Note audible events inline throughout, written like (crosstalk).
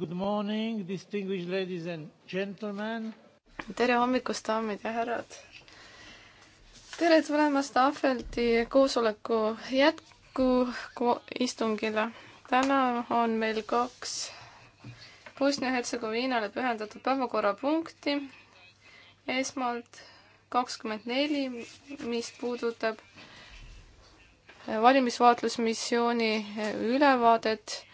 Good morning, distinguished ladies and gentlemen. tere hommikust, daamid ja härrad. tere tulemast Ahveldi koosoleku jätku istungile. täna on meil kaks Bosnia-Hertsegoviinale pühendatud päevakorrapunkti. esmalt kakskümmend neli, mis puudutab valimisvaatlusmissiooni eh, ülevaadet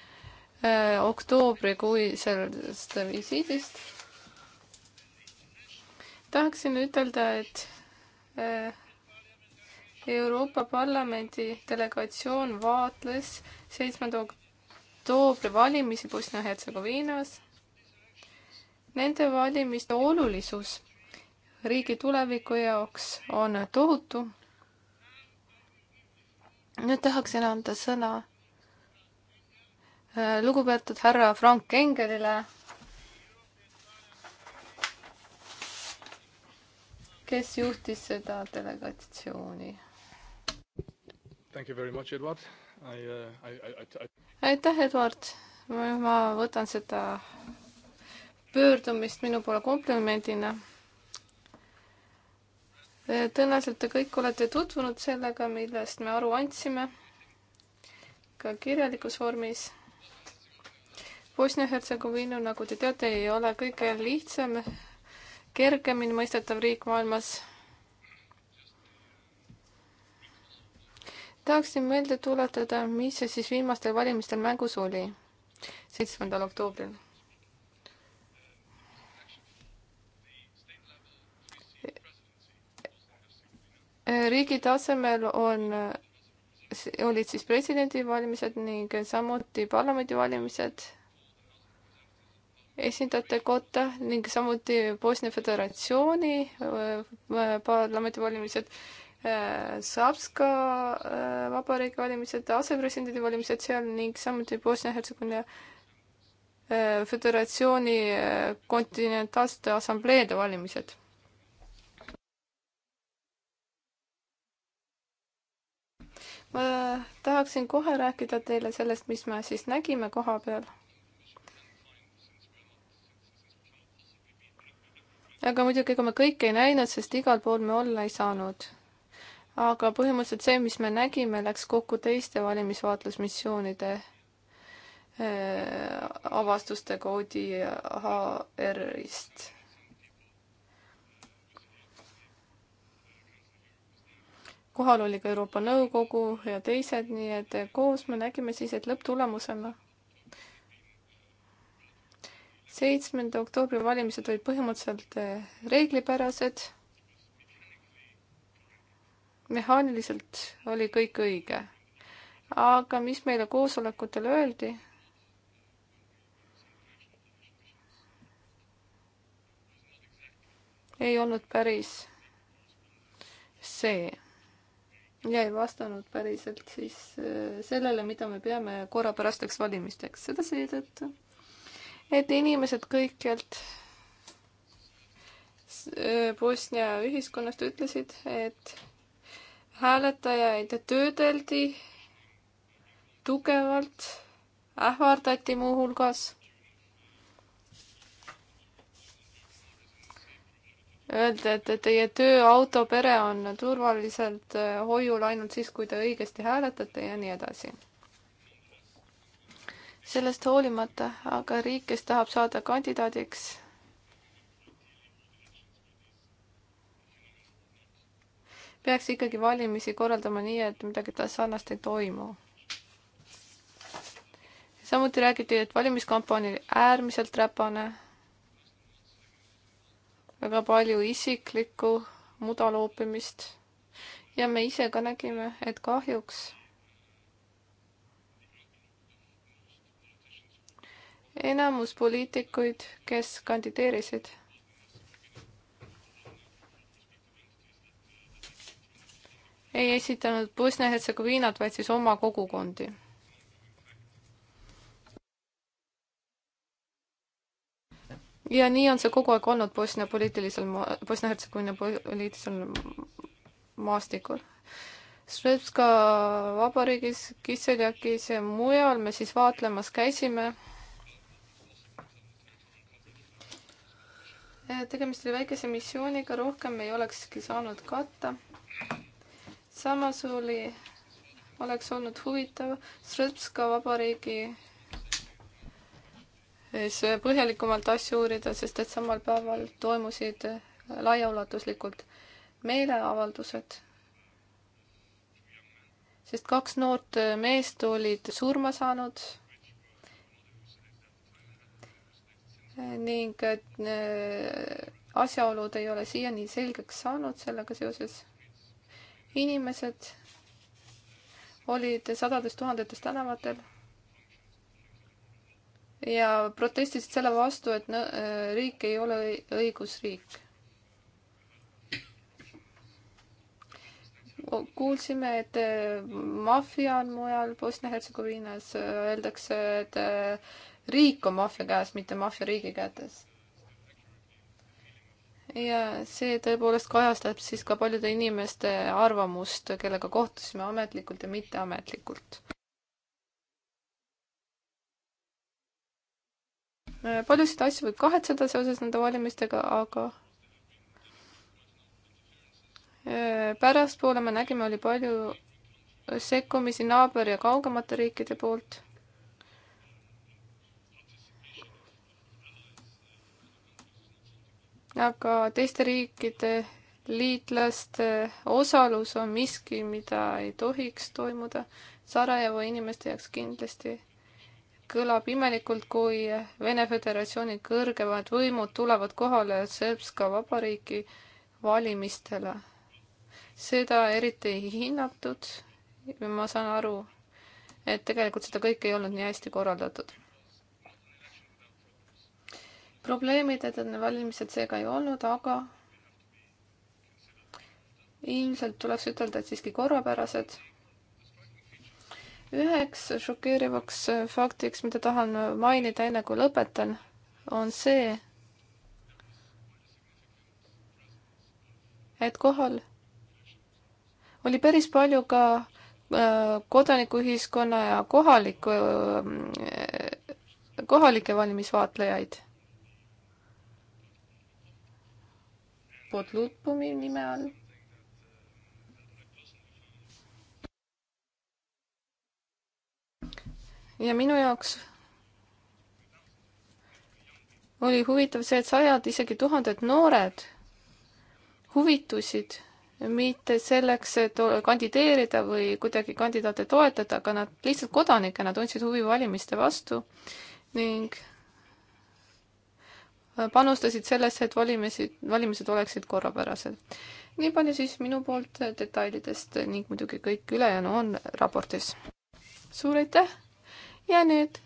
eh, oktoobrikuisest visiidist. tahaksin ütelda, et eh, Euroopa Parlamendi delegatsioon vaatles seitsmenda oktoobri valimisi Bosnia-Hertsegoviinas. Nende valimiste olulisus riigi tuleviku jaoks on tohutu nüüd tahaksin anda sõna äh, lugupeetud härra Frank Engelile, kes juhtis seda delegatsiooni. Uh, aitäh, Eduard. ma võtan seda pöördumist minu poole komplimendina tõenäoliselt te kõik olete tutvunud sellega, millest me aru andsime ka kirjalikus vormis. Bosnia-Hertsegoviina, nagu te teate, ei ole kõige lihtsam, kergemini mõistetav riik maailmas. tahaksin meelde tuletada, mis siis viimastel valimistel mängus oli, seitsmendal oktoobril riigi tasemel on, olid siis presidendivalimised ning samuti parlamendivalimised esindajate kotta ning samuti Bosnia Föderatsiooni äh, äh, parlamendivalimised, äh, Savska vabariigi valimised, asepresidendi valimised seal ning samuti Bosnia-Hertsegoviina Föderatsiooni kontinentaalsete assambleede valimised ma tahaksin kohe rääkida teile sellest, mis me siis nägime koha peal. aga muidugi, ega me kõike ei näinud, sest igal pool me olla ei saanud. aga põhimõtteliselt see, mis me nägime, läks kokku teiste valimisvaatlusmissioonide äh, avastustega ODHR-ist kohal oli ka Euroopa Nõukogu ja teised, nii et koos me nägime siis, et lõpptulemusena seitsmenda oktoobri valimised olid põhimõtteliselt eh, reeglipärased. mehaaniliselt oli kõik õige. aga mis meile koosolekutel öeldi, ei olnud päris see ja ei vastanud päriselt siis äh, sellele, mida me peame korrapärasteks valimisteks, seda seetõttu, et inimesed kõikjalt äh, Bosnia ühiskonnast ütlesid, et hääletajaid töödeldi tugevalt, ähvardati muuhulgas Öelda, et teie töö, auto, pere on turvaliselt äh, hoiul ainult siis, kui te õigesti hääletate ja nii edasi. sellest hoolimata aga riik, kes tahab saada kandidaadiks, peaks ikkagi valimisi korraldama nii, et midagi sarnast ei toimu. samuti räägiti, et valimiskampaania oli äärmiselt räpane väga palju isiklikku muda loopimist ja me ise ka nägime, et kahjuks enamus poliitikuid, kes kandideerisid, ei esitanud Bosnia-Hertsegoviinat, vaid siis oma kogukondi ja nii on see kogu aeg olnud Bosnia poliitilisel maa, Bosnia-Hertsegoviina poliitilisel maastikul. Srebska vabariigis, Kiseljakis ja mujal me siis vaatlemas käisime. tegemist oli väikese missiooniga, rohkem ei olekski saanud katta. samas oli, oleks olnud huvitav Srebska vabariigi siis põhjalikumalt asju uurida, sest et samal päeval toimusid laiaulatuslikult meeleavaldused. sest kaks noort meest olid surma saanud ning äh, asjaolud ei ole siiani selgeks saanud sellega seoses. inimesed olid sadades tuhandetes tänavatel ja protestisid selle vastu, et äh, riik ei ole õigusriik. kuulsime, et äh, maffia on mujal Bosnia-Hertsegoviinas, äh, öeldakse, et riik on maffia käes, mitte maffia riigi kätes. ja see tõepoolest kajastab siis ka paljude inimeste arvamust, kellega kohtusime ametlikult ja mitteametlikult. Äh, paljusid asju võib kahetseda seoses nende valimistega, aga äh, pärastpoole me nägime, oli palju sekkumisi naaber- ja kaugemate riikide poolt. aga teiste riikide liitlaste osalus on miski, mida ei tohiks toimuda. Sarajevo inimeste jaoks kindlasti kõlab imelikult, kui Vene Föderatsiooni kõrgemad võimud tulevad kohale Srpska vabariigi valimistele. seda eriti ei hinnatud. ma saan aru, et tegelikult seda kõike ei olnud nii hästi korraldatud. probleemid, et need valimised seega ei olnud, aga ilmselt tuleks ütelda, et siiski korrapärased üheks šokeerivaks äh, faktiks, mida tahan äh, mainida, enne kui lõpetan, on see, et kohal oli päris palju ka äh, kodanikuühiskonna ja kohaliku, kohalikke valimisvaatlejaid. Podlutpumi nime all ja minu jaoks oli huvitav see, et sajad, isegi tuhanded noored huvitusid mitte selleks, et kandideerida või kuidagi kandidaate toetada, aga nad lihtsalt kodanikena tundsid huvi valimiste vastu ning panustasid sellesse, et valimisi, valimised oleksid korrapärased. nii palju siis minu poolt detailidest ning muidugi kõik ülejäänu on raportis. suur aitäh! ja nüüd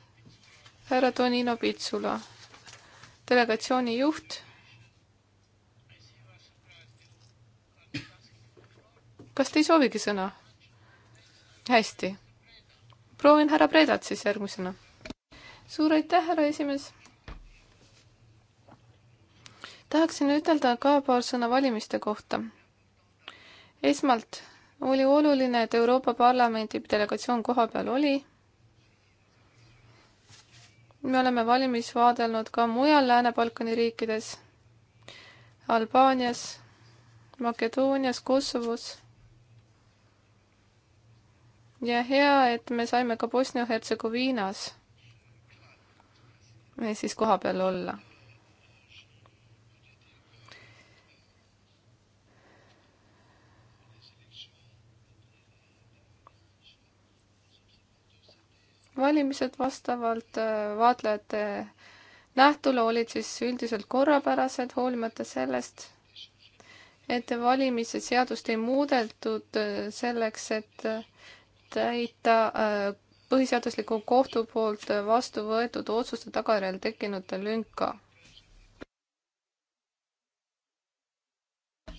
härra Tonino Pitsula, delegatsiooni juht. kas te ei soovigi sõna? hästi. proovin härra Predat siis järgmisena. suur aitäh, härra esimees tahaksin ütelda ka paar sõna valimiste kohta. esmalt oli oluline, et Euroopa Parlamendi delegatsioon kohapeal oli me oleme valmis vaadelnud ka mujal Lääne-Balkani riikides, Albaanias, Makedoonias, Kosovos. ja hea, et me saime ka Bosnia-Hertsegoviinas siis kohapeal olla valimised vastavalt äh, vaatlejate nähtule olid siis üldiselt korrapärased, hoolimata sellest, et valimise seadust ei muudetud äh, selleks, et äh, täita põhiseadusliku kohtu poolt vastu võetud otsuste tagajärjel tekkinud lünka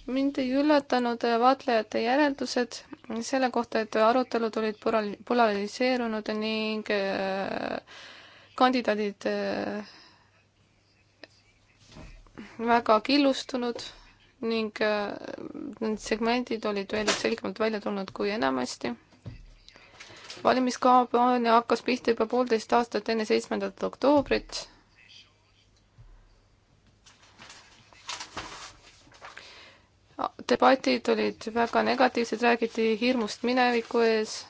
mind ei üllatanud äh, vaatlejate järeldused selle kohta, et arutelud olid polariseerunud ning äh, kandidaadid äh, väga killustunud ning need segmendid olid veel selgemalt välja tulnud kui enamasti. valimiskampaania hakkas pihta juba poolteist aastat enne seitsmendat oktoobrit debatid olid väga negatiivsed, räägiti hirmust mineviku ees.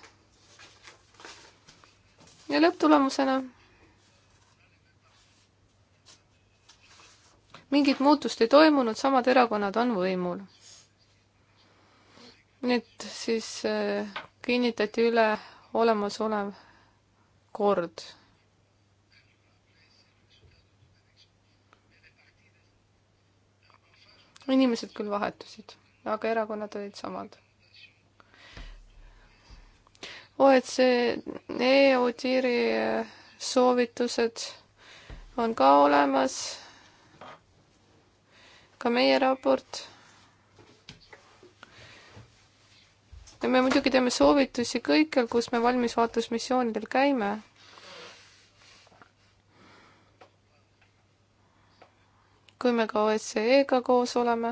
ja lõpptulemusena mingit muutust ei toimunud, samad erakonnad on võimul. nüüd siis äh, kinnitati üle olemasolev kord inimesed küll vahetusid, aga erakonnad olid samad. OECD EOTIR-i e, soovitused on ka olemas. ka meie raport. me muidugi teeme soovitusi kõikjal, kus me valmisvaatlusmissioonidel käime kui me ka OSCE-ga koos oleme.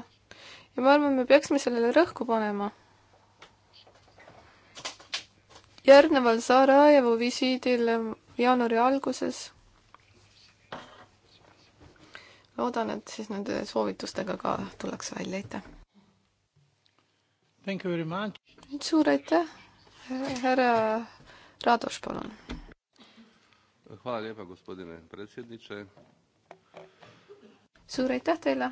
ja ma arvan, me peaksime sellele rõhku panema. järgneval Sarajevo visiidil jaanuari alguses loodan, et siis nende soovitustega ka tullakse välja, aitäh! suur aitäh, härra Radoš, palun! suur aitäh teile.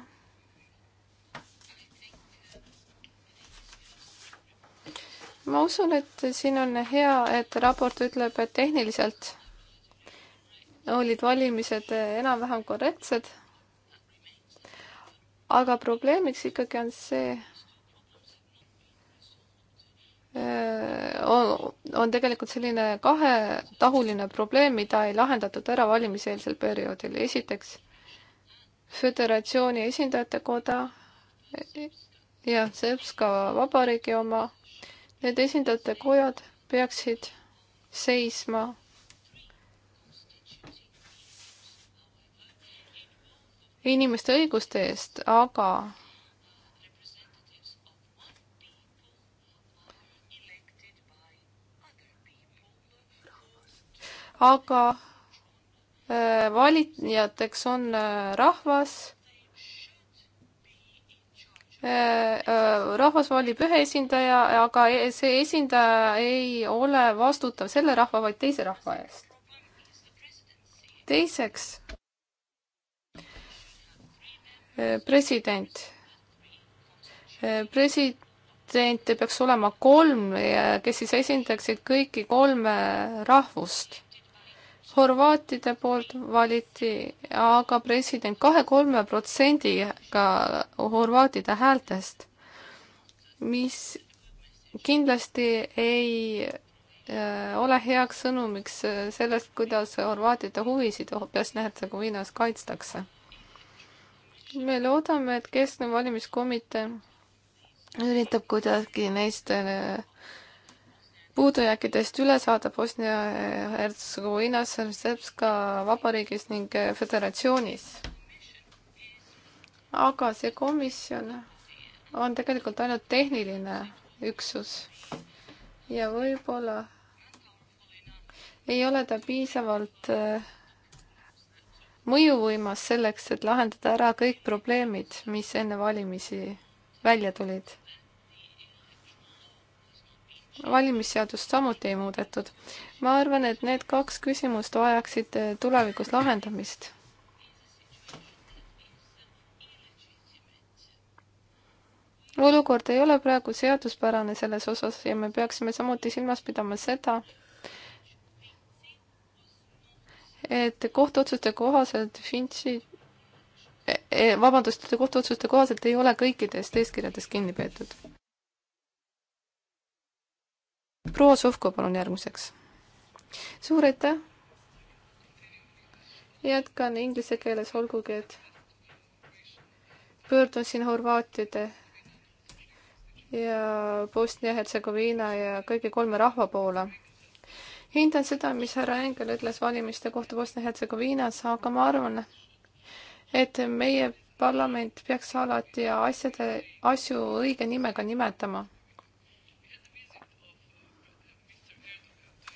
ma usun, et siin on hea, et raport ütleb, et tehniliselt olid valimised enam-vähem korrektsed. aga probleemiks ikkagi on see, on, on tegelikult selline kahetahuline probleem, mida ei lahendatud ära valimiseelsel perioodil. esiteks Föderatsiooni Esindajate Koda ja Sepska Vabariigi oma. Need esindajate kojad peaksid seisma inimeste õiguste eest, aga aga Äh, valijateks on äh, rahvas. Äh, rahvas valib ühe esindaja, aga e-, see esindaja ei ole vastutav selle rahva, vaid teise rahva eest. teiseks, president. presidente peaks olema kolm, kes siis esindaksid kõiki kolme rahvust horvaatide poolt valiti aga president kahe-kolme protsendiga horvaatide häältest, mis kindlasti ei äh, ole heaks sõnumiks äh, sellest, kuidas horvaatide huvisid Bosnia-Hertsegoviinas kaitstakse. me loodame, et keskne valimiskomitee üritab kuidagi neist äh, puudujääkidest üle saada Bosnia-Hertsegoviinas, Srpska vabariigis ning eh, föderatsioonis. aga see komisjon on tegelikult ainult tehniline üksus ja võib-olla ei ole ta piisavalt eh, mõjuvõimas selleks, et lahendada ära kõik probleemid, mis enne valimisi välja tulid valimisseadust samuti ei muudetud. ma arvan, et need kaks küsimust vajaksid eh, tulevikus lahendamist. olukord ei ole praegu seaduspärane selles osas ja me peaksime samuti silmas pidama seda, et kohtuotsuste kohaselt Finchi eh, eh, vabandust, kohtuotsuste kohaselt ei ole kõikidest eeskirjadest kinni peetud proua Sovko, palun järgmiseks. suur aitäh! jätkan inglise keeles, olgugi et pöördun siin horvaatide ja Bosnia-Hertsegoviina ja kõigi kolme rahva poole. hindan seda, mis härra Engel ütles valimiste kohta Bosnia-Hertsegoviinas, aga ma arvan, et meie parlament peaks alati asjade, asju õige nimega nimetama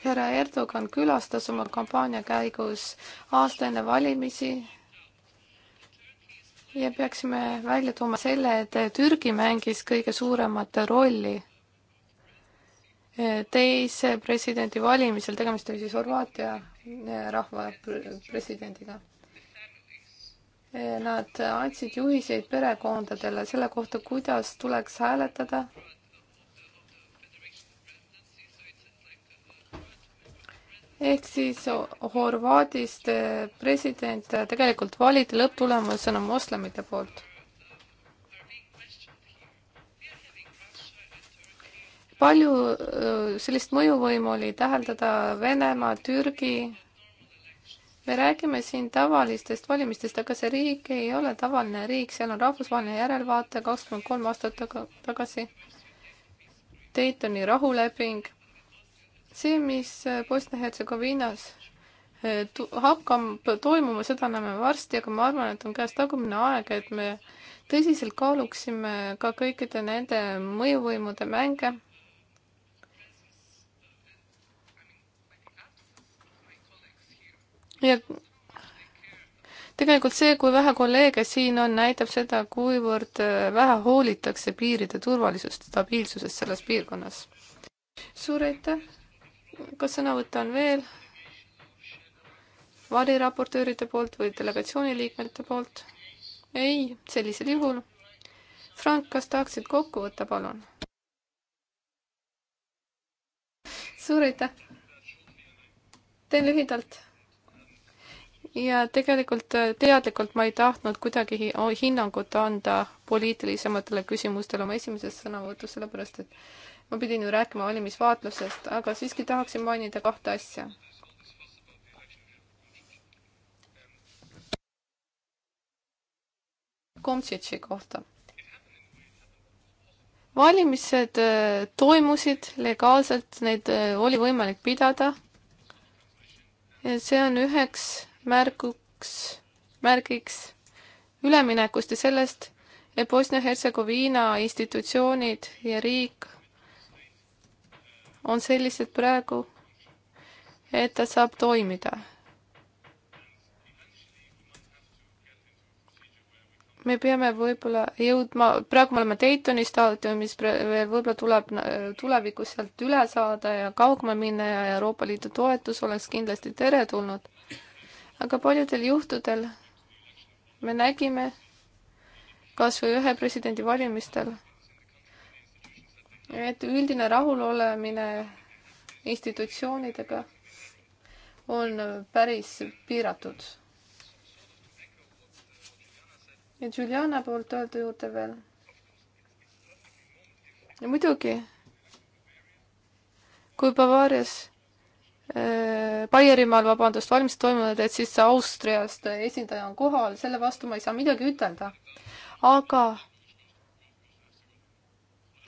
härra Erdogan külastas oma kampaania käigus aasta enne valimisi ja peaksime välja tooma selle, et Türgi mängis kõige suuremat rolli teise presidendi valimisel, tegemist oli siis Horvaatia eh, rahva presidendiga. Eh, nad andsid juhiseid perekondadele selle kohta, kuidas tuleks hääletada ehk siis Horvaadist eh, president eh, tegelikult valiti lõpptulemusena moslemite poolt. palju eh, sellist mõjuvõimu oli täheldada Venemaa, Türgi. me räägime siin tavalistest valimistest, aga see riik ei ole tavaline riik, seal on rahvusvaheline järelevaataja kakskümmend kolm aastat tagasi. Daytoni rahuleping see, mis äh, Bosnia-Hertsegoviinas äh, hakkab toimuma, seda näeme varsti, aga ma arvan, et on käes tagumine aeg, et me tõsiselt kaaluksime ka kõikide nende mõjuvõimude mänge. ja tegelikult see, kui vähe kolleege siin on, näitab seda, kuivõrd äh, vähe hoolitakse piiride turvalisust, stabiilsusest selles piirkonnas. suur aitäh! kas sõnavõtte on veel variraportööride poolt või delegatsiooni liikmete poolt? ei, sellisel juhul. Frank, kas tahaksid kokku võtta, palun? suur aitäh! teen lühidalt ja tegelikult äh, teadlikult ma ei tahtnud kuidagi hinnangut anda poliitilisematele küsimustele oma esimeses sõnavõtus, sellepärast et ma pidin ju rääkima valimisvaatlusest, aga siiski tahaksin mainida kahte asja. Komtšitši kohta. valimised äh, toimusid legaalselt, neid äh, oli võimalik pidada. see on üheks märguks, märgiks üleminekust ja sellest, et Bosnia-Hertsegoviina institutsioonid ja riik on sellised praegu, et ta saab toimida. me peame võib-olla jõudma, praegu me oleme Daytoni staadiumis, veel võib-olla tuleb tulevikus sealt üle saada ja kaugemale minna ja Euroopa Liidu toetus oleks kindlasti teretulnud. aga paljudel juhtudel me nägime kas või ühe presidendi valimistel et üldine rahulolemine institutsioonidega on päris piiratud. ja Juliana poolt öelda juurde veel. muidugi, kui Bavaarias äh, Baierimaal, vabandust, valmis toimunud, et siis Austriast esindaja on kohal, selle vastu ma ei saa midagi ütelda. aga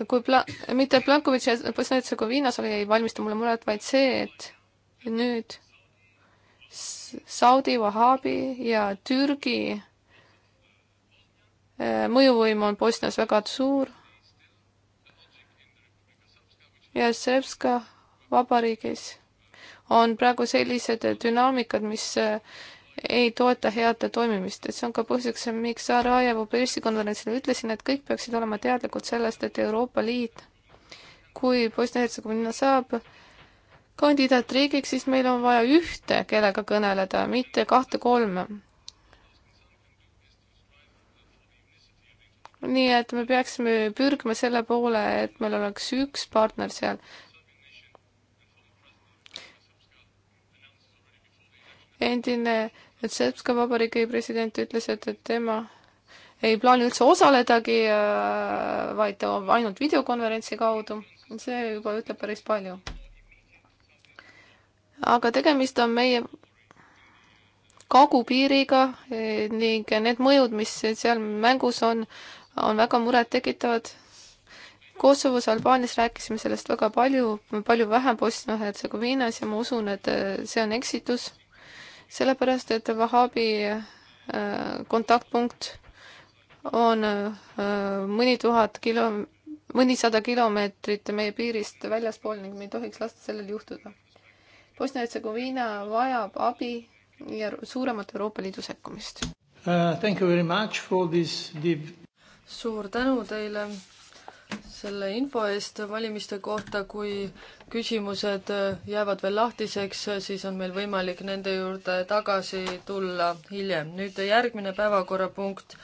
kui pla-, mitte Plankovitš ja Bosnia-Hertsegoviinas ei valmista mulle muret, vaid see, et nüüd Saudi, Wahhabi ja Türgi äh, mõjuvõim on Bosnias väga suur ja Srpska vabariigis on praegu sellised dünaamikad, mis äh, ei toeta head toimimist, et see on ka põhjuseks, miks Sarajevo pressikonverentsil ütlesin, et kõik peaksid olema teadlikud sellest, et Euroopa Liit, kui Bosnia-Hertsegoviina saab kandidaatriigiks, siis meil on vaja ühte, kellega kõneleda, mitte kahte-kolme. nii et me peaksime pürgma selle poole, et meil oleks üks partner seal, endine et Serbska Vabariigi president ütles, et, et tema ei plaani üldse osaledagi, äh, vaid ainult videokonverentsi kaudu. see juba ütleb päris palju. aga tegemist on meie kagupiiriga e, ning need mõjud, mis seal mängus on, on väga murettekitavad. Kosovos, Albaanias rääkisime sellest väga palju, palju vähem Bosnia-Hertsegoviinas ja ma usun, et äh, see on eksitus sellepärast et Vahabi äh, kontaktpunkt on äh, mõni tuhat kilo, mõnisada kilomeetrit meie piirist väljaspool ning me ei tohiks lasta sellel juhtuda. Bosnia-Hertsegoviina vajab abi ja suuremat Euroopa Liidu sekkumist uh,. Thank you very much for this deep suur tänu teile selle info eest valimiste kohta, kui küsimused jäävad veel lahtiseks, siis on meil võimalik nende juurde tagasi tulla hiljem. nüüd järgmine päevakorrapunkt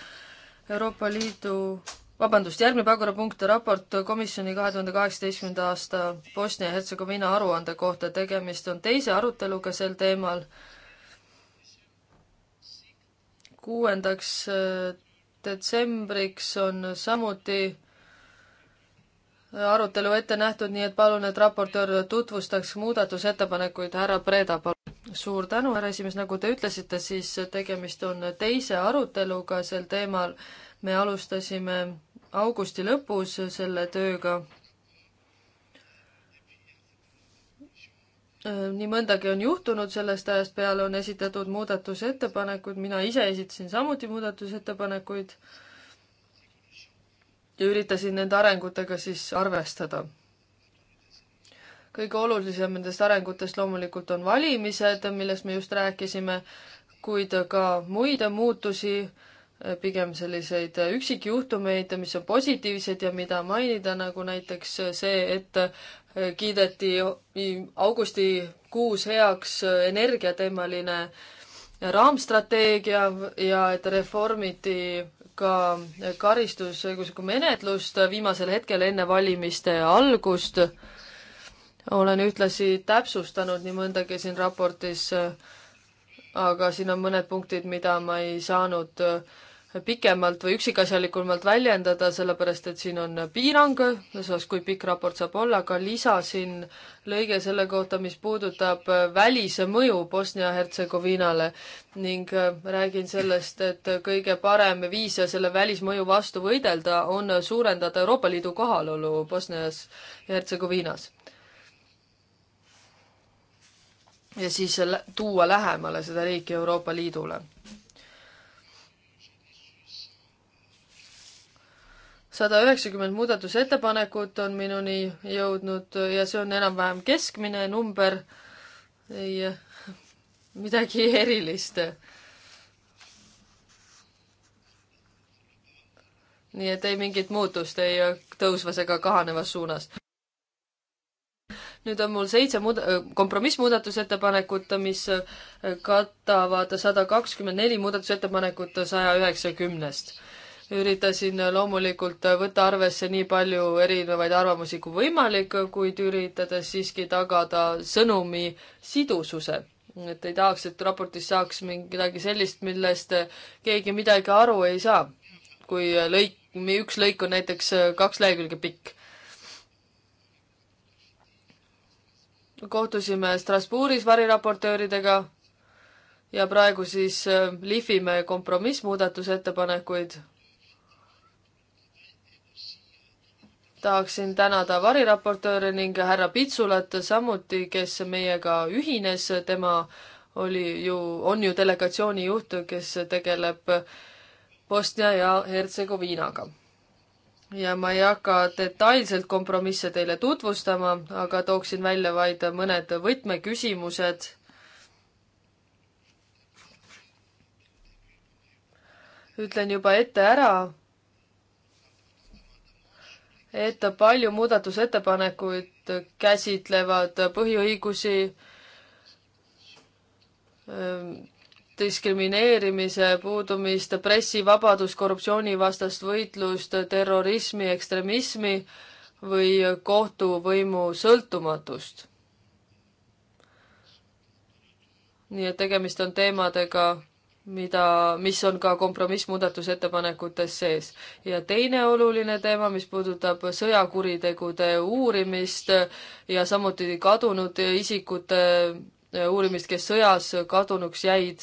Euroopa Liidu vabandust, järgmine päevakorrapunkt, raport komisjoni kahe tuhande kaheksateistkümnenda aasta Bosnia-Hertsegoviina aruande kohta. tegemist on teise aruteluga sel teemal. kuuendaks eh, detsembriks on samuti arutelu ette nähtud, nii et palun, et raportöör tutvustaks muudatusettepanekuid. härra Preda, palun. suur tänu, härra esimees, nagu te ütlesite, siis tegemist on teise aruteluga sel teemal. me alustasime augusti lõpus selle tööga. nii mõndagi on juhtunud, sellest ajast peale on esitatud muudatusettepanekud, mina ise esitasin samuti muudatusettepanekuid ja üritasin nende arengutega siis arvestada. kõige olulisem nendest arengutest loomulikult on valimised, millest me just rääkisime, kuid ka muid muutusi, pigem selliseid üksikjuhtumeid, mis on positiivsed ja mida mainida, nagu näiteks see, et kiideti augustikuus heaks energiateemaline raamstrateegia ja et reformiti ka karistusõiguslikku menetlust viimasel hetkel enne valimiste algust. olen ühtlasi täpsustanud nii mõndagi siin raportis, aga siin on mõned punktid, mida ma ei saanud äh, pikemalt või üksikasjalikumalt väljendada, sellepärast et siin on piirang selles osas, kui pikk raport saab olla, aga lisasin lõige selle kohta, mis puudutab välise mõju Bosnia-Hertsegoviinale ning äh, räägin sellest, et kõige parem viis selle välismõju vastu võidelda on suurendada Euroopa Liidu kohalolu Bosnias ja Hertsegoviinas. ja siis tuua lähemale seda riiki Euroopa Liidule sada üheksakümmend muudatusettepanekut on minuni jõudnud ja see on enam-vähem keskmine number, ei midagi (laughs) erilist. nii et ei mingit muutust ei tõusvas ega kahanevas suunas nüüd on mul seitse muud-, kompromissmuudatusettepanekut, mis katavad sada kakskümmend neli muudatusettepanekut saja üheksakümnest üritasin loomulikult võtta arvesse nii palju erinevaid arvamusi kui võimalik, kuid üritades siiski tagada sõnumi sidususe. et ei tahaks, et raportis saaks midagi sellist, millest keegi midagi aru ei saa. kui lõik, üks lõik on näiteks kaks lehekülge pikk. kohtusime Strasbourgis variraportööridega ja praegu siis lihvime kompromissmuudatusettepanekuid tahaksin tänada variraportööre ning härra Pitsulat samuti, kes meiega ühines, tema oli ju, on ju delegatsiooni juht, kes tegeleb Bosnia ja Hertsegoviinaga. ja ma ei hakka detailselt kompromisse teile tutvustama, aga tooksin välja vaid mõned võtmeküsimused ütlen juba ette ära, et palju muudatusettepanekuid käsitlevad põhiõigusi, ähm, diskrimineerimise puudumist, pressivabadust, korruptsioonivastast võitlust, terrorismi, ekstremismi või kohtuvõimu sõltumatust. nii et tegemist on teemadega, mida, mis on ka kompromissmuudatusettepanekutes sees. ja teine oluline teema, mis puudutab sõjakuritegude uurimist ja samuti kadunud isikute äh, uurimist, kes sõjas kadunuks jäid.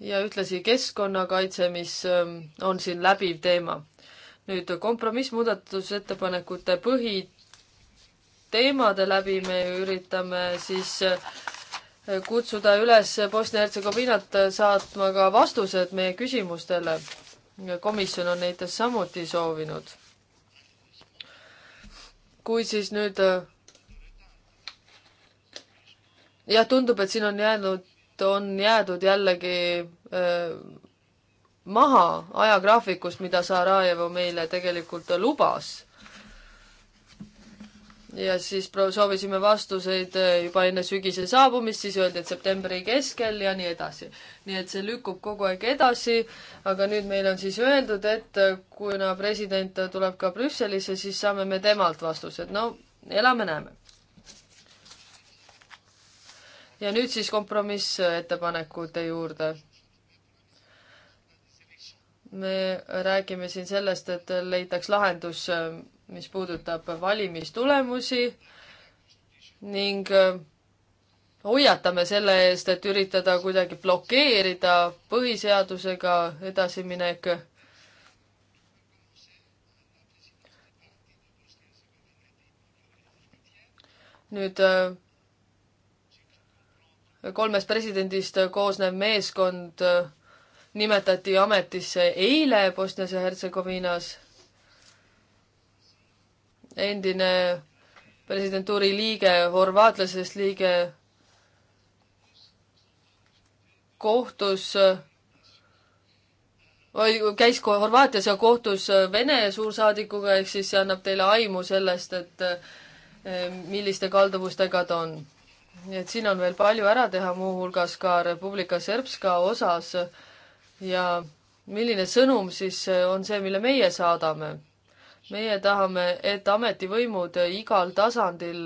ja ühtlasi keskkonnakaitse, mis ähm, on siin läbiv teema. nüüd kompromissmuudatusettepanekute põhid teemade läbi me üritame siis äh, kutsuda üles Bosnia-Hertsegoviinat saatma ka vastused meie küsimustele. komisjon on neid samuti soovinud. kui siis nüüd äh, jah, tundub, et siin on jäänud, on jäädud jällegi öö, äh, maha ajagraafikust, mida Sarajevo meile tegelikult lubas ja siis soovisime vastuseid äh, juba enne sügise saabumist, siis öeldi, et septembri keskel ja nii edasi. nii et see lükkub kogu aeg edasi, aga nüüd meil on siis öeldud, et äh, kuna president tuleb ka Brüsselisse, siis saame me temalt vastused. no elame-näeme. ja nüüd siis kompromissettepanekute juurde me räägime siin sellest, et leitaks lahendus äh, mis puudutab valimistulemusi ning äh, hoiatame selle eest, et üritada kuidagi blokeerida põhiseadusega edasiminek. nüüd äh, kolmest presidendist koosnev meeskond äh, nimetati ametisse eile Bosnias ja Hertsegoviinas endine presidentuuri liige, horvaatlasest liige kohtus või käis kohe Horvaatias ja kohtus Vene suursaadikuga, ehk siis see annab teile aimu sellest, et eh, milliste kalduvustega ta on. nii et siin on veel palju ära teha, muuhulgas ka Republika Srpska osas ja milline sõnum siis eh, on see, mille meie saadame? meie tahame, et ametivõimud igal tasandil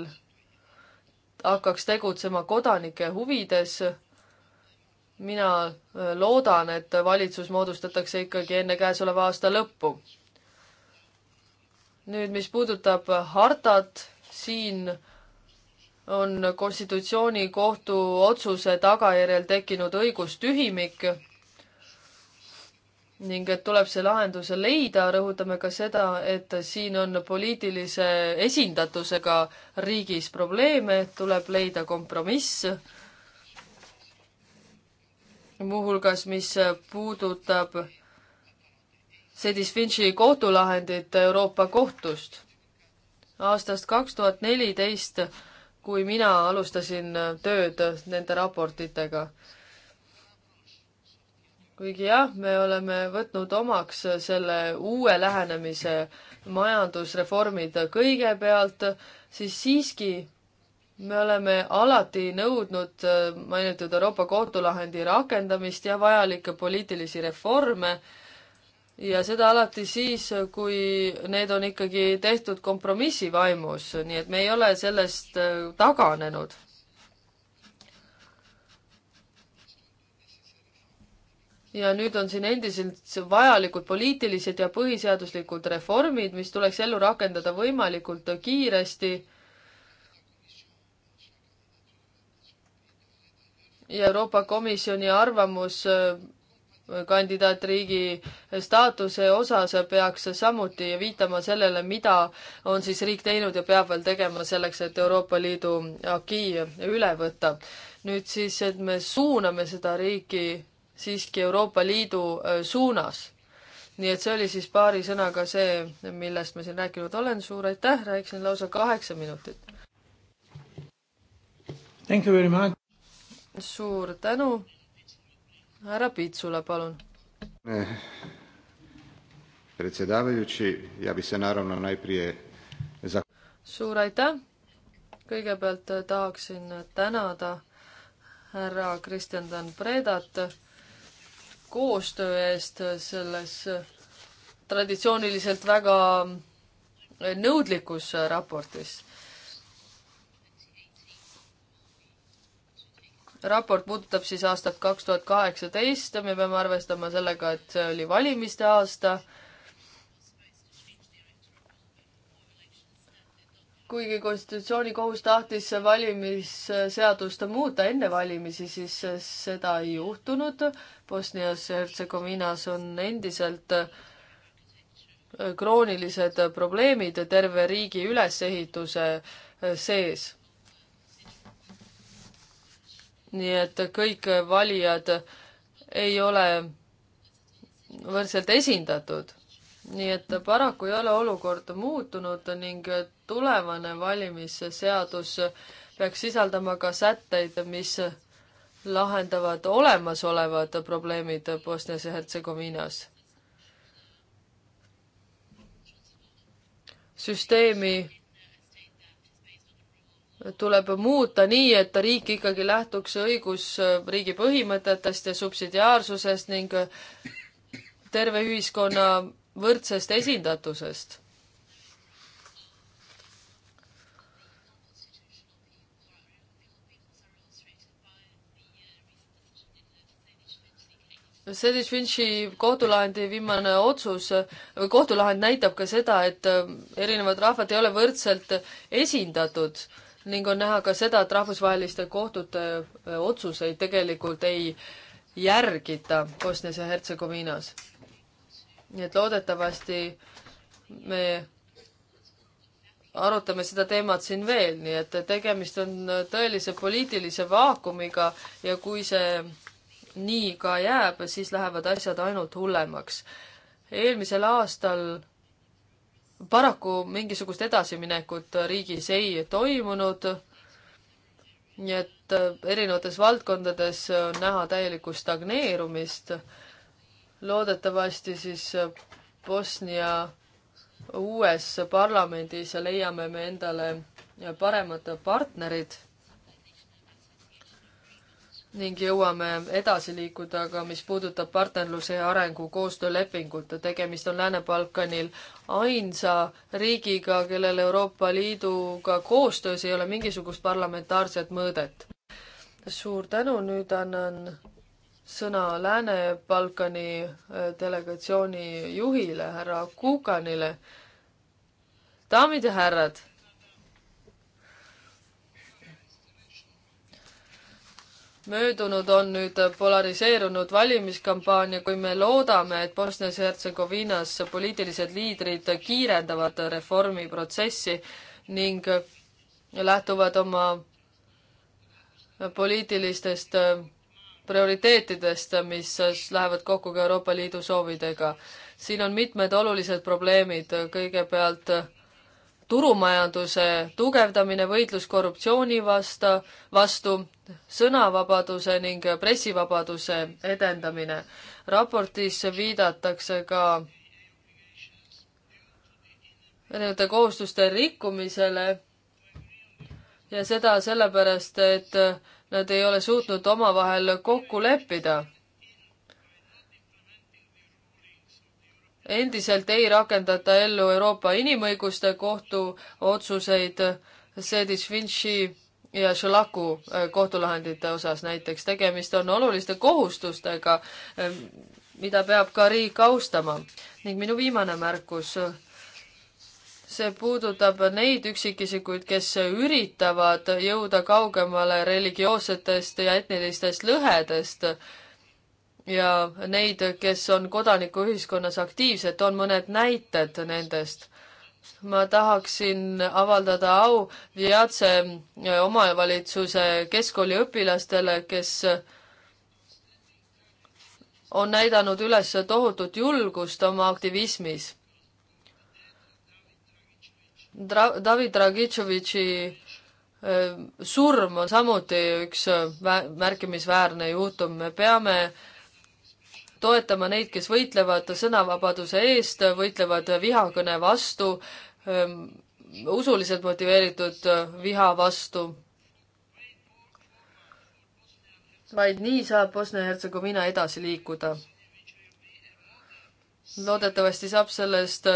hakkaks tegutsema kodanike huvides. mina äh, loodan, et valitsus moodustatakse ikkagi enne käesoleva aasta lõppu. nüüd, mis puudutab hartat, siin on konstitutsioonikohtu otsuse tagajärjel tekkinud õigustühimik ning et tuleb see lahendus leida, rõhutame ka seda, et siin on poliitilise esindatusega riigis probleeme, tuleb leida kompromiss. muuhulgas, mis puudutab Sedis Finchi kohtulahendit Euroopa Kohtust. aastast kaks tuhat neliteist, kui mina alustasin tööd nende raportitega kuigi jah, me oleme võtnud omaks selle uue lähenemise majandusreformid kõigepealt, siis siiski me oleme alati nõudnud äh, mainitud Euroopa kohtulahendi rakendamist ja vajalikke poliitilisi reforme ja seda alati siis, kui need on ikkagi tehtud kompromissi vaimus, nii et me ei ole sellest äh, taganenud ja nüüd on siin endiselt vajalikud poliitilised ja põhiseaduslikud reformid, mis tuleks ellu rakendada võimalikult kiiresti. ja Euroopa Komisjoni arvamus äh, kandidaatriigi staatuse osas peaks samuti viitama sellele, mida on siis riik teinud ja peab veel tegema selleks, et Euroopa Liidu aki üle võtta. nüüd siis, et me suuname seda riiki siiski Euroopa Liidu suunas. nii et see oli siis paari sõnaga see, millest ma siin rääkinud olen, suur aitäh, rääkisin lausa kaheksa minutit. suur tänu. härra Pitsula, palun. Eh, suur aitäh. kõigepealt eh, tahaksin tänada härra Kristjan Dan Predat koostöö eest selles traditsiooniliselt väga nõudlikus raportis. raport puudutab siis aastat kaks tuhat kaheksateist ja me peame arvestama sellega, et see oli valimiste aasta kuigi konstitutsioonikohus tahtis valimisseadust muuta enne valimisi, siis seda ei juhtunud. Bosnias ja Hertsegoviinas on endiselt äh, kroonilised probleemid terve riigi ülesehituse äh, sees. nii et kõik valijad ei ole võrdselt esindatud nii et paraku ei ole olukord muutunud ning tulevane valimisseadus peaks sisaldama ka sätteid, mis lahendavad olemasolevad probleemid Bosnias ja Hertsegoviinas. süsteemi tuleb muuta nii, et riik ikkagi lähtuks õigusriigi põhimõtetest ja subsidiaarsusest ning terve ühiskonna võrdsest esindatusest. Sedis Vinci kohtulahendi viimane otsus või kohtulahend näitab ka seda, et äh, erinevad rahvad ei ole võrdselt esindatud ning on näha ka seda, et rahvusvaheliste kohtute äh, otsuseid tegelikult ei järgita Bosnias ja Hertsegoviinas nii et loodetavasti me arutame seda teemat siin veel, nii et tegemist on tõelise poliitilise vaakumiga ja kui see nii ka jääb, siis lähevad asjad ainult hullemaks. eelmisel aastal paraku mingisugust edasiminekut riigis ei toimunud. nii et erinevates valdkondades on näha täielikku stagneerumist loodetavasti siis äh, Bosnia uues parlamendis leiame me endale äh, paremad partnerid ning jõuame edasi liikuda ka, mis puudutab partnerluse ja arengu koostöölepingut. tegemist on Lääne-Balkanil ainsa riigiga, kellel Euroopa Liiduga koostöös ei ole mingisugust parlamentaarset mõõdet. suur tänu, nüüd annan sõna Lääne-Balkani äh, delegatsiooni juhile, härra Kukanile. daamid ja härrad. möödunud on nüüd polariseerunud valimiskampaania, kui me loodame, et Bosnias-Hertsegoviinas poliitilised liidrid kiirendavad reformiprotsessi ning lähtuvad oma poliitilistest äh, prioriteetidest, mis lähevad kokku ka Euroopa Liidu soovidega. siin on mitmed olulised probleemid, kõigepealt turumajanduse tugevdamine, võitlus korruptsiooni vasta, vastu, sõnavabaduse ning pressivabaduse edendamine. raportis viidatakse ka erinevate kohustuste rikkumisele ja seda sellepärast, et nad ei ole suutnud omavahel kokku leppida. endiselt ei rakendata ellu Euroopa Inimõiguste Kohtu otsuseid Sedis Finchi ja Šolaku äh, kohtulahendite osas näiteks. tegemist on oluliste kohustustega, äh, mida peab ka riik austama. ning minu viimane märkus see puudutab neid üksikisikuid, kes üritavad jõuda kaugemale religioossetest ja etnilistest lõhedest ja neid, kes on kodanikuühiskonnas aktiivsed, on mõned näited nendest. ma tahaksin avaldada au Viatse eh, omavalitsuse keskkooliõpilastele, kes on näidanud üles tohutut julgust oma aktivismis Dra-, David Dragitšovitši eh, surm on samuti üks eh, vä-, märkimisväärne juhtum, me peame toetama neid, kes võitlevad sõnavabaduse eest, võitlevad vihakõne vastu, ehm, usuliselt motiveeritud eh, viha vastu. vaid nii saab Bosnia-Hertsegoviina edasi liikuda. loodetavasti saab sellest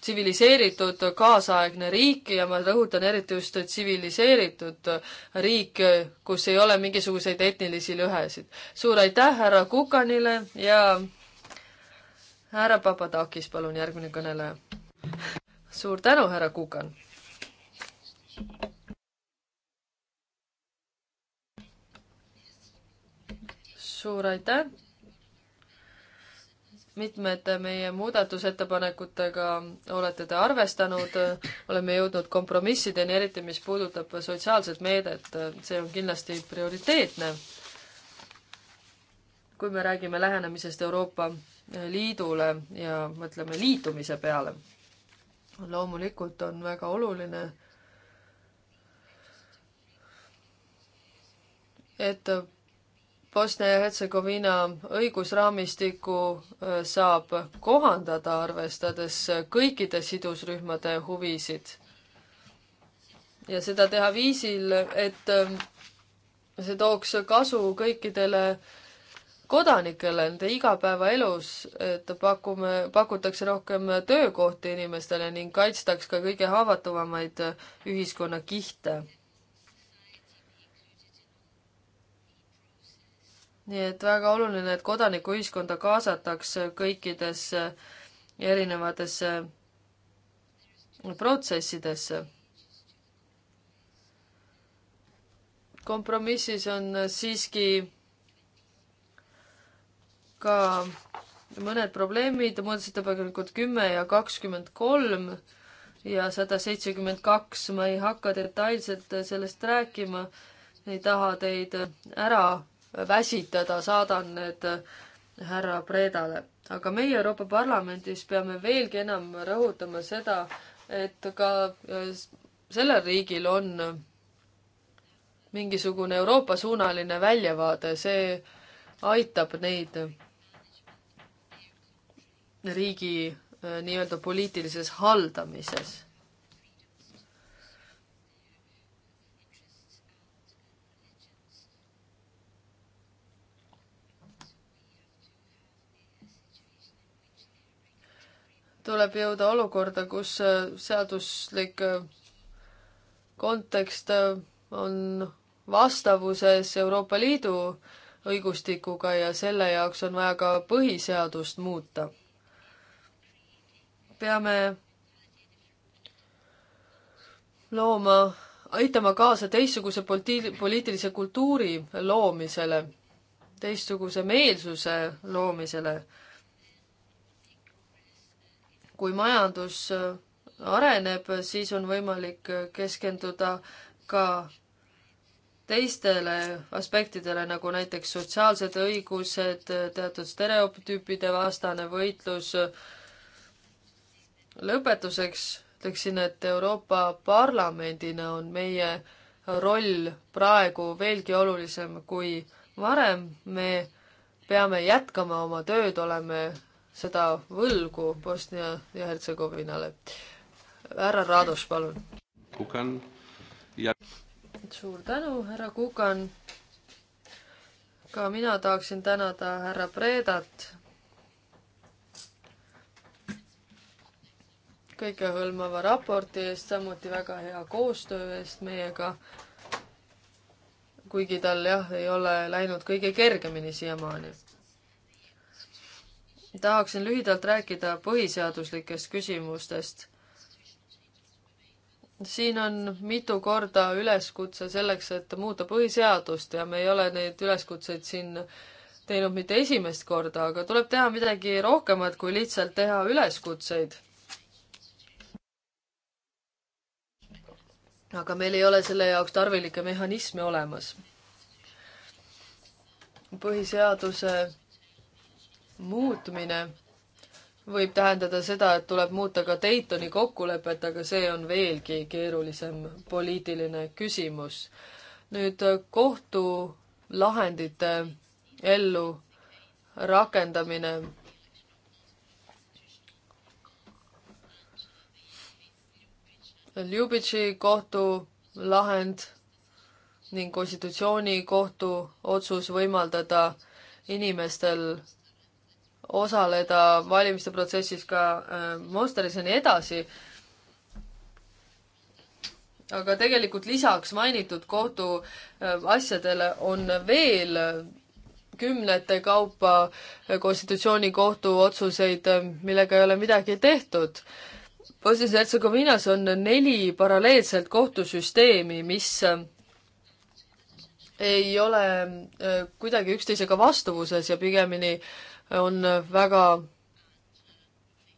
tsiviliseeritud kaasaegne riik ja ma rõhutan eriti just tsiviliseeritud riik, kus ei ole mingisuguseid etnilisi lõhesid. suur aitäh härra Kukanile ja härra Papadakis, palun järgmine kõneleja. suur tänu, härra Kukan. suur aitäh mitmed meie muudatusettepanekutega olete te arvestanud, oleme jõudnud kompromissideni, eriti mis puudutab sotsiaalset meedet, see on kindlasti prioriteetne. kui me räägime lähenemisest Euroopa Liidule ja mõtleme liitumise peale, loomulikult on väga oluline et Bosnia ja Hertsegoviina õigusraamistikku äh, saab kohandada, arvestades äh, kõikide sidusrühmade huvisid. ja seda teha viisil, et äh, see tooks kasu kõikidele kodanikele nende igapäevaelus, et pakume, pakutakse rohkem töökohti inimestele ning kaitstaks ka kõige haavatavamaid ühiskonnakihte nii et väga oluline, et kodanikuühiskonda kaasatakse kõikidesse erinevatesse protsessidesse. kompromissis on siiski ka mõned probleemid, muudatusettepanekud kümme ja kakskümmend kolm ja sada seitsekümmend kaks, ma ei hakka detailselt sellest rääkima, ei taha teid ära väsitada, saadan need äh, härra Predale. aga meie Euroopa Parlamendis peame veelgi enam rõhutama seda, et ka äh, sellel riigil on mingisugune Euroopa-suunaline väljavaade, see aitab neid riigi äh, nii-öelda poliitilises haldamises tuleb jõuda olukorda, kus äh, seaduslik äh, kontekst äh, on vastavuses Euroopa Liidu õigustikuga ja selle jaoks on vaja ka põhiseadust muuta. peame looma, aitama kaasa teistsuguse politi-, poliitilise kultuuri loomisele, teistsuguse meelsuse loomisele kui majandus äh, areneb, siis on võimalik äh, keskenduda ka teistele aspektidele, nagu näiteks sotsiaalsed õigused, teatud stereotüüpide vastane võitlus. lõpetuseks ütleksin, et Euroopa Parlamendina on meie roll praegu veelgi olulisem kui varem. me peame jätkama oma tööd, oleme seda võlgu Bosnia ja Hertsegoviinale. härra Rados, palun. Kukan ja. suur tänu, härra Kukan. ka mina tahaksin tänada härra Predat kõikehõlmava raporti eest, samuti väga hea koostöö eest meiega. kuigi tal jah, ei ole läinud kõige kergemini siiamaani tahaksin lühidalt rääkida põhiseaduslikest küsimustest. siin on mitu korda üleskutse selleks, et muuta põhiseadust ja me ei ole neid üleskutseid siin teinud mitte esimest korda, aga tuleb teha midagi rohkemat kui lihtsalt teha üleskutseid. aga meil ei ole selle jaoks tarvilikke mehhanisme olemas. põhiseaduse muutmine võib tähendada seda, et tuleb muuta ka Daytoni kokkulepet, aga see on veelgi keerulisem poliitiline küsimus. nüüd kohtulahendite ellu rakendamine. Ljubitši kohtulahend ning konstitutsioonikohtu otsus võimaldada inimestel osaleda valimiste protsessis ka äh, Monsteris ja nii edasi. aga tegelikult lisaks mainitud kohtuasjadele äh, on veel kümnete kaupa äh, konstitutsioonikohtu otsuseid, millega ei ole midagi tehtud Bosnias-Hertsegoviinas on neli paralleelset kohtusüsteemi, mis ei ole kuidagi üksteisega vastuvuses ja pigemini on väga,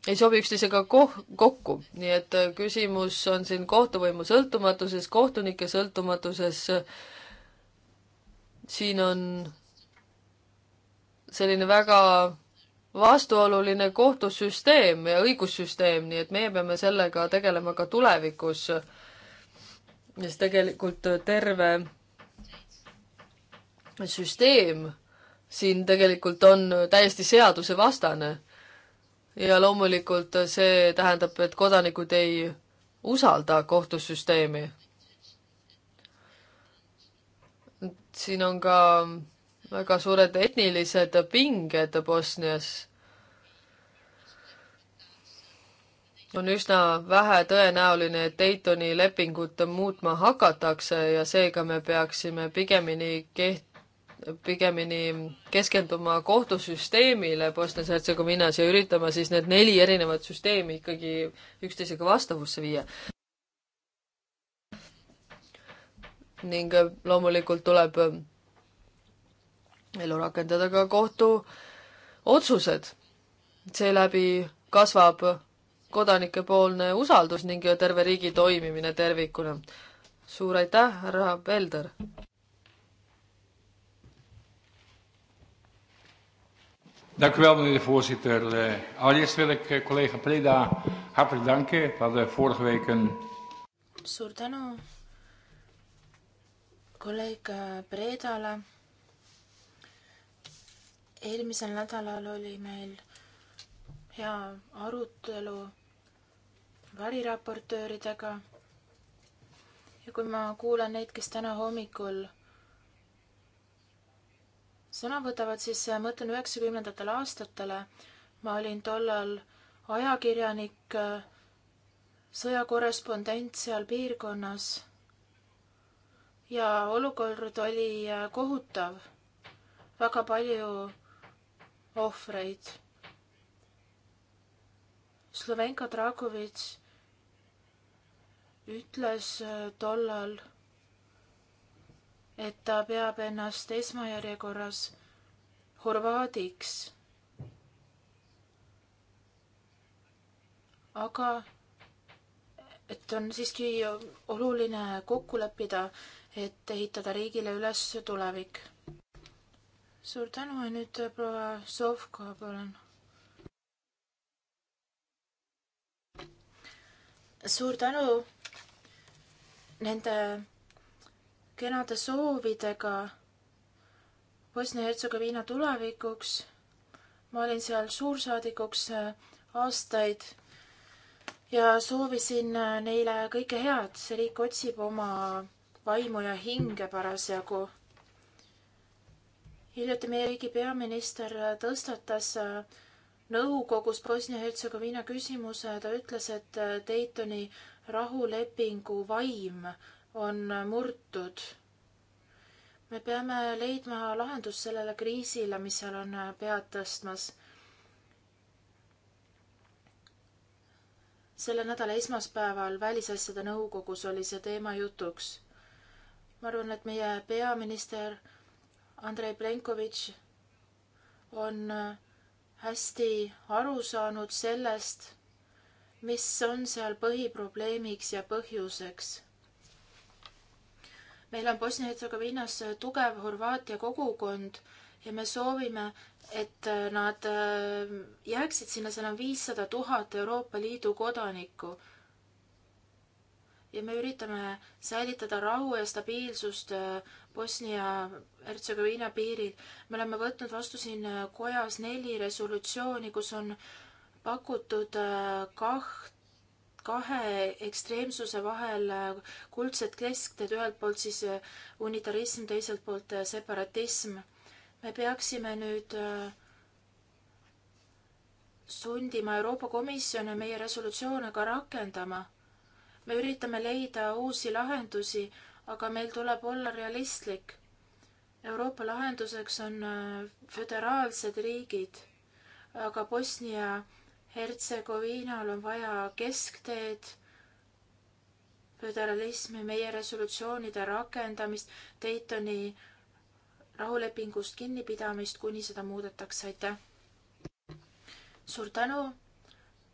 ei sobi üksteisega koh-, kokku, nii et äh, küsimus on siin kohtuvõimu sõltumatuses, kohtunike sõltumatuses, siin on selline väga vastuoluline kohtusüsteem ja õigussüsteem, nii et meie peame sellega tegelema ka tulevikus. sest tegelikult terve süsteem siin tegelikult on täiesti seadusevastane. ja loomulikult see tähendab, et kodanikud ei usalda kohtusüsteemi. siin on ka väga suured etnilised pinged Bosnias. on üsna vähe tõenäoline, et Daytoni lepingut muutma hakatakse ja seega me peaksime pigemini keht-, pigemini keskenduma kohtusüsteemile Bosnias-Hertsegoviinas ja üritama siis need neli erinevat süsteemi ikkagi üksteisega vastavusse viia. ning äh, loomulikult tuleb äh, ellu rakendada ka kohtuotsused. seeläbi kasvab kodanikepoolne usaldus ning terve riigi toimimine tervikuna. suur aitäh, härra Pelder! Dank u wel, meneer de voorzitter. Uh, allereerst wil ik uh, collega Preda hartelijk danken. We hadden vorige week een... Suur tänu kolleeg eh, Predale. eelmisel nädalal oli meil hea arutelu variraportööridega. ja kui ma kuulan neid, kes täna hommikul sõna võtavad, siis äh, mõtlen üheksakümnendatel aastatele. ma olin tollal ajakirjanik, äh, sõjakorrespondent seal piirkonnas ja olukord oli äh, kohutav. väga palju ohvreid. Slovenka Dragovitš ütles tollal et ta peab ennast esmajärjekorras horvaadiks. aga et on siiski oluline kokku leppida, et ehitada riigile üles tulevik. suur tänu ja nüüd proua Sovko, palun. suur tänu nende kenade soovidega Bosnia-Hertsegoviina tulevikuks. ma olin seal suursaadikuks äh, aastaid ja soovisin äh, neile kõike head, see riik otsib oma vaimu ja hinge parasjagu. hiljuti meie riigi peaminister äh, tõstatas nõukogus Bosnia-Hertsegoviina küsimuse, ta ütles, et Daytoni rahulepingu vaim on murtud. me peame leidma lahendust sellele kriisile, mis seal on pead tõstmas selle nädala esmaspäeval Välisasjade Nõukogus oli see teema jutuks. ma arvan, et meie peaminister Andrei Plenkovitš on hästi aru saanud sellest, mis on seal põhiprobleemiks ja põhjuseks meil on Bosnia-Hertsegoviinas tugev Horvaatia kogukond ja me soovime, et äh, nad äh, jääksid sinna, seal on viissada tuhat Euroopa Liidu kodanikku. ja me üritame säilitada rahu ja stabiilsust äh, Bosnia-Hertsegoviina piiril. me oleme võtnud vastu siin kojas neli resolutsiooni, kus on pakutud kaht kahe ekstreemsuse vahel kuldset keskteed, ühelt poolt siis äh, unitarism, teiselt poolt äh, separatism. me peaksime nüüd äh, sundima Euroopa Komisjone meie resolutsioone ka rakendama. me üritame leida uusi lahendusi, aga meil tuleb olla realistlik. Euroopa lahenduseks on föderaalsed riigid, aga Bosnia Hertsegoviinal on vaja keskteed, föderalismi, meie resolutsioonide rakendamist, Daytoni rahulepingust kinnipidamist, kuni seda muudetakse, aitäh! suur tänu!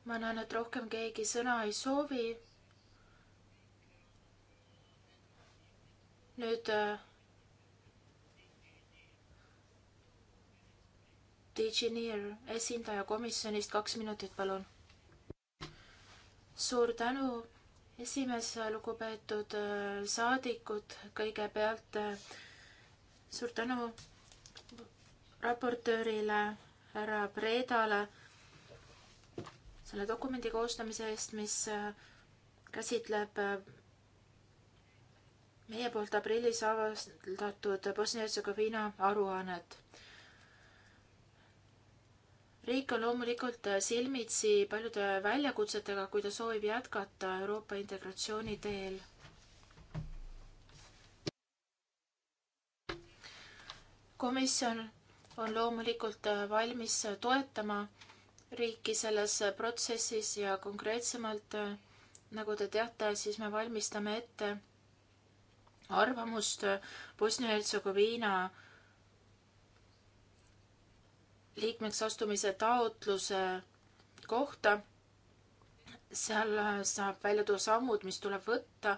ma näen, et rohkem keegi sõna ei soovi. nüüd äh, Digineer esindaja komisjonist, kaks minutit, palun. suur tänu, esimees, lugupeetud äh, saadikud, kõigepealt äh, suur tänu raportöörile härra Predale selle dokumendi koostamise eest, mis äh, käsitleb meie poolt aprillis avaldatud Bosnia-Hertsegoviina aruannet riik on loomulikult äh, silmitsi paljude väljakutsetega, kui ta soovib jätkata Euroopa integratsiooni teel. komisjon on loomulikult äh, valmis äh, toetama riiki selles protsessis ja konkreetsemalt, nagu te teate, siis me valmistame ette arvamust Bosnia-Hertsegoviina liikmeks astumise taotluse kohta. seal äh, saab välja tuua sammud, mis tuleb võtta,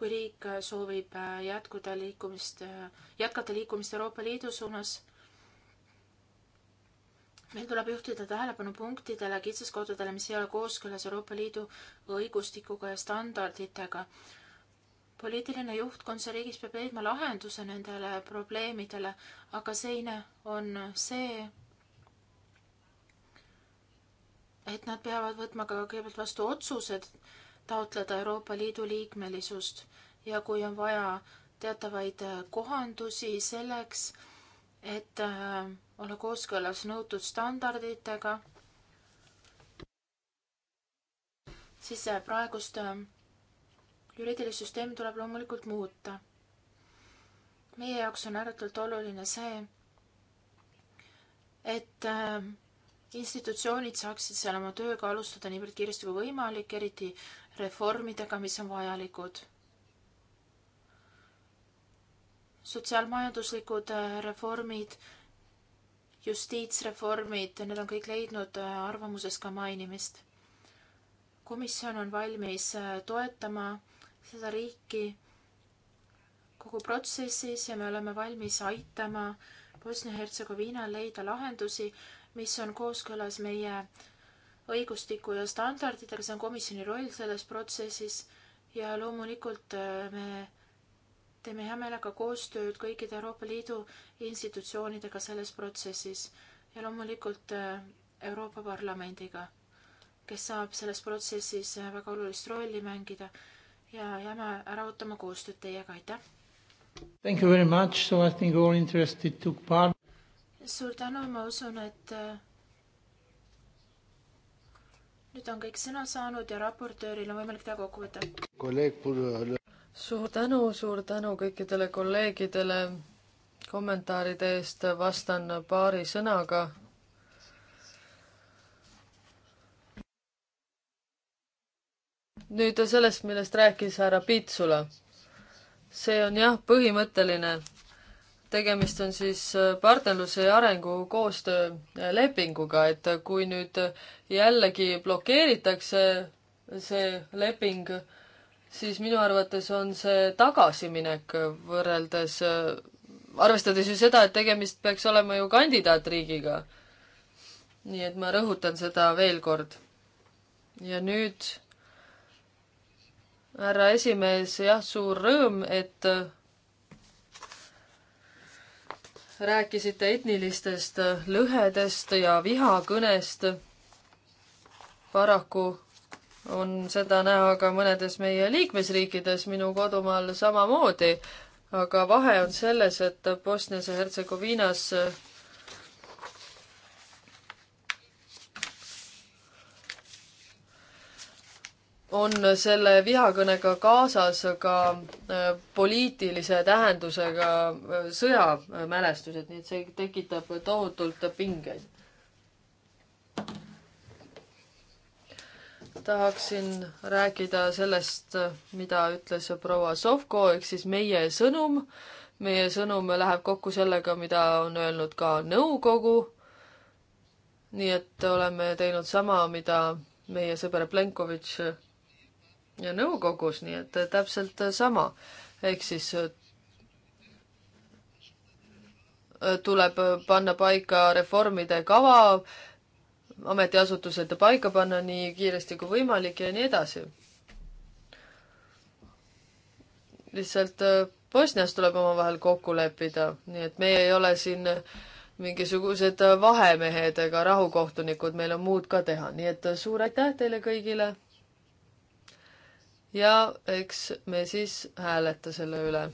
kui riik äh, soovib äh, jätkuda liikumist, jätkata liikumist Euroopa Liidu suunas. meil tuleb juhtida tähelepanu punktidele, kitsaskohtadele, mis ei ole kooskõlas Euroopa Liidu õigustikuga ja standarditega poliitiline juhtkond seal riigis peab leidma lahenduse nendele probleemidele, aga seine on see, et nad peavad võtma ka kõigepealt vastu otsused taotleda Euroopa Liidu liikmelisust ja kui on vaja teatavaid äh, kohandusi selleks, et äh, olla kooskõlas nõutud standarditega, siis äh, praegust juriidilist süsteemi tuleb loomulikult muuta. meie jaoks on ääretult oluline see, et institutsioonid saaksid seal oma tööga alustada niivõrd kiiresti kui võimalik, eriti reformidega, mis on vajalikud. sotsiaalmajanduslikud äh, reformid, justiitsreformid, need on kõik leidnud äh, arvamuses ka mainimist. komisjon on valmis äh, toetama seda riiki kogu protsessis ja me oleme valmis aitama Bosnia-Hertsegoviinal leida lahendusi mis on kooskõlas meie õigustiku ja standarditega, see on komisjoni roll selles protsessis ja loomulikult äh, me teeme hea meelega koostööd kõikide Euroopa Liidu institutsioonidega selles protsessis ja loomulikult äh, Euroopa Parlamendiga, kes saab selles protsessis äh, väga olulist rolli mängida ja jääme ära ootama koostööd teiega, aitäh! Thank you very much, so I think all interested took part suur tänu, ma usun, et äh, nüüd on kõik sõna saanud ja raportööril on võimalik teha kokkuvõte. suur tänu, suur tänu kõikidele kolleegidele kommentaaride eest, vastan paari sõnaga nüüd sellest, millest rääkis härra Piitsula. see on jah, põhimõtteline tegemist on siis äh, partnerluse ja arengu koostöölepinguga, äh, et äh, kui nüüd jällegi blokeeritakse see leping, siis minu arvates on see tagasiminek võrreldes, arvestades ju seda, et tegemist peaks olema ju kandidaatriigiga. nii et ma rõhutan seda veel kord. ja nüüd härra esimees, jah, suur rõõm, et rääkisite etnilistest lõhedest ja vihakõnest. paraku on seda näha ka mõnedes meie liikmesriikides, minu kodumaal samamoodi. aga vahe on selles, et Bosnias ja Hertsegoviinas on selle vihakõnega kaasas ka äh, poliitilise tähendusega äh, sõjamälestused, nii et see tekitab tohutult pingeid. tahaksin rääkida sellest, mida ütles proua Sovko, ehk siis meie sõnum. meie sõnum läheb kokku sellega, mida on öelnud ka nõukogu. nii et oleme teinud sama, mida meie sõber Plenkovitš ja nõukogus, nii et täpselt sama. ehk siis äh, tuleb panna paika reformide kava, ametiasutused paika panna nii kiiresti kui võimalik ja nii edasi. lihtsalt äh, Bosnias tuleb omavahel kokku leppida, nii et meie ei ole siin mingisugused vahemehed ega rahukohtunikud, meil on muud ka teha, nii et suur aitäh teile kõigile ja eks me siis hääleta selle üle.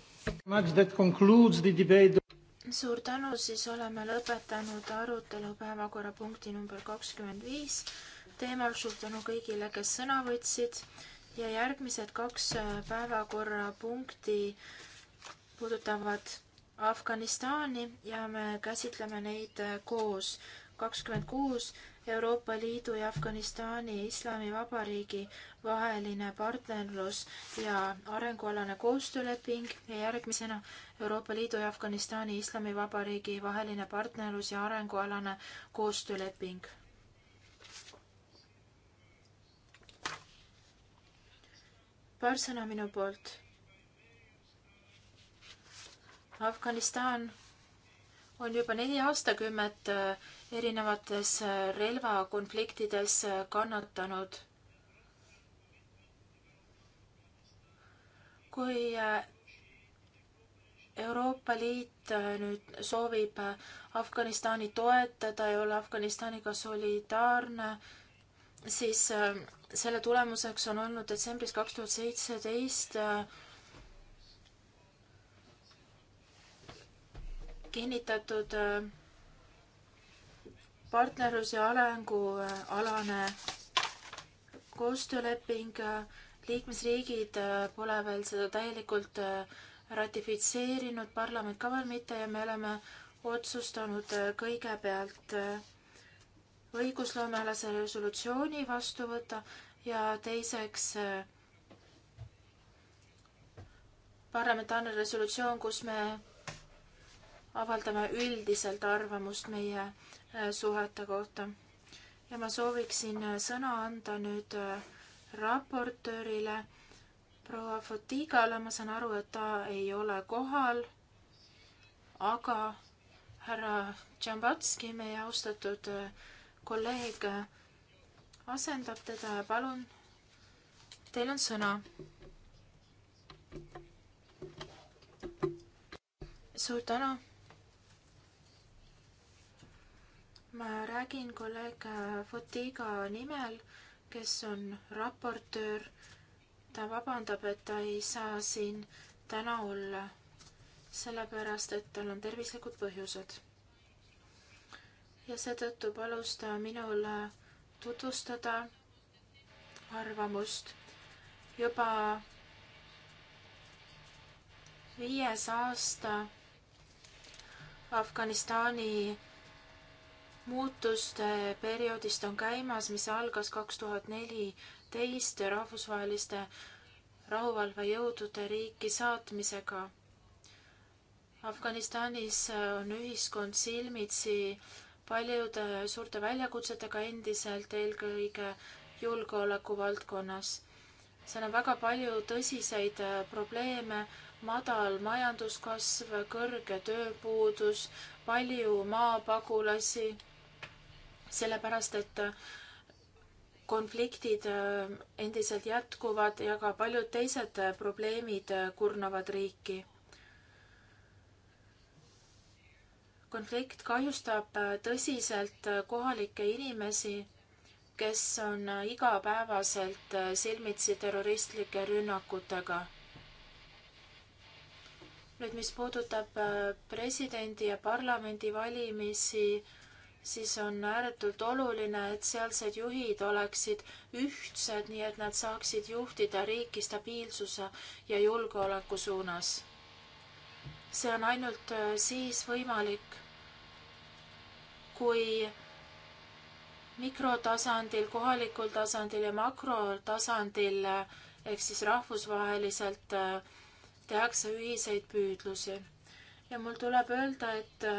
suur tänu, siis oleme lõpetanud arutelu päevakorrapunkti number kakskümmend viis teemal. suur tänu kõigile, kes sõna võtsid ja järgmised kaks äh, päevakorrapunkti puudutavad Afganistani ja me käsitleme neid äh, koos kakskümmend kuus Euroopa Liidu ja Afganistani Islamivabariigi vaheline partnerlus ja arengualane koostööleping ja järgmisena Euroopa Liidu ja Afganistani Islamivabariigi vaheline partnerlus ja arengualane koostööleping. paar sõna minu poolt. Afganistan on juba neli aastakümmet äh, erinevates äh, relvakonfliktides äh, kannatanud. kui äh, Euroopa Liit nüüd soovib Afganistani toetada ja olla Afganistaniga solidaarne, siis selle tulemuseks on olnud detsembris kaks tuhat seitseteist kinnitatud partnerlus- ja arengualane äh, koostööleping. liikmesriigid äh, pole veel seda täielikult äh, ratifitseerinud, parlament ka veel mitte ja me oleme otsustanud kõigepealt õigusloomealase resolutsiooni vastu võtta ja teiseks parlamentaarne resolutsioon, kus me avaldame üldiselt arvamust meie äh, Äh, suhete kohta. ja ma sooviksin äh, sõna anda nüüd äh, raportöörile proua Fotigale, ma saan aru, et ta ei ole kohal, aga härra Džambatski, meie austatud kolleeg, asendab teda ja palun, teil on sõna. suur tänu ma räägin kolleeg Fotiga nimel, kes on raportöör. ta vabandab, et ta ei saa siin täna olla, sellepärast et tal on tervislikud põhjused. ja seetõttu palus ta minul tutvustada arvamust. juba viies aasta Afganistani muutuste perioodist on käimas, mis algas kaks tuhat neliteist rahvusvaheliste rahuvalvejõudude riiki saatmisega. Afganistanis on ühiskond silmitsi paljude suurte väljakutsetega endiselt, eelkõige julgeoleku valdkonnas. seal on väga palju tõsiseid probleeme, madal majanduskasv, kõrge tööpuudus, palju maapagulasi sellepärast et äh, konfliktid äh, endiselt jätkuvad ja ka paljud teised äh, probleemid kurnavad riiki. konflikt kahjustab tõsiselt kohalikke inimesi, kes on igapäevaselt silmitsi terroristlike rünnakutega nüüd, mis puudutab presidendi ja parlamendi valimisi, siis on ääretult oluline, et sealsed juhid oleksid ühtsed, nii et nad saaksid juhtida riiki stabiilsuse ja julgeoleku suunas. see on ainult äh, siis võimalik, kui mikrotasandil, kohalikul tasandil ja makrotasandil äh, ehk siis rahvusvaheliselt äh, tehakse ühiseid püüdlusi. ja mul tuleb öelda, et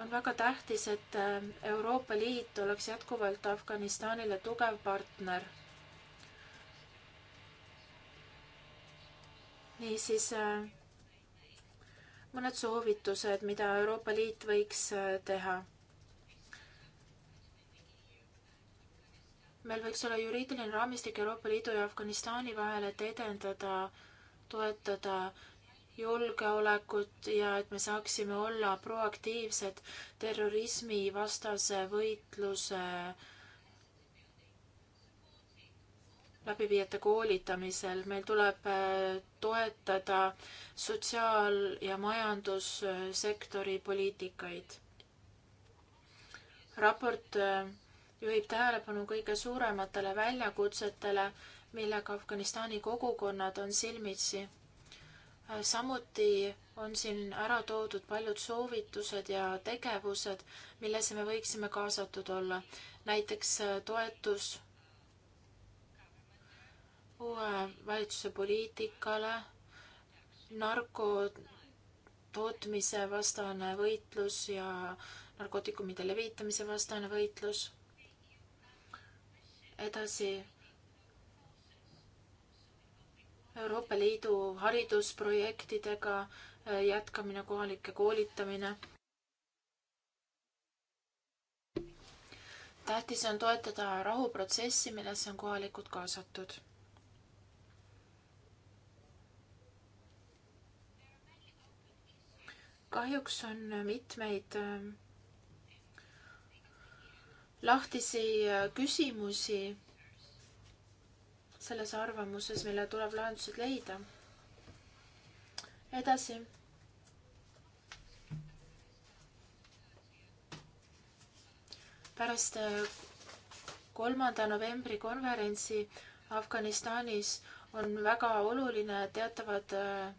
on väga tähtis, et äh, Euroopa Liit oleks jätkuvalt Afganistanile tugev partner. niisiis äh, mõned soovitused, mida Euroopa Liit võiks äh, teha. meil võiks olla juriidiline raamistik Euroopa Liidu ja Afganistani vahel, et edendada, toetada julgeolekut ja et me saaksime olla proaktiivsed terrorismivastase võitluse läbiviijate koolitamisel. meil tuleb äh, toetada sotsiaal- ja majandussektori poliitikaid. raport äh, juhib tähelepanu kõige suurematele väljakutsetele, millega Afganistani kogukonnad on silmitsi samuti on siin ära toodud paljud soovitused ja tegevused, millesse me võiksime kaasatud olla. näiteks äh, toetus uue valitsuse poliitikale, narkotootmise vastane võitlus ja narkootikumide levitamise vastane võitlus. edasi Euroopa Liidu haridusprojektidega äh, jätkamine, kohalike koolitamine. tähtis on toetada rahuprotsessi, millesse on kohalikud kaasatud. kahjuks on mitmeid äh, lahtisi äh, küsimusi selles arvamuses, millele tuleb lahendused leida. edasi. pärast äh, kolmanda novembri konverentsi Afganistanis on väga oluline teatavad äh,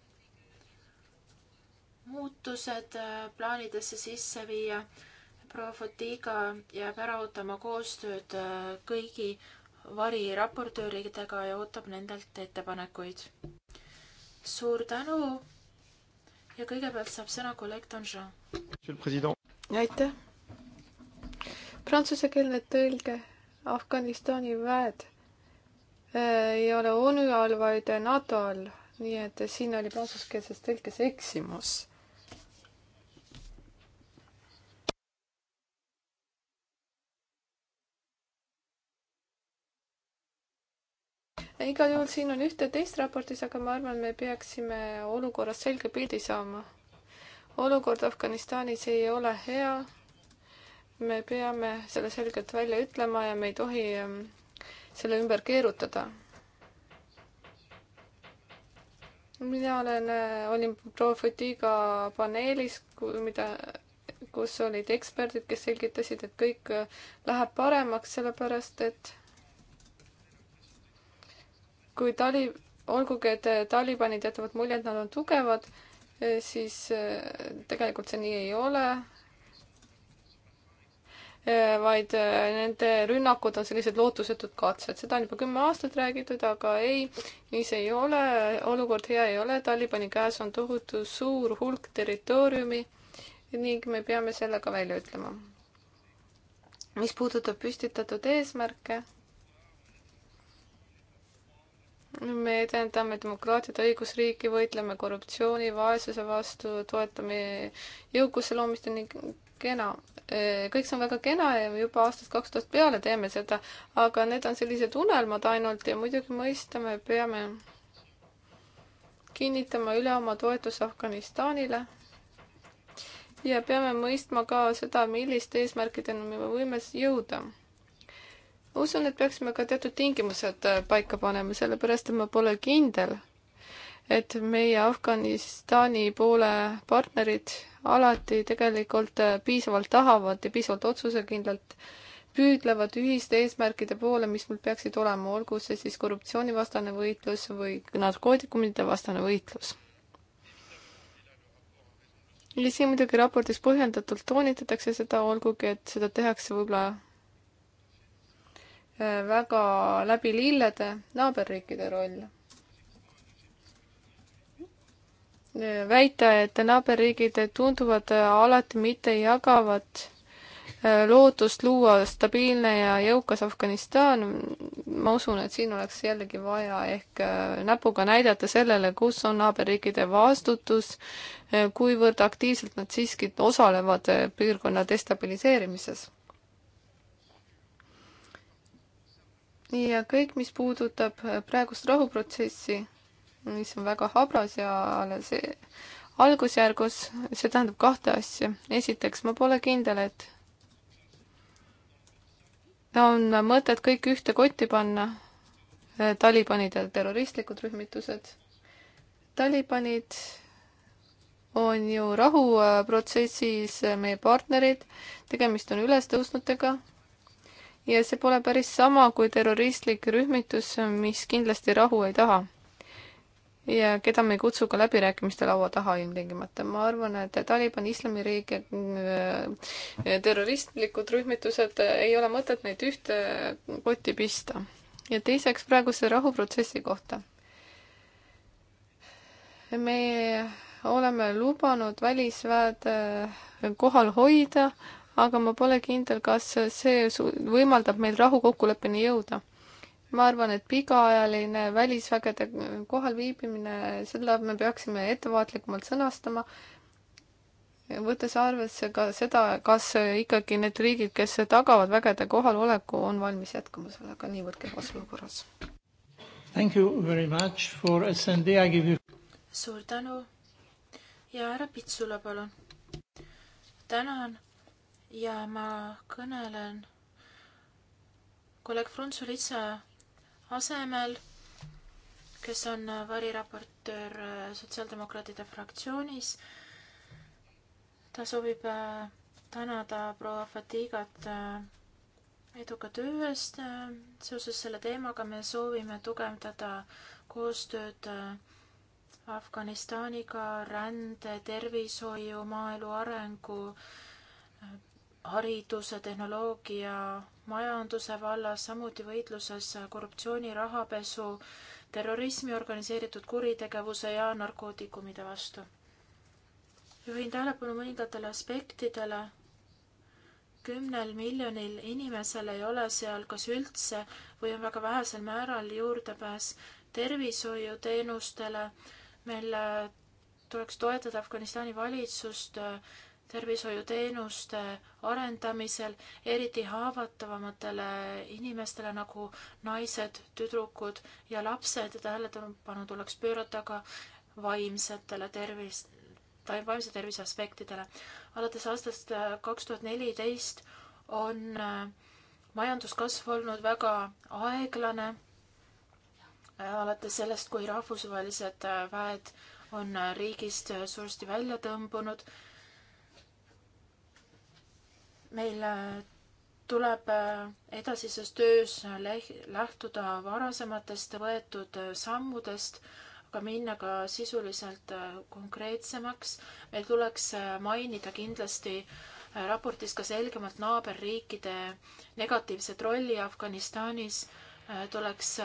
muutused äh, plaanidesse sisse viia. proua Fotiga jääb ära ootama koostööd kõigi variraportööridega ja ootab nendelt ettepanekuid. suur tänu ja kõigepealt saab sõna kolleeg Donjon. aitäh. prantsusekeelne tõlge Afganistani väed äh, ei ole ONU all, vaid NATO all, nii et siin oli prantsuskeelses tõlkes eksimus. igal juhul siin on ühte teist raportis, aga ma arvan, me peaksime olukorrast selge pildi saama. olukord Afganistanis ei ole hea. me peame selle selgelt välja ütlema ja me ei tohi ähm, selle ümber keerutada. mina olen, äh, olin Profetiga paneelis, mida, kus olid eksperdid, kes selgitasid, et kõik äh, läheb paremaks, sellepärast et kui tali, olgugi, et äh, Talibanid jätavad mulje, et nad on tugevad, äh, siis äh, tegelikult see nii ei ole. vaid nende rünnakud on sellised lootusetud katsed, seda on juba kümme aastat räägitud, aga ei, nii see ei ole, olukord hea ei ole, Talibani käes on tohutu suur hulk territooriumi ning me peame selle ka välja ütlema. mis puudutab püstitatud eesmärke me edendame demokraatiat, õigusriiki, võitleme korruptsiooni, vaesuse vastu, toetame jõukuse loomist ja nii kena. Eh, kõik see on väga kena ja me juba aastast kaks tuhat peale teeme seda, aga need on sellised unelmad ainult ja muidugi mõistame, peame kinnitama üle oma toetuse Afganistanile ja peame mõistma ka seda, milliste eesmärkideni me võime jõuda usun, et peaksime ka teatud tingimused äh, paika panema, sellepärast et ma pole kindel, et meie Afganistani poole partnerid alati tegelikult äh, piisavalt tahavad ja piisavalt otsusekindlalt püüdlevad ühiste eesmärkide poole, mis meil peaksid olema, olgu see siis korruptsioonivastane võitlus või narkootikumide vastane võitlus ja siin muidugi raportis põhjendatult toonitatakse seda, olgugi et seda tehakse võib-olla Äh, väga läbi lillede naaberriikide roll. Äh, väita, et naaberriigid tunduvad äh, alati mitte jagavat lootust luua stabiilne ja jõukas Afganistan, ma usun, et siin oleks jällegi vaja ehk näpuga näidata sellele, kus on naaberriikide vastutus, kuivõrd aktiivselt nad siiski osalevad piirkonna destabiliseerimises. ja kõik, mis puudutab äh, praegust rahuprotsessi, mis on väga habras ja alles äh, algusjärgus, see tähendab kahte asja. esiteks, ma pole kindel, et on mõtet kõik ühte kotti panna, äh, Talibanid ja terroristlikud rühmitused. Talibanid on ju rahuprotsessis meie partnerid, tegemist on ülestõusnutega ja see pole päris sama kui terroristlik rühmitus, mis kindlasti rahu ei taha. ja keda me ei kutsu ka läbirääkimiste laua taha ilmtingimata. ma arvan, et Taliban, Islamiriik ja äh, äh, terroristlikud rühmitused, ei ole mõtet neid ühte kotti pista. ja teiseks praeguse rahuprotsessi kohta. me oleme lubanud välisväed äh, kohal hoida aga ma pole kindel, kas see võimaldab meil rahukokkuleppeni jõuda. ma arvan, et pikaajaline välisvägede kohalviibimine, seda me peaksime ettevaatlikumalt sõnastama, võttes arvesse ka seda, kas ikkagi need riigid, kes tagavad vägede kohaloleku, on valmis jätkama sellega niivõrd kehvas olukorras. Thank you very much for SND, I give you. suur tänu ja härra Pitsula, palun. tänan ja ma kõnelen kolleeg Frunzulitsa asemel, kes on variraportöör Sotsiaaldemokraatide fraktsioonis. ta soovib äh, tänada proua Fatigat äh, eduka töö eest. Äh, seoses selle teemaga me soovime tugevdada koostööd Afganistaniga rände, tervishoiu, maaelu arengu äh, hariduse, tehnoloogia, majanduse vallas, samuti võitluses korruptsiooni, rahapesu, terrorismi, organiseeritud kuritegevuse ja narkootikumide vastu. juhin tähelepanu mõningatele aspektidele. kümnel miljonil inimesel ei ole seal kas üldse või on väga vähesel määral juurdepääs tervishoiuteenustele. meil tuleks toetada Afganistani valitsust tervishoiuteenuste arendamisel, eriti haavatavamatele inimestele nagu naised, tüdrukud ja lapsed ja tähelepanu tuleks pöörata ka vaimsetele tervis, vaimse tervise aspektidele. alates aastast äh, kaks tuhat neliteist on äh, majanduskasv olnud väga aeglane. Äh, alates sellest, kui rahvusvahelised väed on riigist suuresti välja tõmbunud meil äh, tuleb äh, edasises töös lähtuda varasematest võetud äh, sammudest, aga minna ka sisuliselt konkreetsemaks. meil tuleks mainida kindlasti raportis ka selgemalt naaberriikide negatiivset rolli Afganistanis, tuleks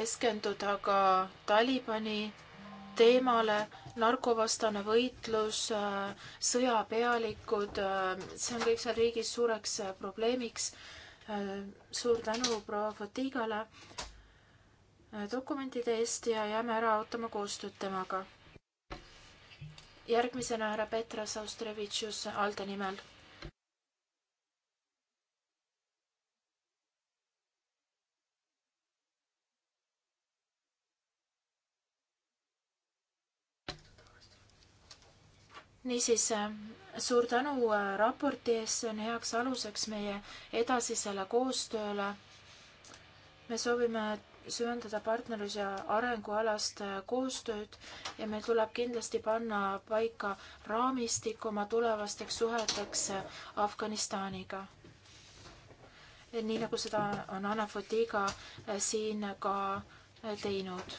keskenduda ka Talibani teemale, narkovastane võitlus, äh, sõjapealikud, äh, see on kõik seal riigis suureks äh, probleemiks. suur tänu proua Fatigale dokumentide eest ja jääme ära ootama koostööd temaga. järgmisena härra Petras Austrevitšus ALDE nimel niisiis, äh, suur tänu äh, raporti eest, see on heaks aluseks meie edasisele koostööle. me soovime süvendada partnerlus- ja arengualast äh, koostööd ja meil tuleb kindlasti panna paika raamistik oma tulevasteks suheteks Afganistaniga. nii nagu seda on Anna Fotiga siin ka teinud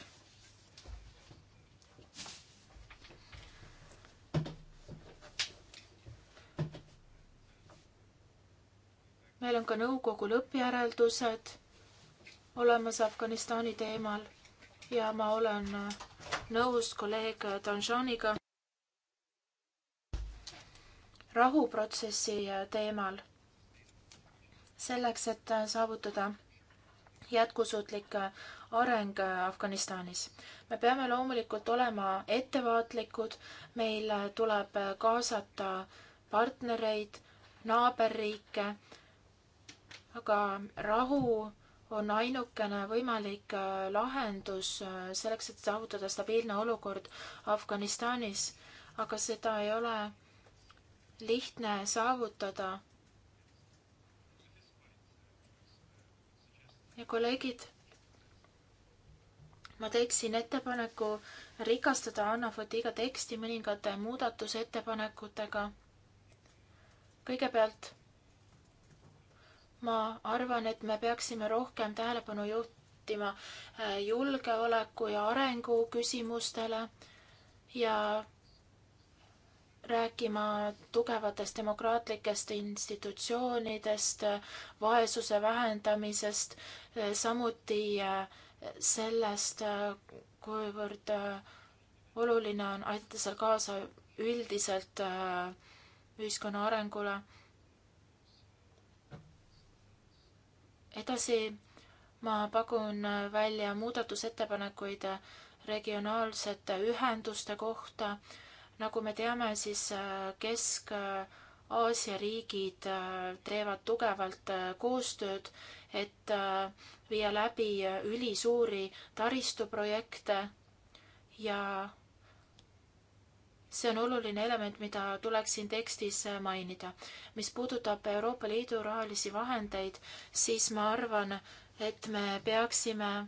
meil on ka nõukogu lõppjäreldused olemas Afganistani teemal ja ma olen äh, nõus kolleeg Danjaniga rahuprotsessi äh, teemal. selleks, et äh, saavutada jätkusuutlik areng Afganistanis. me peame loomulikult olema ettevaatlikud, meil tuleb kaasata partnereid, naaberriike aga rahu on ainukene võimalik äh, lahendus äh, selleks, et saavutada stabiilne olukord Afganistanis, aga seda ei ole lihtne saavutada. ja kolleegid, ma teeksin ettepaneku rikastada Anna Fotiga teksti mõningate muudatusettepanekutega. kõigepealt ma arvan, et me peaksime rohkem tähelepanu juhtima äh, julgeoleku ja arengu küsimustele ja rääkima tugevatest demokraatlikest institutsioonidest, vaesuse vähendamisest, äh, samuti äh, sellest, kuivõrd oluline on aidata seal kaasa üldiselt ühiskonna arengule edasi ma pakun välja muudatusettepanekuid regionaalsete ühenduste kohta. nagu me teame, siis äh, Kesk-Aasia riigid äh, teevad tugevalt äh, koostööd, et viia läbi ülisuuri taristuprojekte ja see on oluline element, mida tuleks siin tekstis mainida. mis puudutab Euroopa Liidu rahalisi vahendeid, siis ma arvan, et me peaksime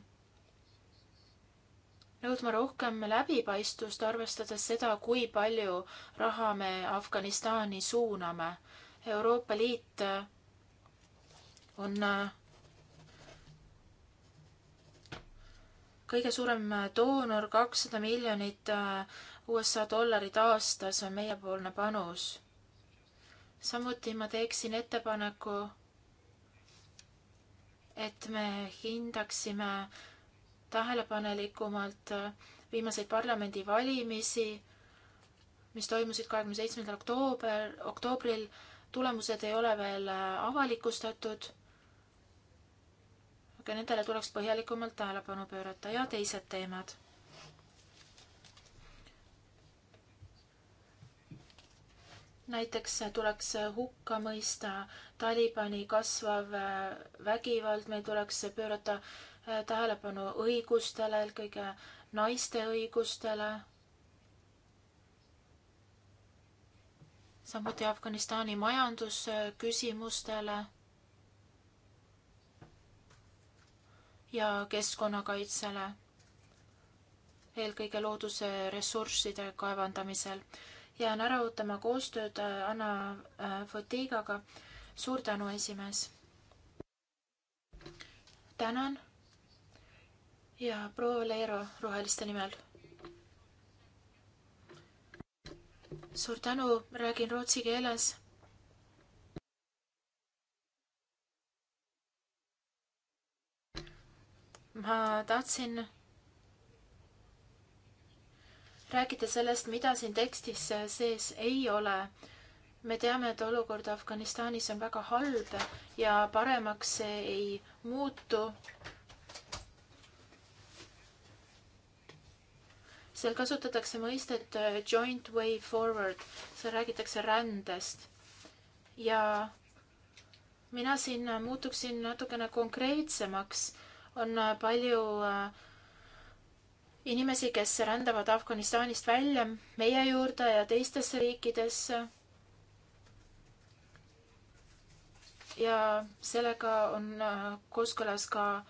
nõudma rohkem läbipaistvust, arvestades seda, kui palju raha me Afganistani suuname. Euroopa Liit on äh, kõige suurem doonor, kakssada miljonit äh, USA dollarit aastas on meiepoolne panus. samuti ma teeksin ettepaneku, et me hindaksime tähelepanelikumalt viimaseid parlamendivalimisi, mis toimusid kahekümne seitsmendal oktoober, oktoobril. tulemused ei ole veel avalikustatud. aga nendele tuleks põhjalikumalt tähelepanu pöörata ja teised teemad näiteks tuleks hukka mõista Talibani kasvav äh, vägivald, meil tuleks pöörata äh, tähelepanu õigustele, eelkõige naiste õigustele. samuti Afganistani majandusküsimustele ja keskkonnakaitsele, eelkõige looduse ressursside kaevandamisel jään ära ootama koostööd äh, Anna äh, Fotigaga. suur tänu, esimees. tänan. ja proua Leero Roheliste nimel. suur tänu, räägin rootsi keeles ma tahtsin rääkida sellest, mida siin tekstis sees ei ole. me teame, et olukord Afganistanis on väga halb ja paremaks see ei muutu. seal kasutatakse mõistet äh, joint way forward, seal räägitakse rändest ja mina siin äh, muutuksin natukene konkreetsemaks. on äh, palju äh, inimesi, kes rändavad Afganistanist välja meie juurde ja teistesse riikidesse. ja sellega on äh, kooskõlas ka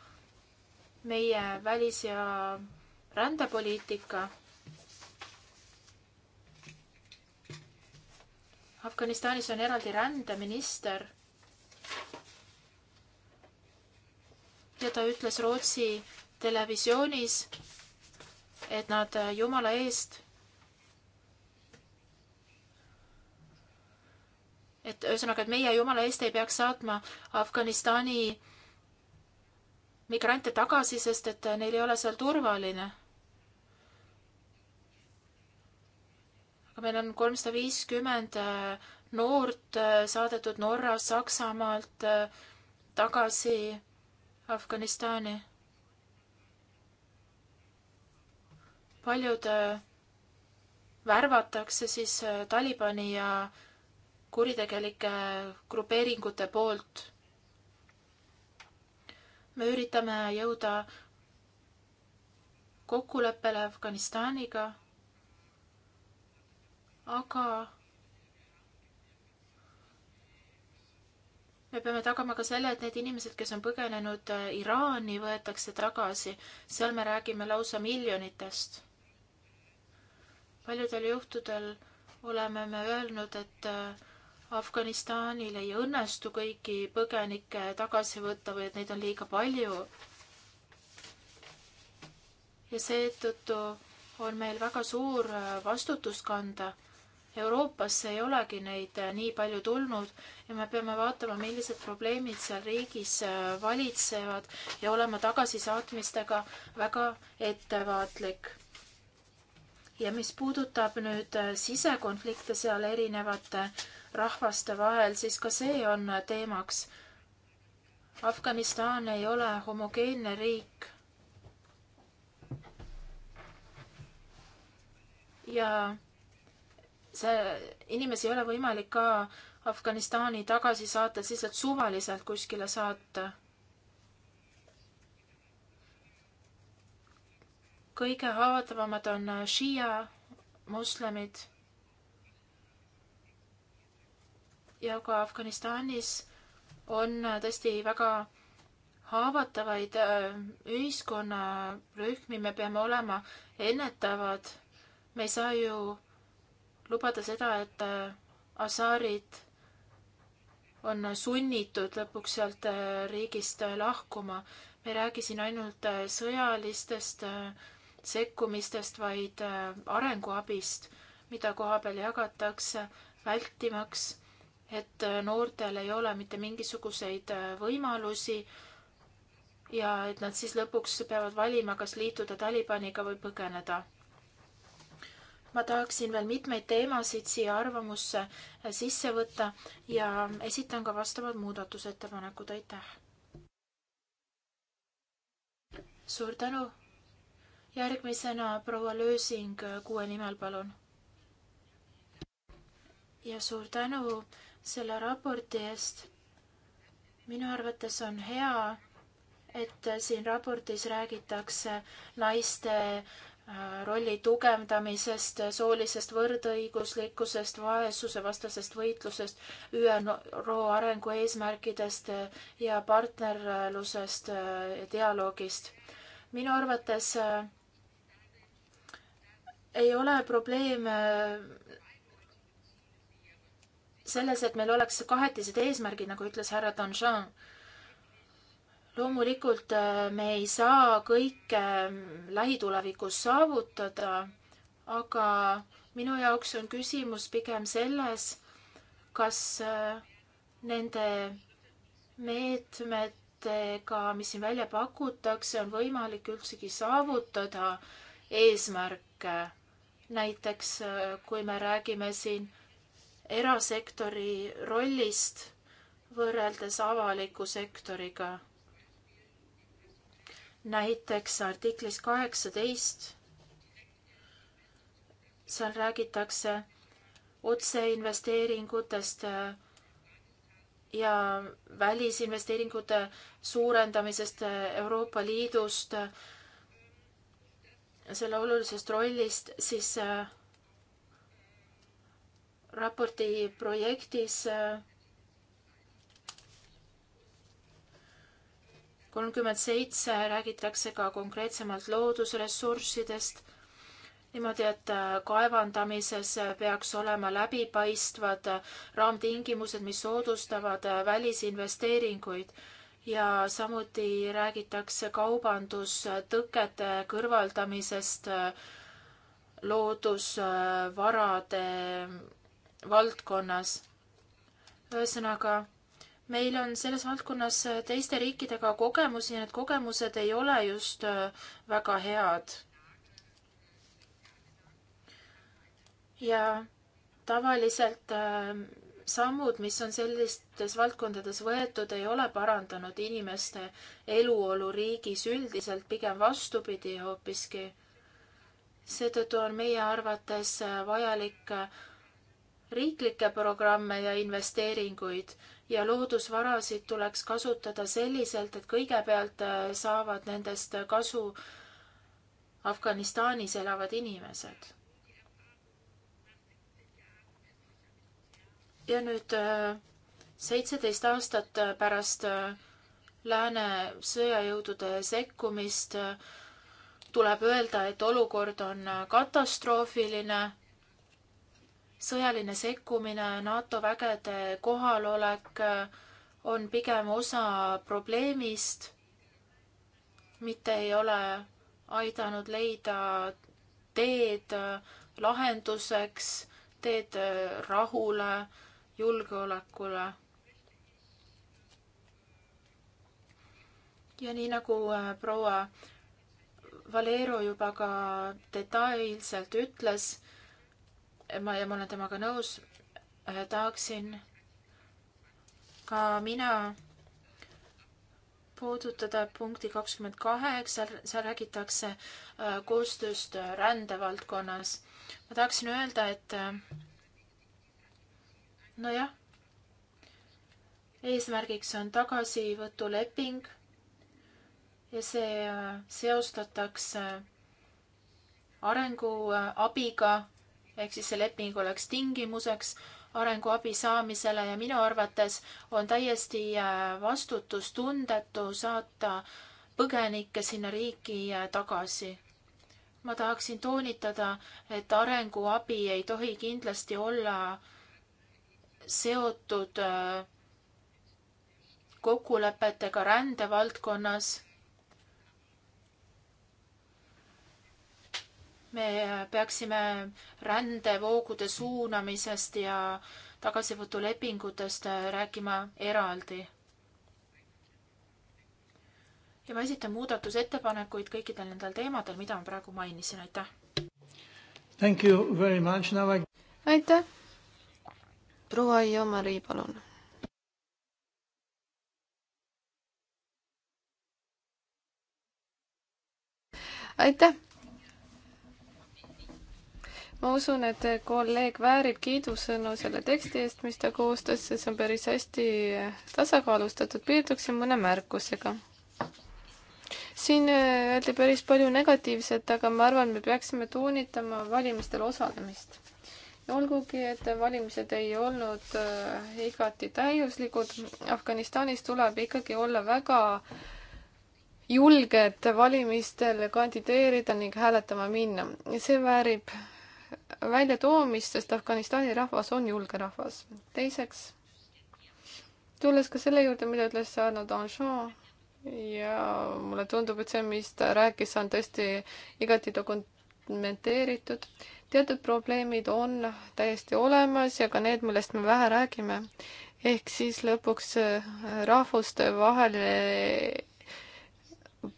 meie välis- ja rändepoliitika. Afganistanis on eraldi rändeminister ja ta ütles Rootsi televisioonis, et nad äh, Jumala eest, et ühesõnaga, et meie Jumala eest ei peaks saatma Afganistani migrante tagasi, sest et äh, neil ei ole seal turvaline. aga meil on kolmsada viiskümmend äh, noort saadetud Norrast, Saksamaalt tagasi Afganistani paljud äh, värvatakse siis äh, Talibani ja kuritegelike grupeeringute poolt. me üritame jõuda kokkuleppele Afganistaniga, aga me peame tagama ka selle, et need inimesed, kes on põgenenud äh, Iraani, võetakse tagasi. seal me räägime lausa miljonitest paljudel juhtudel oleme me öelnud, et äh, Afganistanil ei õnnestu kõiki põgenikke tagasi võtta või et neid on liiga palju. ja seetõttu on meil väga suur äh, vastutus kanda. Euroopasse ei olegi neid äh, nii palju tulnud ja me peame vaatama, millised probleemid seal riigis valitsevad ja olema tagasisaatmistega väga ettevaatlik ja mis puudutab nüüd äh, sisekonflikte seal erinevate rahvaste vahel, siis ka see on äh, teemaks. Afganistan ei ole homogeenne riik. ja see, inimesi ei ole võimalik ka Afganistani tagasi saata, lihtsalt suvaliselt kuskile saata kõige haavatavamad on šiia äh, moslemid ja ka Afganistanis on äh, tõesti väga haavatavaid äh, ühiskonnarühmi, me peame olema ennetavad. me ei saa ju lubada seda, et asaarid on sunnitud lõpuks sealt riigist lahkuma. me ei räägi siin ainult sõjalistest sekkumistest, vaid äh, arenguabist, mida kohapeal jagatakse, vältimaks, et äh, noortel ei ole mitte mingisuguseid äh, võimalusi ja et nad siis lõpuks peavad valima, kas liituda Talibaniga või põgeneda. ma tahaksin veel mitmeid teemasid siia arvamusse sisse võtta ja esitan ka vastavad muudatusettepanekud, aitäh! suur tänu! järgmisena proua Lösing äh, kuue nimel, palun. ja suur tänu selle raporti eest. minu arvates on hea, et siin raportis räägitakse naiste äh, rolli tugevdamisest, soolisest võrdõiguslikkusest, vaesusevastasest võitlusest, ÜRO arengu eesmärkidest äh, ja partnerlusest ja dialoogist. minu arvates ei ole probleem äh, selles, et meil oleks kahetised eesmärgid, nagu ütles härra Danjean. loomulikult äh, me ei saa kõike äh, lähitulevikus saavutada, aga minu jaoks on küsimus pigem selles, kas nende meetmetega, mis siin välja pakutakse, on võimalik üldsegi saavutada eesmärke näiteks äh, kui me räägime siin erasektori rollist võrreldes avaliku sektoriga. näiteks artiklis kaheksateist, seal räägitakse otseinvesteeringutest äh, ja välisinvesteeringute suurendamisest äh, Euroopa Liidust selle olulisest rollist, siis äh, raporti projektis äh, kolmkümmend seitse räägitakse ka konkreetsemalt loodusressurssidest niimoodi, et äh, kaevandamises peaks olema läbipaistvad raamtingimused, mis soodustavad välisinvesteeringuid ja samuti räägitakse kaubandustõkete kõrvaldamisest äh, loodusvarade äh, valdkonnas. ühesõnaga, meil on selles valdkonnas äh, teiste riikidega kogemusi ja need kogemused ei ole just väga head. ja tavaliselt sammud, mis on sellistes valdkondades võetud, ei ole parandanud inimeste eluolu riigis üldiselt, pigem vastupidi hoopiski. seetõttu on meie arvates vajalik riiklikke programme ja investeeringuid ja loodusvarasid tuleks kasutada selliselt, et kõigepealt saavad nendest kasu Afganistanis elavad inimesed ja nüüd äh, seitseteist aastat äh, pärast äh, Lääne sõjajõudude sekkumist tuleb öelda, et olukord on katastroofiline. sõjaline sekkumine, NATO vägede kohalolek on pigem osa probleemist, mitte ei ole aidanud leida teed lahenduseks, teed rahule julgeolekule. ja nii nagu äh, proua Valero juba ka detailselt ütles, ma ja ma olen temaga nõus, äh, tahaksin ka mina puudutada punkti kakskümmend kaheksa, seal räägitakse äh, koostööst rändevaldkonnas. ma tahaksin öelda, et nojah, eesmärgiks on tagasivõtuleping ja see äh, seostatakse äh, arenguabiga ehk siis see leping oleks tingimuseks arenguabi saamisele ja minu arvates on täiesti äh, vastutustundetu saata põgenikke sinna riiki tagasi. ma tahaksin toonitada, et arenguabi ei tohi kindlasti olla seotud äh, kokkulepetega rändevaldkonnas. me peaksime rändevoogude suunamisest ja tagasivõtulepingutest äh, rääkima eraldi. ja ma esitan muudatusettepanekuid kõikidel nendel teemadel, mida ma praegu mainisin, aitäh! Thank you very much, Nava. aitäh! proua Joomari, palun. aitäh! ma usun, et kolleeg väärib kiidusõnu selle teksti eest, mis ta koostas, see on päris hästi tasakaalustatud, piirduksin mõne märkusega. siin öeldi päris palju negatiivset, aga ma arvan, me peaksime toonitama valimistel osalemist olgugi, et valimised ei olnud äh, igati täiuslikud, Afganistanis tuleb ikkagi olla väga julged valimistel kandideerida ning hääletama minna. see väärib väljatoomist, sest Afganistani rahvas on julge rahvas. teiseks, tulles ka selle juurde, mida ütles Arno Danchon ja mulle tundub, et see, mis ta rääkis, on tõesti igati dokumenteeritud teatud probleemid on täiesti olemas ja ka need, millest me vähe räägime. ehk siis lõpuks äh, rahvuste vahele, äh,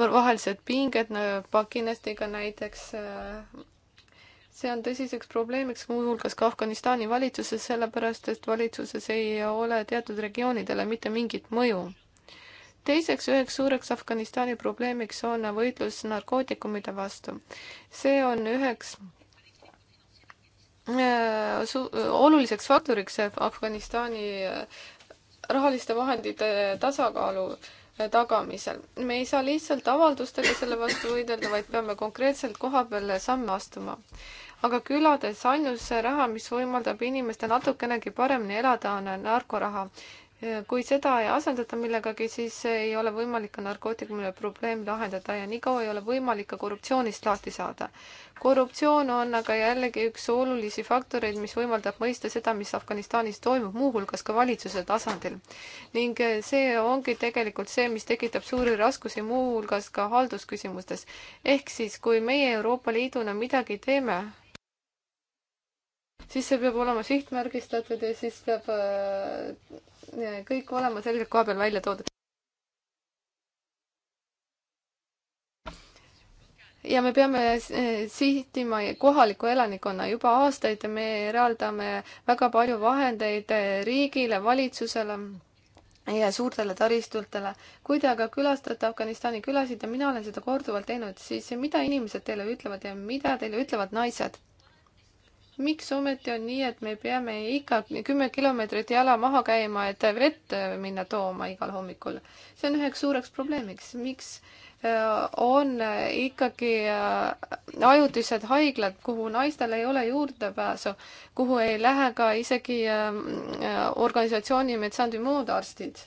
vahelised pinged no, Pakinestiga näiteks, äh, see on tõsiseks probleemiks muuhulgas ka Afganistani valitsuses, sellepärast et valitsuses ei ole teatud regioonidele mitte mingit mõju teiseks üheks suureks Afganistani probleemiks on võitlus narkootikumide vastu. see on üheks Äh, su-, äh, oluliseks faktoriks Afganistani äh, rahaliste vahendite tasakaalu tagamisel. me ei saa lihtsalt avaldustega selle vastu võidelda, vaid peame konkreetselt koha peal samme astuma. aga külades ainus raha, mis võimaldab inimestel natukenegi paremini elada, on narkoraha kui seda ei asendata millegagi, siis ei ole võimalik ka narkootikumide probleemi lahendada ja niikaua ei ole võimalik ka korruptsioonist lahti saada. korruptsioon on aga jällegi üks olulisi faktoreid, mis võimaldab mõista seda, mis Afganistanis toimub, muuhulgas ka valitsuse tasandil. ning see ongi tegelikult see, mis tekitab suuri raskusi, muuhulgas ka haldusküsimustes. ehk siis, kui meie Euroopa Liiduna midagi teeme, siis see peab olema sihtmärgistatud ja siis peab äh, kõik olema selgelt koha peal välja toodud. ja me peame sihtima kohaliku elanikkonna juba aastaid ja me eraldame väga palju vahendeid riigile, valitsusele ja suurtele taristutele. kui te aga külastate Afganistani külasid ja mina olen seda korduvalt teinud, siis mida inimesed teile ütlevad ja mida teile ütlevad naised? miks ometi on nii, et me peame iga kümme kilomeetrit jala maha käima, et vett minna tooma igal hommikul? see on üheks suureks probleemiks, miks äh, on äh, ikkagi äh, ajutised haiglad, kuhu naistel ei ole juurdepääsu, kuhu ei lähe ka isegi organisatsiooni Metsandi muud arstid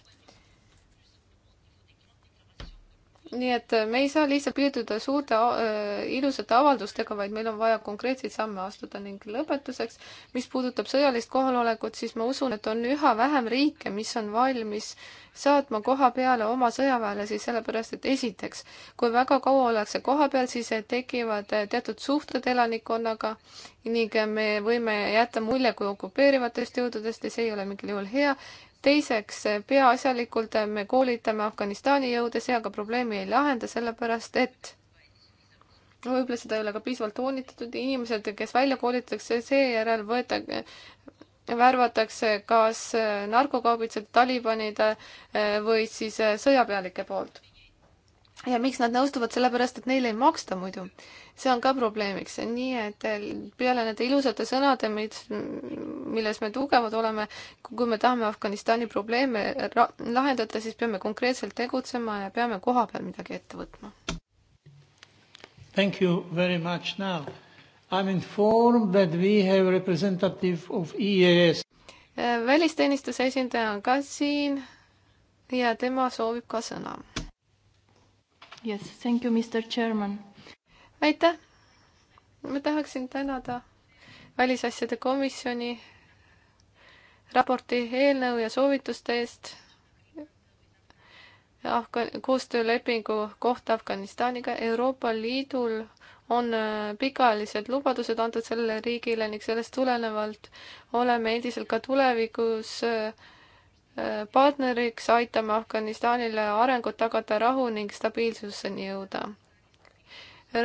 nii et äh, me ei saa lihtsalt piirduda suurte äh, ilusate avaldustega, vaid meil on vaja konkreetseid samme astuda ning lõpetuseks, mis puudutab sõjalist kohalolekut, siis ma usun, et on üha vähem riike, mis on valmis saatma koha peale oma sõjaväelasi, sellepärast et esiteks, kui väga kaua ollakse koha peal, siis äh, tekivad äh, teatud suhted elanikkonnaga ning me võime jätta mulje kui okupeerivatest jõududest ja see ei ole mingil juhul hea teiseks, peaasjalikult me koolitame Afganistani jõude, seal ka probleemi ei lahenda, sellepärast et võib-olla seda ei ole ka piisavalt toonitatud, inimesed, kes välja koolitatakse, seejärel võeta-, värvatakse kas narkokaubitsejate, talibanide eh, või siis eh, sõjapealike poolt ja miks nad nõustuvad, sellepärast et neile ei maksta muidu. see on ka probleemiks, nii et eh, peale nende ilusate sõnade, mis, milles me tugevad oleme, kui me tahame Afganistani probleeme lahendada, siis peame konkreetselt tegutsema ja peame koha peal midagi ette võtma. Thank you very much now. I am informed that we have representative of EAS. Eh, välisteenistuse esindaja on ka siin ja tema soovib ka sõna Yes, thank you, Mr Chairman. aitäh. ma tahaksin tänada välisasjade komisjoni raporti eelnõu ja soovituste eest Afga-, koostöölepingu kohta Afganistaniga. Euroopa Liidul on äh, pikaajalised lubadused antud sellele riigile ning sellest tulenevalt oleme endiselt ka tulevikus äh, partneriks, aitame Afganistanile arengut tagada rahu ning stabiilsuseni jõuda.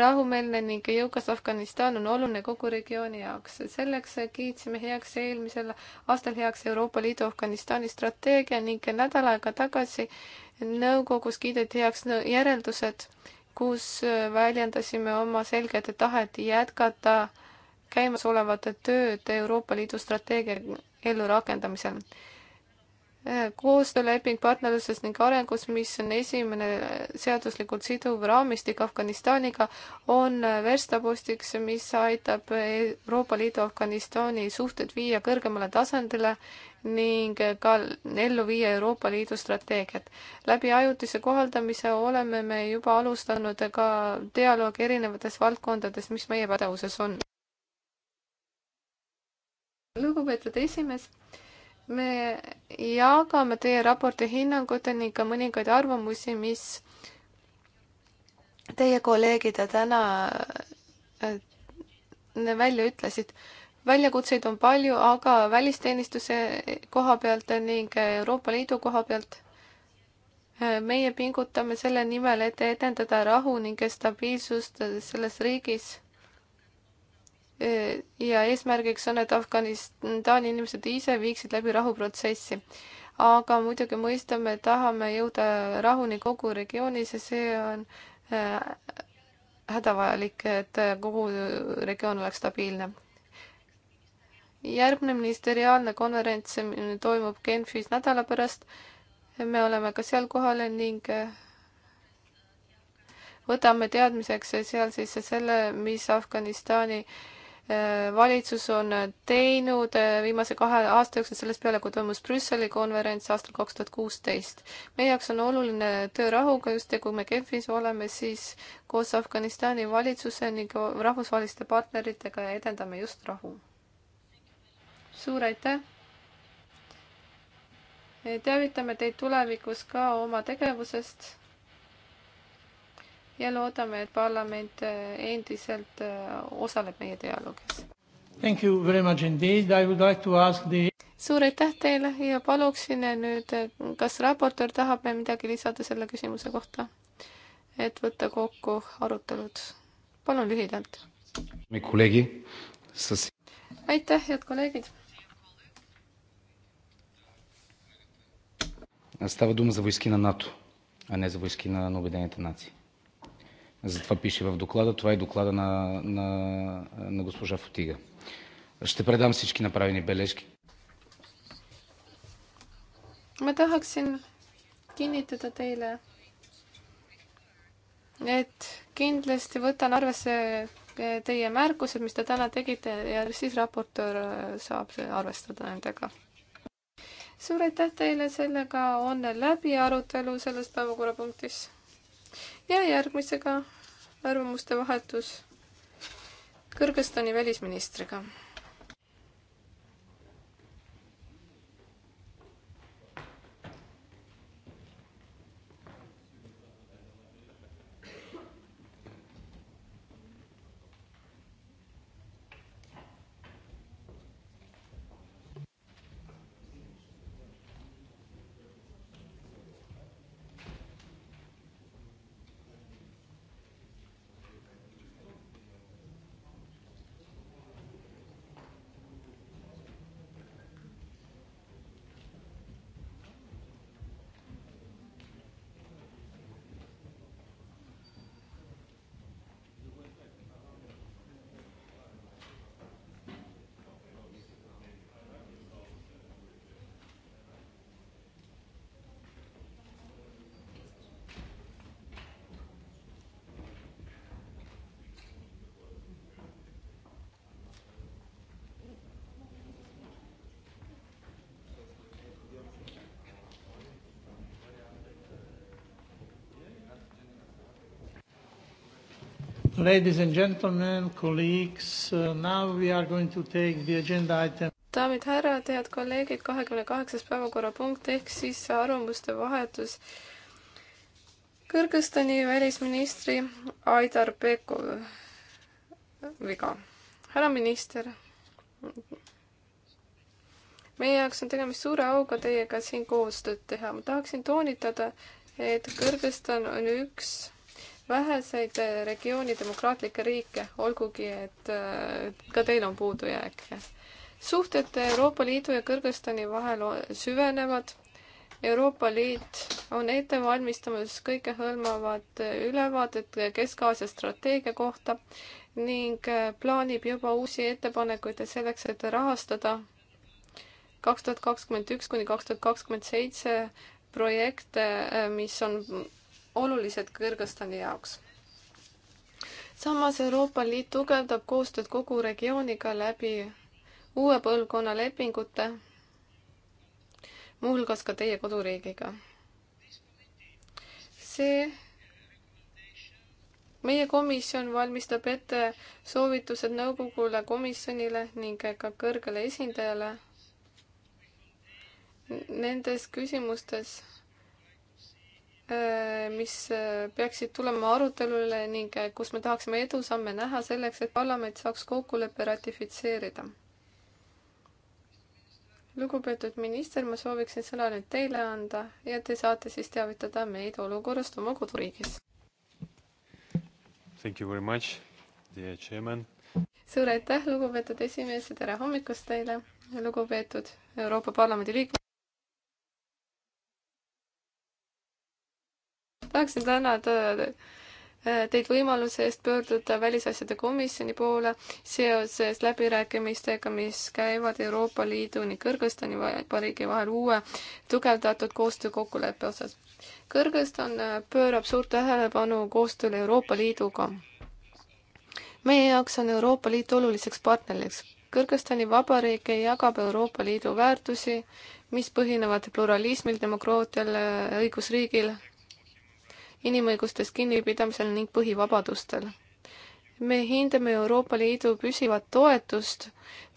rahumeelne ning jõukas Afganistan on oluline kogu regiooni jaoks. selleks kiitsime heaks eelmisel aastal heaks Euroopa Liidu Afganistani strateegia ning nädal aega tagasi nõukogus kiideti heaks järeldused, kus väljendasime oma selget tahet jätkata käimasolevate tööd Euroopa Liidu strateegia ellurakendamisel koostööleping partnerluses ning arengus, mis on esimene seaduslikult siduv raamistik Afganistaniga, on verstapostiks, mis aitab Euroopa Liidu Afganistani suhted viia kõrgemale tasandile ning ka ellu viia Euroopa Liidu strateegiat. läbi ajutise kohaldamise oleme me juba alustanud ka dialoogi erinevates valdkondades, mis meie pädevuses on. lugupeetud esimees me jagame teie raporti hinnangut ning ka mõningaid arvamusi, mis teie kolleegid täna äh, välja ütlesid. väljakutseid on palju, aga välisteenistuse koha pealt ning Euroopa Liidu koha pealt äh, meie pingutame selle nimel, et edendada rahu ning stabiilsust selles riigis ja eesmärgiks on, et Afganistani inimesed ise viiksid läbi rahuprotsessi. aga muidugi mõistame, et tahame jõuda rahuni kogu regioonis ja see on äh, hädavajalik, et kogu regioon oleks stabiilne järgmine ministeriaalne konverents toimub Genfis nädala pärast. me oleme ka seal kohal ning äh, võtame teadmiseks seal siis selle, mis Afganistani Äh, valitsus on teinud äh, viimase kahe aasta jooksul sellest peale, kui toimus Brüsseli konverents aastal kaks tuhat kuusteist. meie jaoks on oluline töö rahuga just ja kui me Genfis oleme, siis koos Afganistani valitsuse ning rahvusvaheliste partneritega edendame just rahu. suur aitäh! Äh, teavitame teid tulevikus ka oma tegevusest ja loodame, et parlament eh, endiselt eh, osaleb meie dialoogis. Thank you very much indeed, I would like to ask the suur aitäh teile ja paluksin eh, nüüd, kas raportöör tahab midagi lisada selle küsimuse kohta, et võtta kokku arutelud? palun lühidalt. aitäh, head kolleegid. Става дума за войски на НАТО, а не за войски на Обединените нации. Затова пише в доклада. Това е докладът на госпожа Фотига. Ще предам всички направени бележки. ma tahaksin kinnitada teile, et kindlasti võtan arvesse teie märkused, mis te täna tegite ja siis raportöör saab arvestada nendega. suur aitäh teile, sellega on läbi arutelu selles päevakorrapunktis. ja järgmisega arvamuste vahetus Kõrgõzstani välisministriga Ladies and gentlemen, colleagues, uh, now we are going to take the agenda item. daamid, härrad, head kolleegid, kahekümne kaheksas päevakorrapunkt ehk siis arvamuste vahetus Kõrgõzstani välisministri Aidar Bekoviga. härra minister, meie jaoks on tegemist suure auga teiega siin koostööd teha. ma tahaksin toonitada, et Kõrgõzstan on üks väheseid äh, regiooni demokraatlikke riike, olgugi et äh, ka teil on puudujääke. suhted Euroopa Liidu ja Kõrgõzstani vahel süvenevad. Euroopa Liit on ette valmistamas kõikehõlmavat äh, ülevaadet Kesk-Aasia strateegia kohta ning plaanib juba uusi ettepanekuid selleks, et rahastada kaks tuhat kakskümmend üks kuni kaks tuhat kakskümmend seitse projekte, mis on olulised Kõrgõzstani jaoks. samas Euroopa Liit tugevdab koostööd kogu regiooniga läbi uue põlvkonna lepingute, muuhulgas ka teie koduriigiga. see meie komisjon valmistab ette soovitused nõukogule, komisjonile ning ka kõrgele esindajale nendes küsimustes Äh, mis äh, peaksid tulema arutelule ning äh, kus me tahaksime edusamme näha selleks, et parlament saaks kokkuleppe ratifitseerida. lugupeetud minister, ma sooviksin sõna nüüd teile anda ja te saate siis teavitada meid olukorrast oma koduriigis. Thank you very much, dear chairman suur aitäh, lugupeetud esimees ja tere hommikust teile, lugupeetud Euroopa Parlamendi liikmed. tahaksin tänada äh, teid võimaluse eest pöörduda Välisasjade Komisjoni poole seoses läbirääkimistega, mis käivad Euroopa Liidu ning Kõrgõzstani Vabariigi vahel uue tugevdatud koostöökokkuleppe osas. Kõrgõzstan äh, pöörab suurt tähelepanu koostööle Euroopa Liiduga. meie jaoks on Euroopa Liit oluliseks partneriks. Kõrgõzstani Vabariik jagab Euroopa Liidu väärtusi, mis põhinevad pluralismil, demokraatial, õigusriigil inimõigustest kinnipidamisel ning põhivabadustel. me hindame Euroopa Liidu püsivat toetust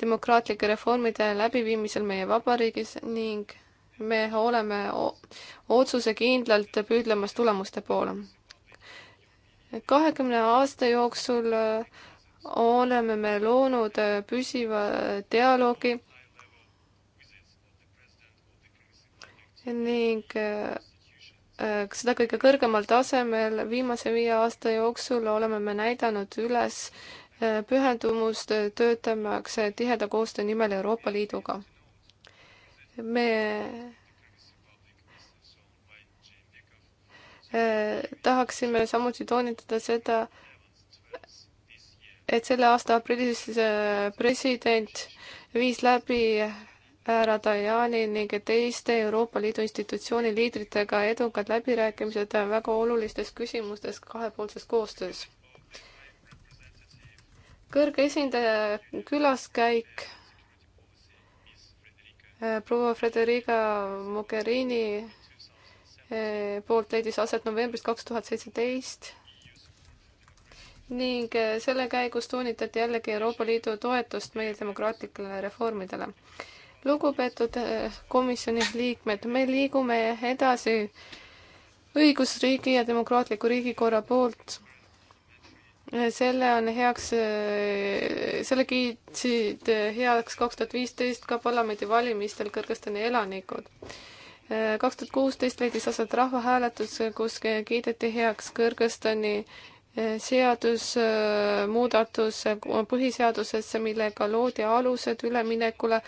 demokraatlike reformide läbiviimisel meie vabariigis ning me oleme otsusekindlalt püüdlemas tulemuste poole. kahekümne aasta jooksul äh, oleme me loonud äh, püsiva dialoogi ning äh, Äh, seda kõige kõrgemal tasemel viimase viie aasta jooksul oleme me näidanud üles äh, pühendumust töötamaks tiheda koostöö nimel Euroopa Liiduga. me äh, tahaksime samuti toonitada seda, et selle aasta aprillis president viis läbi härra Tajani ning teiste Euroopa Liidu institutsiooni liidritega edukad läbirääkimised väga olulistes küsimustes kahepoolses koostöös. kõrge esindaja külaskäik äh, proua Frederica Mogherini äh, poolt leidis aset novembris kaks tuhat seitseteist ning äh, selle käigus toonitati jällegi Euroopa Liidu toetust meie demokraatlikele reformidele lugupeetud eh, komisjoni liikmed, me liigume edasi õigusriigi ja demokraatliku riigikorra poolt. Eh, selle on heaks, eh, selle kiitsid heaks kaks tuhat viisteist ka parlamendivalimistel Kõrgõzstani elanikud. kaks tuhat kuusteist leidis aset rahvahääletus, kus kiideti heaks Kõrgõzstani seadusmuudatuse põhiseadusesse, millega loodi alused üleminekule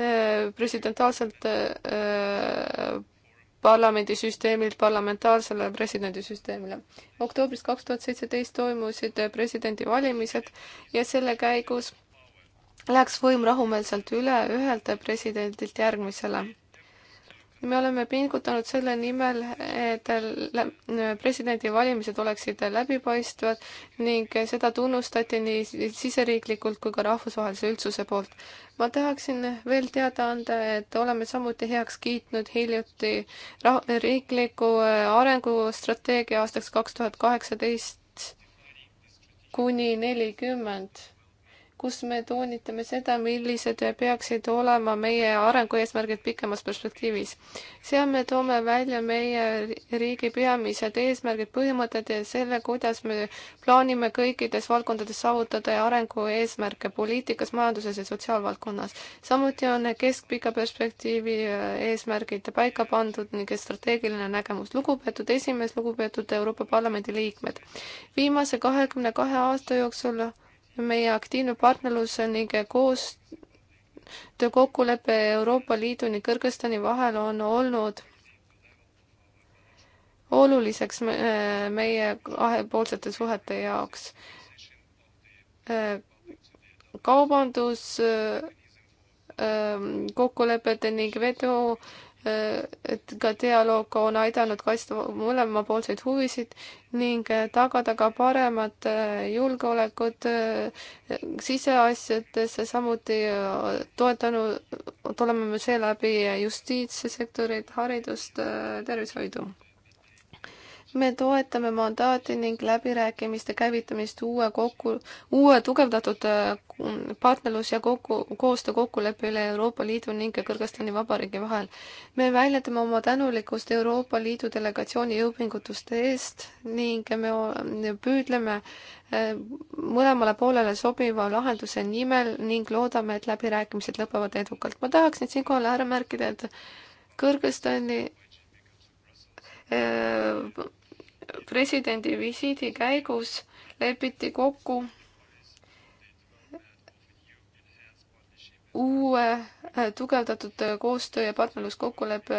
Äh, presidentaalselt äh, parlamendisüsteemilt parlamentaarsele presidendisüsteemile. oktoobris kaks tuhat seitseteist toimusid äh, presidendivalimised ja selle käigus läks võim rahumeelselt üle ühelt presidendilt järgmisele me oleme pingutanud selle nimel, et presidendivalimised oleksid läbipaistvad ning seda tunnustati nii siseriiklikult kui ka rahvusvahelise üldsuse poolt. ma tahaksin veel teada anda, et oleme samuti heaks kiitnud hiljuti riikliku äh, arengustrateegia aastaks kaks tuhat kaheksateist kuni nelikümmend kus me toonitame seda, millised peaksid olema meie arengueesmärgid pikemas perspektiivis. seal me toome välja meie riigi peamised eesmärgid, põhimõtted ja selle, kuidas me plaanime kõikides valdkondades saavutada arengueesmärke poliitikas, majanduses ja sotsiaalvaldkonnas. samuti on keskpika perspektiivi eesmärgid paika pandud ning strateegiline nägemus. lugupeetud esimees, lugupeetud Euroopa Parlamendi liikmed, viimase kahekümne kahe aasta jooksul meie aktiivne partnerlus ning koostöö kokkulepe Euroopa Liidu ning Kõrgõzstani vahel on olnud oluliseks meie kahepoolsete suhete jaoks. kaubandus kokkulepete ning vedu Äh, et ka dialoog on aidanud kaitsta mõlemapoolseid huvisid ning äh, tagada ka paremat äh, julgeolekut siseasjadesse, samuti toetanud, oleme me seeläbi justiitssektorit, haridust, tervishoidu me toetame mandaati ning läbirääkimiste käivitamist uue kokku, uue tugevdatud äh, partnerlus- ja kokku, koostöökokkuleppe üle Euroopa Liidu ning Kõrgõzstani Vabariigi vahel. me väljendame oma tänulikkust Euroopa Liidu delegatsiooni jõupingutuste eest ning me püüdleme äh, mõlemale poolele sobiva lahenduse nimel ning loodame, et läbirääkimised lõpevad edukalt. ma tahaksin siinkohal ära märkida, et Kõrgõzstani äh, presidendi visiidi käigus lepiti kokku uue äh, tugevdatud koostöö ja partnerluskokkuleppe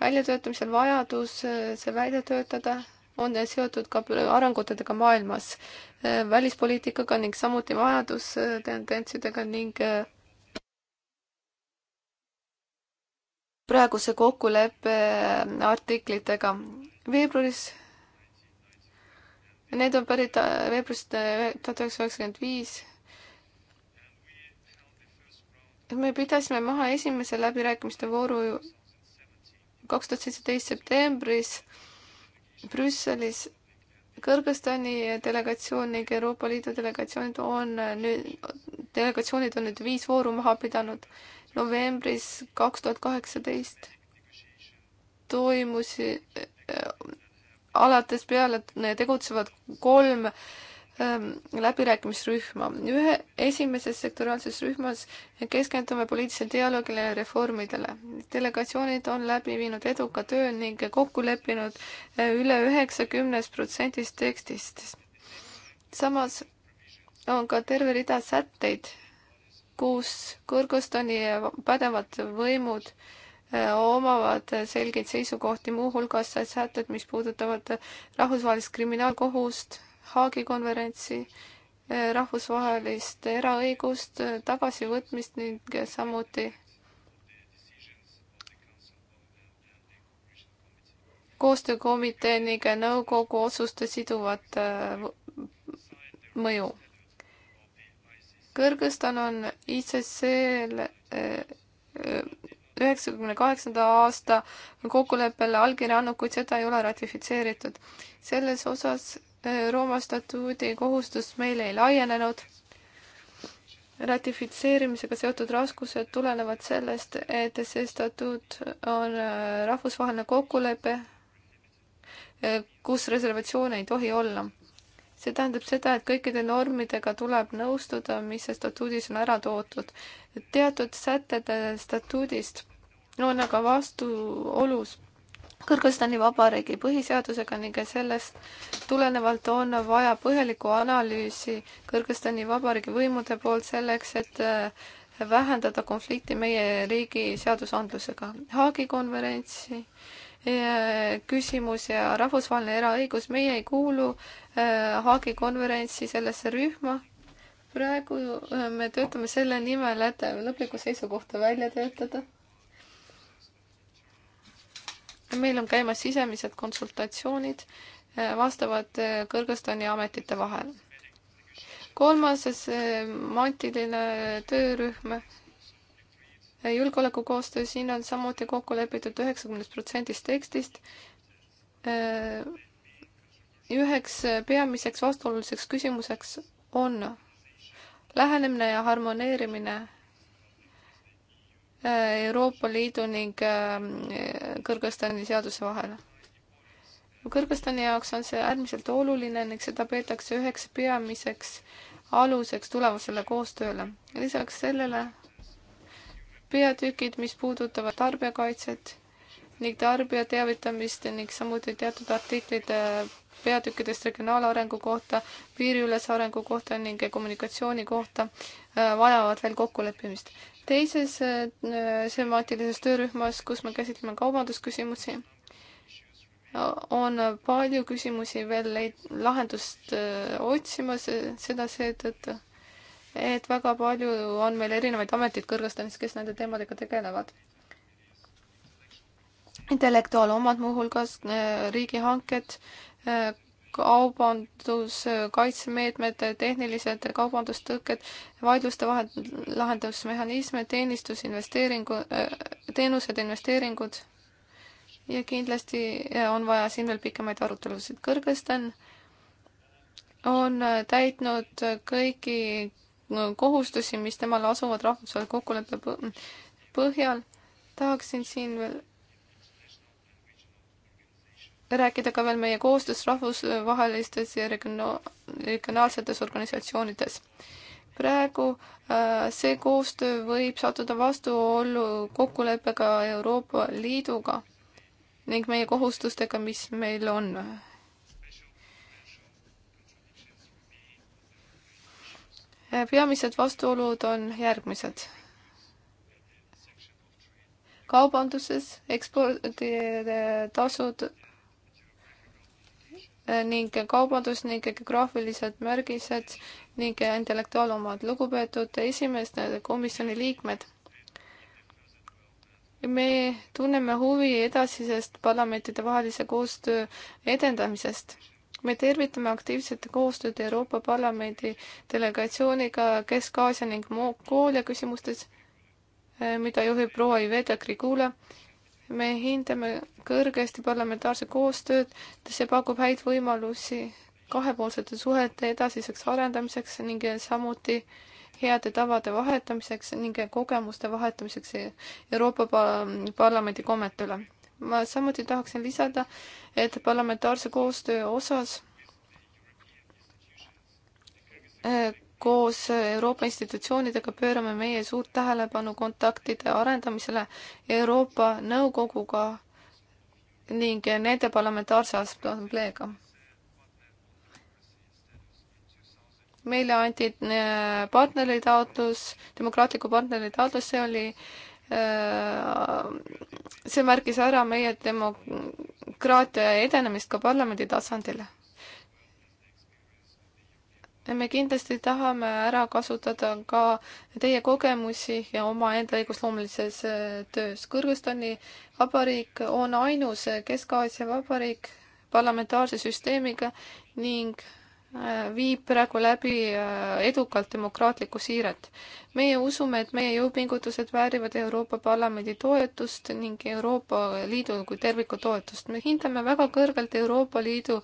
väljatöötamisel vajadus äh, see välja töötada on seotud ka arengutega maailmas, äh, välispoliitikaga ning samuti vajadustendentsidega ning praeguse kokkuleppe artiklitega. veebruaris Need on pärit äh, veebruarist äh, tuhat üheksasada üheksakümmend viis. me pidasime maha esimese läbirääkimiste vooru kaks tuhat seitseteist septembris Brüsselis Kõrgõzstani delegatsioon ning Euroopa Liidu delegatsioonid on nüüd, delegatsioonid on nüüd viis vooru maha pidanud. novembris kaks tuhat kaheksateist toimus äh, alates peale tegutsevad kolm ähm, läbirääkimisrühma. ühe, esimeses sektoriaalses rühmas keskendume poliitilisele dialoogile ja reformidele. delegatsioonid on läbi viinud eduka töö ning kokku leppinud äh, üle üheksakümnes protsendis tekstist. samas on ka terve rida sätteid, kus Kõrgõzstani pädevad võimud äh, Äh, omavad selgeid seisukohti, muuhulgas sätted, mis puudutavad rahvusvahelist kriminaalkohust, Haagi konverentsi, äh, rahvusvahelist eraõigust, tagasivõtmist ning samuti koostöökomitee ning nõukogu otsuste siduvat äh, mõju. Kõrgõzstan on ICC-l tuhat üheksakümne kaheksanda aasta kokkuleppele allkirja andnud, kuid seda ei ole ratifitseeritud. selles osas äh, Rooma statuudi kohustus meile ei laienenud. ratifitseerimisega seotud raskused tulenevad sellest, et see statuut on äh, rahvusvaheline kokkulepe, äh, kus reservatsioone ei tohi olla see tähendab seda, et kõikide normidega tuleb nõustuda, mis statuudis on ära toodud. teatud sätted statuudist on aga vastuolus Kõrgõzstani Vabariigi põhiseadusega ning sellest tulenevalt on vaja põhjalikku analüüsi Kõrgõzstani Vabariigi võimude poolt selleks, et äh, vähendada konflikti meie riigi seadusandlusega. Haagi konverentsi äh, küsimus ja rahvusvaheline eraõigus, meie ei kuulu äh, Haagi konverentsi sellesse rühma. praegu me töötame selle nimel, et lõplikku seisukohta välja töötada meil on käimas sisemised konsultatsioonid eh, vastavate eh, Kõrgõzstani ametite vahel. kolmases eh, mantiline töörühm julgeolekukoostöö, siin on samuti kokku lepitud üheksakümnest protsendist tekstist. üheks peamiseks vastuoluliseks küsimuseks on lähenemine ja harmoneerimine Äh, Euroopa Liidu ning ähm, Kõrgõzstani seaduse vahel. Kõrgõzstani jaoks on see äärmiselt oluline ning seda peetakse üheks peamiseks aluseks tulevasele koostööle. lisaks sellele peatükid, mis puudutavad tarbijakaitset ning tarbija teavitamist ning samuti teatud artiklid äh, peatükkidest regionaalarengu kohta, piiriülese arengu kohta ning kommunikatsiooni kohta äh, vajavad veel kokkuleppimist teises semaatilises äh, töörühmas, kus me käsitleme kaubandusküsimusi, on palju küsimusi veel leid-, lahendust äh, otsimas, äh, seda seetõttu, et väga palju on meil erinevaid ameteid Kõrgõzstanis, kes nende teemadega tegelevad. intellektuaalomad muuhulgas, riigihanked, kaubanduskaitsemeetmed, tehnilised kaubandustõkked, vaidluste vahend, lahendusmehhanisme, teenistusinvesteeringu, äh, teenused, investeeringud ja kindlasti äh, on vaja siin veel pikemaid arutelusid. Kõrgõzstan on äh, täitnud kõiki kohustusi, mis temale asuvad rahvusvahelise kokkuleppe põhjal. tahaksin siin veel rääkida ka veel meie koostöös rahvusvahelistes ja regionaal-, regionaalsetes organisatsioonides. praegu äh, see koostöö võib sattuda vastuollu kokkuleppega Euroopa Liiduga ning meie kohustustega, mis meil on. Äh, peamised vastuolud on järgmised kaubanduses eksporditasud ning kaubandus ning geograafilised märgised ning intellektuaalomad. lugupeetud esimees, komisjoni liikmed. me tunneme huvi edasisest parlamentidevahelise koostöö edendamisest me tervitame aktiivset koostööd Euroopa Parlamendi delegatsiooniga Kesk-Aasia ning Mongoolia küsimustes, eh, mida juhib proua Iveta Grigula me hindame kõrgesti parlamentaarse koostööd, see pakub häid võimalusi kahepoolsete suhete edasiseks arendamiseks ning samuti heade tavade vahetamiseks ning kogemuste vahetamiseks Euroopa Parlamendi kommete üle. ma samuti tahaksin lisada, et parlamentaarse koostöö osas eh, koos Euroopa institutsioonidega pöörame meie suurt tähelepanu kontaktide arendamisele Euroopa Nõukoguga ning nende parlamentaarse assambleega. meile anti äh, partneri taotlus, demokraatliku partneri taotlus, see oli äh, see märkis ära meie demokraatia edenemist ka parlamendi tasandil me kindlasti tahame ära kasutada ka teie kogemusi ja omaenda õigusloomulises äh, töös. Kõrgõzstani vabariik on ainus Kesk-Aasia vabariik parlamentaarse süsteemiga ning viib praegu läbi äh, edukalt demokraatlikku siiret. meie usume, et meie jõupingutused väärivad Euroopa Parlamendi toetust ning Euroopa Liidu kui terviku toetust. me hindame väga kõrgelt Euroopa Liidu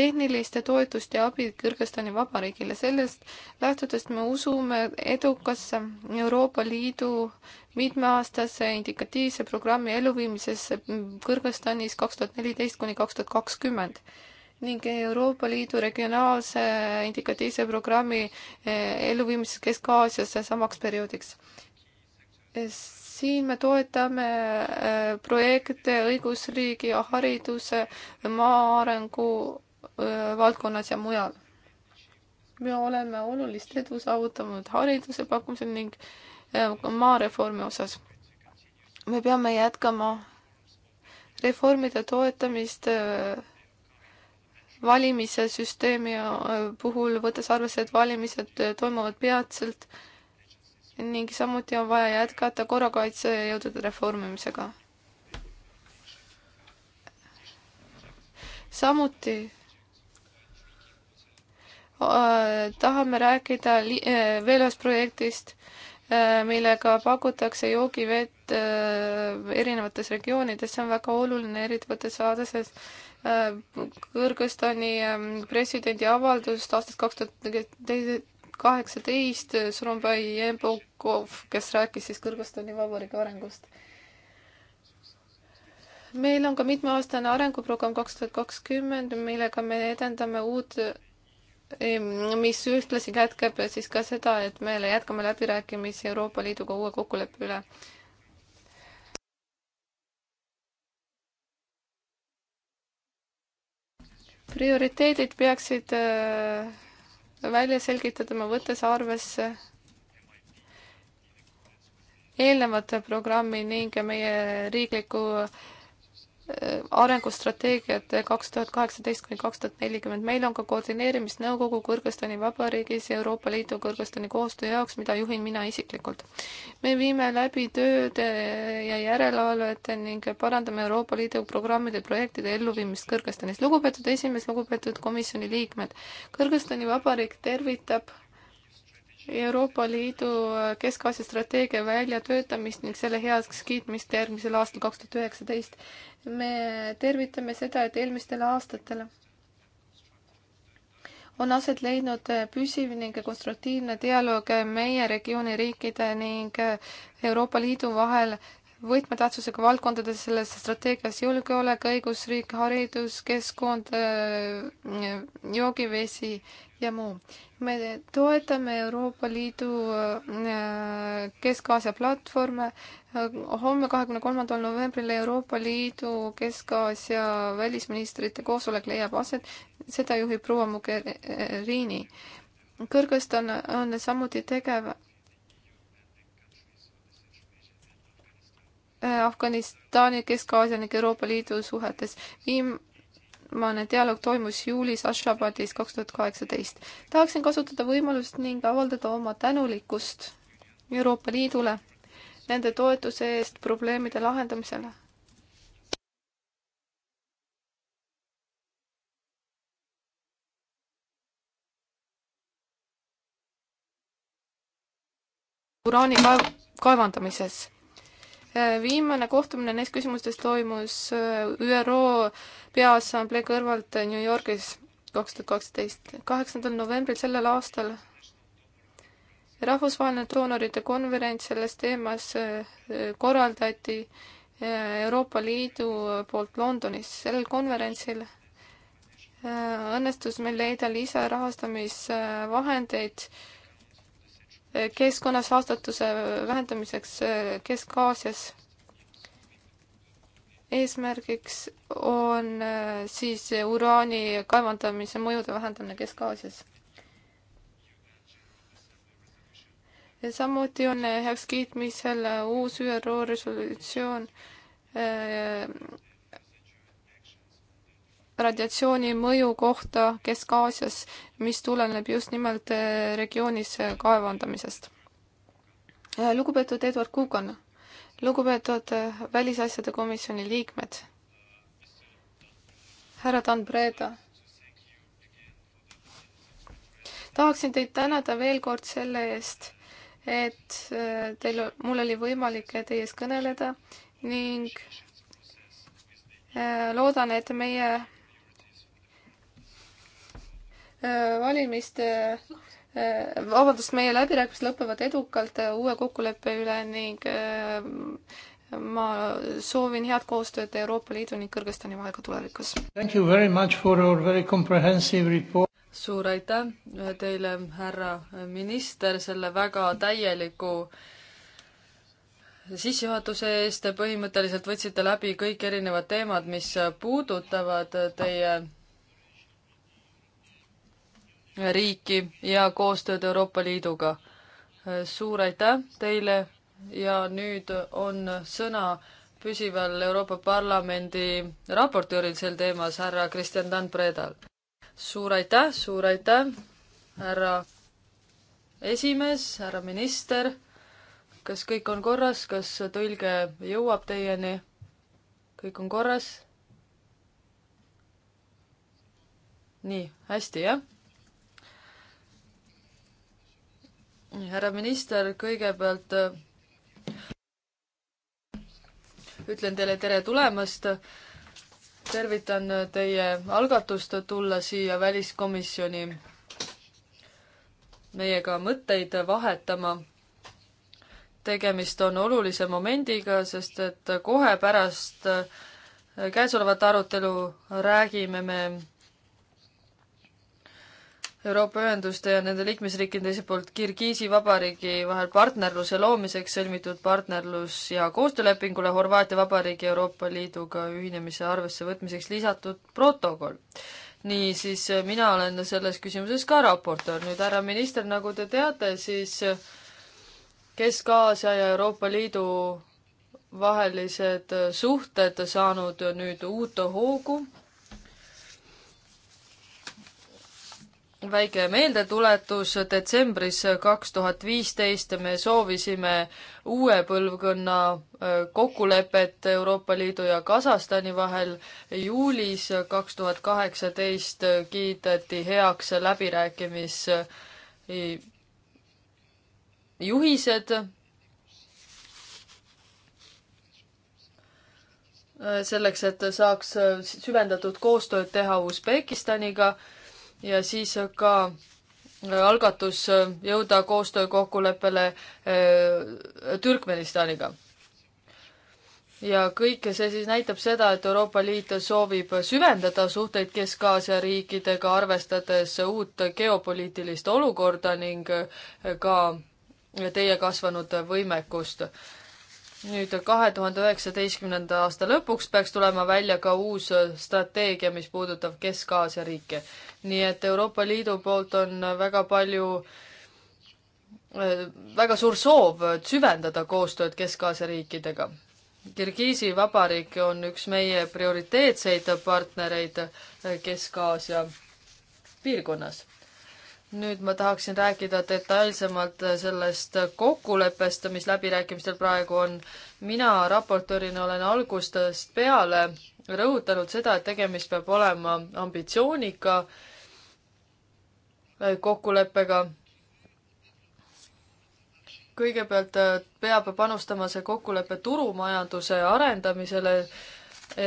tehnilist toetust ja abi Kõrgõzstani Vabariigile. sellest lähtudes me usume edukasse Euroopa Liidu mitmeaastase indikatiivse programmi elluviimisesse Kõrgõzstanis kaks tuhat neliteist kuni kaks tuhat kakskümmend ning Euroopa Liidu regionaalse indikatiivse programmi eh, elluviimises Kesk-Aasias samaks perioodiks. siin me toetame eh, projekte õigusriigi ja hariduse, maaarengu eh, valdkonnas ja mujal. me oleme olulist edu saavutanud hariduse pakkumisel ning maareformi osas. me peame jätkama reformide toetamist äh, valimissüsteemi äh, puhul, võttes arvesse, et valimised äh, toimuvad peatselt ning samuti on vaja jätkata korrakaitsejõudude reformimisega. samuti äh, tahame rääkida veel ühest projektist Äh, millega pakutakse joogivett äh, erinevates regioonides, see on väga oluline, eriti võttes vaadates äh, Kõrgõzstani ähm, presidendi avaldust aastast kaks tuhat kaheksateist, Surumbai Jembokov, kes rääkis siis Kõrgõzstani vabariigi arengust. meil on ka mitmeaastane arenguprogramm kaks tuhat kakskümmend, millega me edendame uut mis ühtlasi kätkeb siis ka seda, et me jätkame läbirääkimisi Euroopa Liiduga uue kokkuleppe üle. prioriteedid peaksid äh, välja selgitatama, võttes arvesse eelnevat programmi ning meie riikliku äh, arengustrateegiat kaks tuhat kaheksateist kuni kaks tuhat nelikümmend. meil on ka koordineerimisnõukogu Kõrgõzstani Vabariigis Euroopa Liidu Kõrgõzstani koostöö jaoks, mida juhin mina isiklikult. me viime läbi tööd ja järelevalvet ning parandame Euroopa Liidu programmide ja projektide elluviimist Kõrgõzstanis. lugupeetud esimees, lugupeetud komisjoni liikmed, Kõrgõzstani Vabariik tervitab Euroopa Liidu Kesk-Aasia strateegia väljatöötamist ning selle heakskiitmist järgmisel aastal kaks tuhat üheksateist. me tervitame seda, et eelmistel aastatel on aset leidnud püsiv ning konstruktiivne dialoog meie regiooni riikide ning Euroopa Liidu vahel võtmetähtsusega valdkondades selles strateegias julgeolek, õigusriik, haridus, keskkond, joogivesi ja muu. me toetame Euroopa Liidu äh, Kesk-Aasia platvorme. homme, kahekümne kolmandal novembril Euroopa Liidu Kesk-Aasia välisministrite koosolek leiab aset, seda juhib proua Mogherini. Kõrgõzstan on samuti tegev äh, Afganistani, Kesk-Aasia ning Euroopa Liidu suhetes. viim-, viimane dialoog toimus juulis Ashabadis kaks tuhat kaheksateist. tahaksin kasutada võimalust ning avaldada oma tänulikkust Euroopa Liidule nende toetuse eest probleemide lahendamisel. uraani kaev-, kaevandamises Äh, viimane kohtumine neis küsimustes toimus äh, ÜRO Peaassamblee kõrvalt äh, New Yorgis kaks tuhat kaksteist, kaheksandal novembril sellel aastal. rahvusvaheline doonorite konverents selles teemas korraldati Euroopa Liidu poolt Londonis. sellel konverentsil õnnestus meil leida lisarahastamisvahendeid äh, keskkonnas saastatuse vähendamiseks Kesk-Aasias. eesmärgiks on äh, siis uraani kaevandamise mõjude vähendamine Kesk-Aasias. samuti on heakskiitmisel uus ÜRO resolutsioon äh, radiatsiooni mõju kohta Kesk-Aasias, mis tuleneb just nimelt eh, regioonis eh, kaevandamisest. Eh, lugupeetud Eduard Kukan, lugupeetud Välisasjade Komisjoni liikmed, härra Dan Breda tahaksin teid tänada veel kord selle eest, et teil, mul oli võimalik teie ees kõneleda ning loodan, et meie valimiste eh, vabandust, meie läbirääkimised lõpevad edukalt eh, uue kokkuleppe üle ning eh, ma soovin head koostööd Euroopa Liidu ning Kõrgõzstani vahel ka tulevikus. suur aitäh teile, härra minister, selle väga täieliku sissejuhatuse eest. põhimõtteliselt võtsite läbi kõik erinevad teemad, mis puudutavad teie riiki ja koostööd Euroopa Liiduga. suur aitäh teile ja nüüd on sõna püsival Euroopa Parlamendi raportööril sel teemas, härra Kristjan Dan Predal. suur aitäh, suur aitäh, härra esimees, härra minister. kas kõik on korras, kas tõlge jõuab teieni? kõik on korras? nii, hästi, jah härra minister, kõigepealt äh, ütlen teile tere tulemast. tervitan äh, teie algatust tulla siia väliskomisjoni meiega mõtteid vahetama. tegemist on olulise momendiga, sest et kohe pärast äh, käesolevat arutelu räägime me Euroopa Ühenduste ja nende liikmesriikide teiselt poolt Kirgiisi Vabariigi vahel partnerluse loomiseks sõlmitud partnerlus- ja koostöölepingule Horvaatia Vabariigi Euroopa Liiduga ühinemise arvesse võtmiseks lisatud protokoll. niisiis, äh, mina olen selles küsimuses ka raportöör. nüüd härra minister, nagu te teate, siis äh, Kesk-Aasia ja Euroopa Liidu vahelised äh, suhted saanud nüüd uut hoogu väike meeldetuletus, detsembris kaks tuhat viisteist me soovisime uue põlvkonna äh, kokkulepet Euroopa Liidu ja Kasahstani vahel. juulis kaks tuhat kaheksateist kiideti heaks läbirääkimis äh, juhised. Äh, selleks, et saaks süvendatud koostööd teha Usbekistaniga ja siis ka äh, algatus äh, jõuda koostöökokkuleppele äh, Türkmenistaniga. ja kõik see siis näitab seda, et Euroopa Liit soovib süvendada suhteid Kesk-Aasia riikidega, arvestades uut geopoliitilist olukorda ning ka teie kasvanud võimekust. nüüd kahe tuhande üheksateistkümnenda aasta lõpuks peaks tulema välja ka uus strateegia, mis puudutab Kesk-Aasia riike nii et Euroopa Liidu poolt on väga palju äh, väga suur soov süvendada koostööd Kesk-Aasia riikidega. Kirgiisi Vabariik on üks meie prioriteetseid partnereid äh, Kesk-Aasia piirkonnas. nüüd ma tahaksin rääkida detailsemalt sellest kokkuleppest, mis läbirääkimistel praegu on. mina raportöörina olen algusest peale rõhutanud seda, et tegemist peab olema ambitsioonika äh, Äh, kokkuleppega. kõigepealt äh, peab panustama see kokkulepe turumajanduse arendamisele,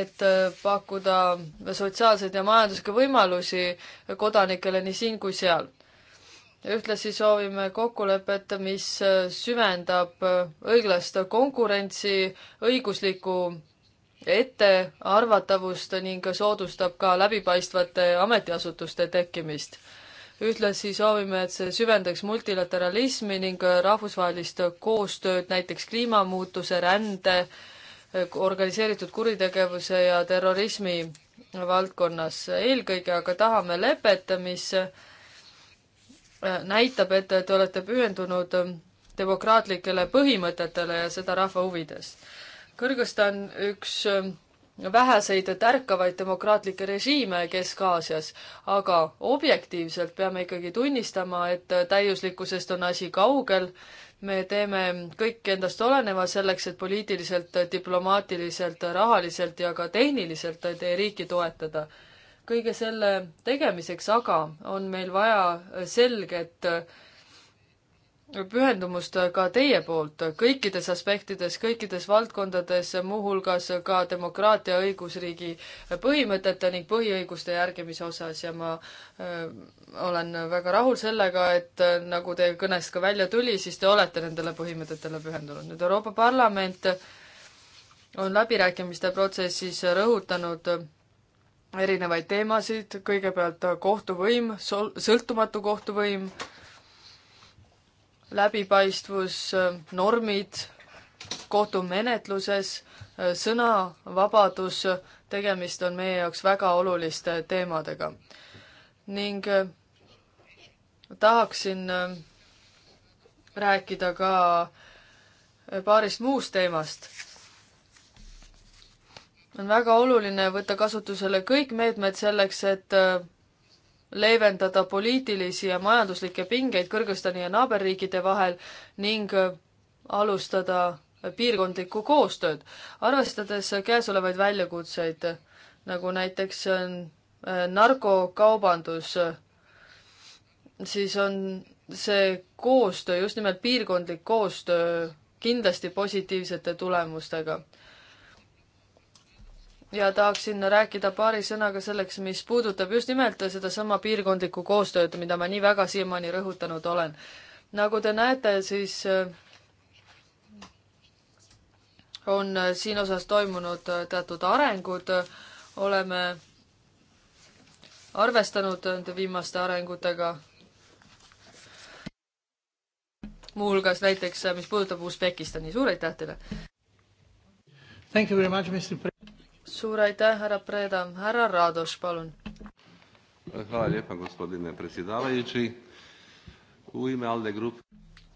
et äh, pakkuda sotsiaalseid ja majanduslikke võimalusi kodanikele nii siin kui seal. ühtlasi soovime kokkulepet, mis süvendab õiglast konkurentsi, õiguslikku ettearvatavust ning soodustab ka läbipaistvate ametiasutuste tekkimist ühtlasi soovime, et see süvendaks multilateralismi ning rahvusvahelist koostööd näiteks kliimamuutuse, rände, organiseeritud kuritegevuse ja terrorismi valdkonnas eelkõige, aga tahame lepet, mis äh, näitab, et te olete pühendunud demokraatlikele põhimõtetele ja seda rahva huvides. Kõrgõzstan üks äh, väheseid tärkavaid demokraatlikke režiime Kesk-Aasias, aga objektiivselt peame ikkagi tunnistama, et täiuslikkusest on asi kaugel. me teeme kõik endast oleneva selleks, et poliitiliselt, diplomaatiliselt, rahaliselt ja ka tehniliselt teie riiki toetada. kõige selle tegemiseks aga on meil vaja selget äh, pühendumust ka teie poolt kõikides aspektides, kõikides valdkondades, muuhulgas ka demokraatia, õigusriigi põhimõtete ning põhiõiguste järgimise osas ja ma öö, äh, olen väga rahul sellega, et äh, nagu teie kõnest ka välja tuli, siis te olete nendele põhimõtetele pühendunud. nüüd Euroopa Parlament on läbirääkimiste protsessis rõhutanud erinevaid teemasid, kõigepealt kohtuvõim, sõltumatu kohtuvõim, läbipaistvus, normid kohtumenetluses, sõnavabadus, tegemist on meie jaoks väga oluliste teemadega. ning äh, tahaksin äh, rääkida ka äh, paarist muust teemast. on väga oluline võtta kasutusele kõik meetmed selleks, et leevendada poliitilisi ja majanduslikke pingeid Kõrgõzstani ja naaberriikide vahel ning äh, alustada piirkondlikku koostööd, arvestades käesolevaid väljakutseid, nagu näiteks äh, narkokaubandus, siis on see koostöö, just nimelt piirkondlik koostöö kindlasti positiivsete tulemustega ja tahaksin rääkida paari sõnaga selleks, mis puudutab just nimelt sedasama piirkondlikku koostööd, mida ma nii väga siiamaani rõhutanud olen. nagu te näete, siis äh, on äh, siin osas toimunud äh, teatud arengud, oleme arvestanud nende viimaste arengutega. muuhulgas näiteks, mis puudutab Usbekistani, suur aitäh teile! Thank you very much, Mr Pre- suur aitäh, härra Preda, härra Raados, palun.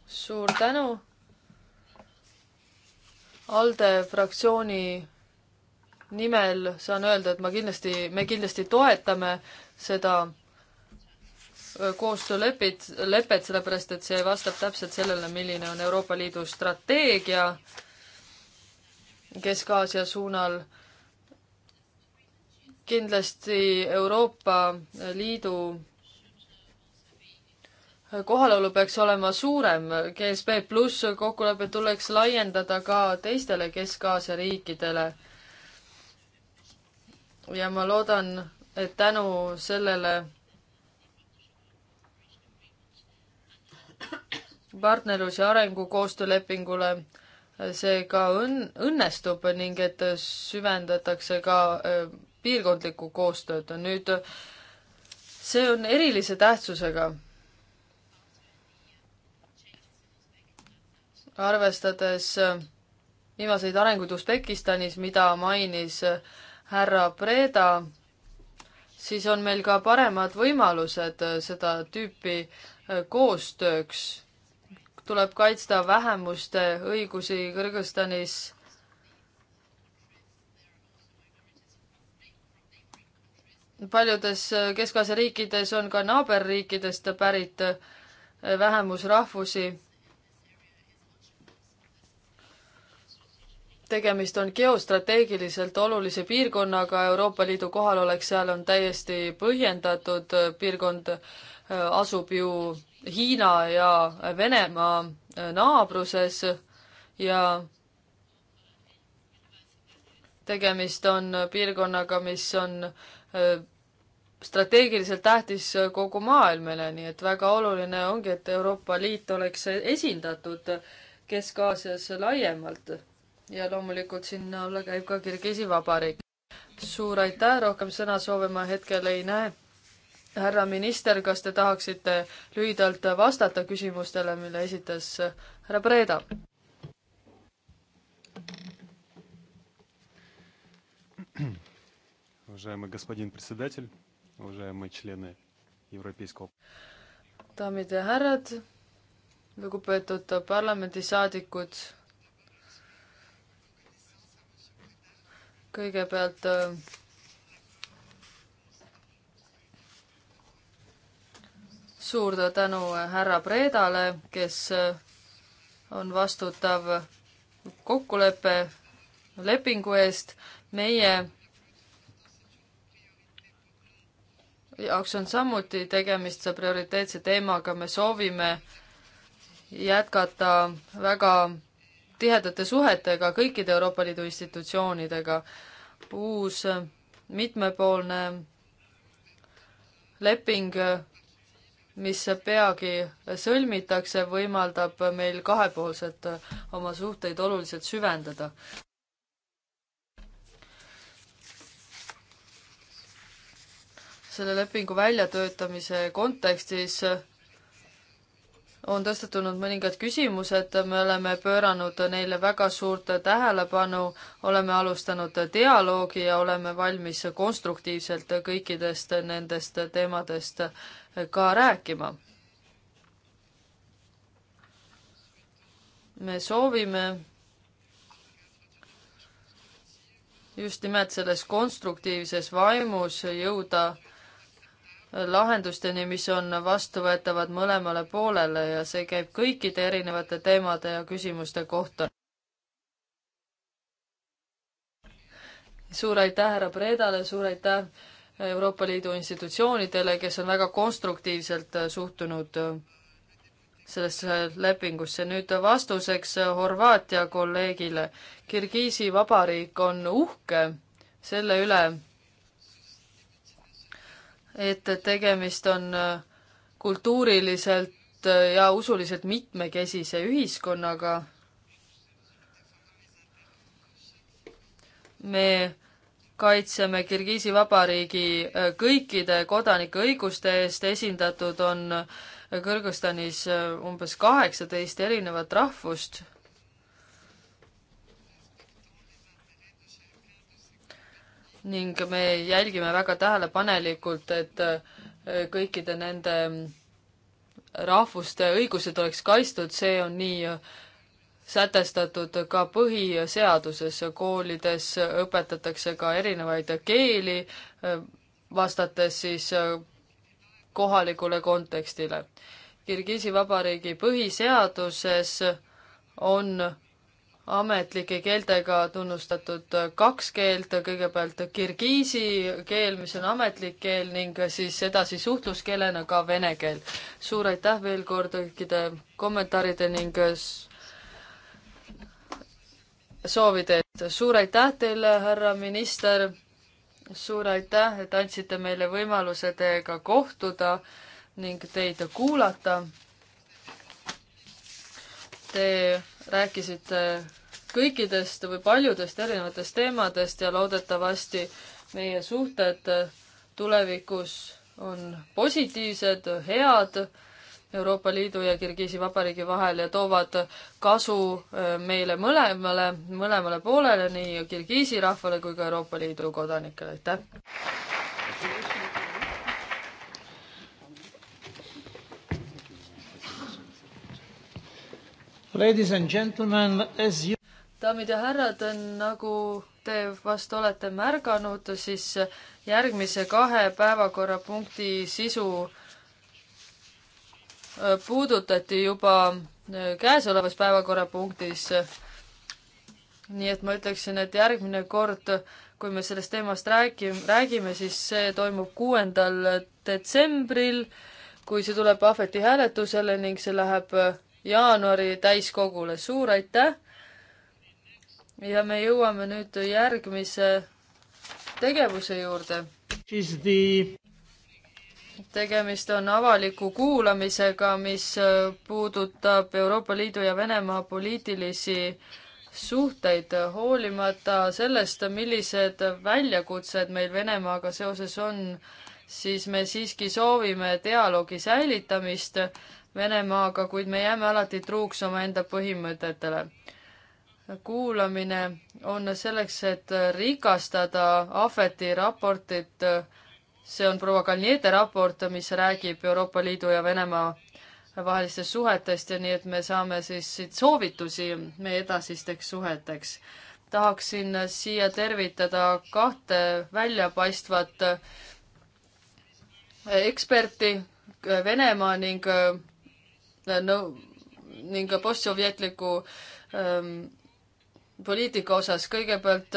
suur tänu. ALDE fraktsiooni nimel saan öelda, et ma kindlasti, me kindlasti toetame seda koostöölepit, lepet, sellepärast et see vastab täpselt sellele, milline on Euroopa Liidu strateegia Kesk-Aasia suunal kindlasti Euroopa Liidu kohalolu peaks olema suurem, GSP pluss kokkulepe tuleks laiendada ka teistele Kesk-Aasia riikidele. ja ma loodan, et tänu sellele partnerlus- ja arengukoostöölepingule see ka õn-, õnnestub ning et süvendatakse ka äh, piirkondlikku koostööd. nüüd see on erilise tähtsusega. arvestades viimaseid arenguid Usbekistanis, mida mainis härra Preda, siis on meil ka paremad võimalused seda tüüpi koostööks. tuleb kaitsta vähemuste õigusi Kõrgõzstanis paljudes äh, Kesk-Aasia riikides on ka naaberriikidest pärit äh, vähemusrahvusi. tegemist on geostrateegiliselt olulise piirkonnaga, Euroopa Liidu kohalolek seal on täiesti põhjendatud, äh, piirkond asub ju Hiina ja Venemaa naabruses ja tegemist on piirkonnaga, mis on äh, Äh, strateegiliselt tähtis kogu maailmale, nii et väga oluline ongi, et Euroopa Liit oleks esindatud Kesk-Aasias laiemalt. ja loomulikult sinna alla käib ka Kirgiisi Vabariik. suur aitäh, rohkem sõnasoove ma hetkel ei näe. härra minister, kas te tahaksite lühidalt vastata küsimustele, mille esitas härra Preeda? Уважаемый господин председатель, уважаемые члены Европейского... Daamid ja härrad, lugupeetud parlamendisaadikud, kõigepealt suur tänu härra Predale, kes on vastutav kokkuleppe lepingu eest. meie jaoks on samuti tegemist prioriteetse teemaga, me soovime jätkata väga tihedate suhetega kõikide Euroopa Liidu institutsioonidega. uus mitmepoolne leping, mis peagi sõlmitakse, võimaldab meil kahepoolselt oma suhteid oluliselt süvendada. selle lepingu väljatöötamise kontekstis on tõstetunud mõningad küsimused, me oleme pööranud neile väga suurt tähelepanu, oleme alustanud dialoogi ja oleme valmis konstruktiivselt kõikidest nendest teemadest ka rääkima. me soovime just nimelt selles konstruktiivses vaimus jõuda lahendusteni, mis on vastuvõetavad mõlemale poolele ja see käib kõikide erinevate teemade ja küsimuste kohta. suur aitäh härra Predale, suur aitäh Euroopa Liidu institutsioonidele, kes on väga konstruktiivselt suhtunud sellesse lepingusse. nüüd vastuseks Horvaatia kolleegile. Kirgiisi Vabariik on uhke selle üle, et tegemist on äh, kultuuriliselt äh, ja usuliselt mitmekesise ühiskonnaga. me kaitseme Kirgiisi Vabariigi äh, kõikide kodanike õiguste eest, esindatud on Kõrgõzstanis umbes kaheksateist erinevat rahvust ning me jälgime väga tähelepanelikult, et äh, kõikide nende mm, rahvuste õigused oleks kaitstud, see on nii äh, sätestatud ka põhiseaduses, koolides õpetatakse ka erinevaid keeli, äh, vastates siis kohalikule kontekstile. Kirgiisi Vabariigi põhiseaduses on ametlike keeltega tunnustatud kaks keelt, kõigepealt kirgiisi keel, mis on ametlik keel ning siis edasi suhtluskeelena ka vene keel. suur aitäh veel kord kõikide kommentaaride ning soovide eest. suur aitäh teile, härra minister. suur aitäh, et andsite meile võimaluse teiega kohtuda ning teid kuulata. Te rääkisite kõikidest või paljudest erinevatest teemadest ja loodetavasti meie suhted tulevikus on positiivsed, head Euroopa Liidu ja Kirgiisi Vabariigi vahel ja toovad kasu äh, meile mõlemale, mõlemale poolele, nii Kirgiisi rahvale kui ka Euroopa Liidu kodanikele, aitäh! Ladies and gentlemen, as you daamid ja härrad, nagu te vast olete märganud, siis järgmise kahe päevakorrapunkti sisu äh, puudutati juba äh, käesolevas päevakorrapunktis. nii et ma ütleksin, et järgmine kord, kui me sellest teemast räägime, räägime, siis see toimub kuuendal detsembril, kui see tuleb ahveti hääletusele ning see läheb äh, jaanuari täiskogule. suur aitäh ja me jõuame nüüd järgmise tegevuse juurde. The... tegemist on avaliku kuulamisega, mis äh, puudutab Euroopa Liidu ja Venemaa poliitilisi suhteid, hoolimata sellest, millised väljakutsed meil Venemaaga seoses on, siis me siiski soovime dialoogi säilitamist Venemaaga, kuid me jääme alati truuks omaenda põhimõtetele kuulamine on selleks, et rikastada Ahveti raportit. see on proua Kalniete raport, mis räägib Euroopa Liidu ja Venemaa vahelistest suhetest ja nii, et me saame siis siit soovitusi meie edasisteks suheteks. tahaksin siia tervitada kahte väljapaistvat eksperti Venemaa ning no, ning postsovetliku ähm, poliitika osas, kõigepealt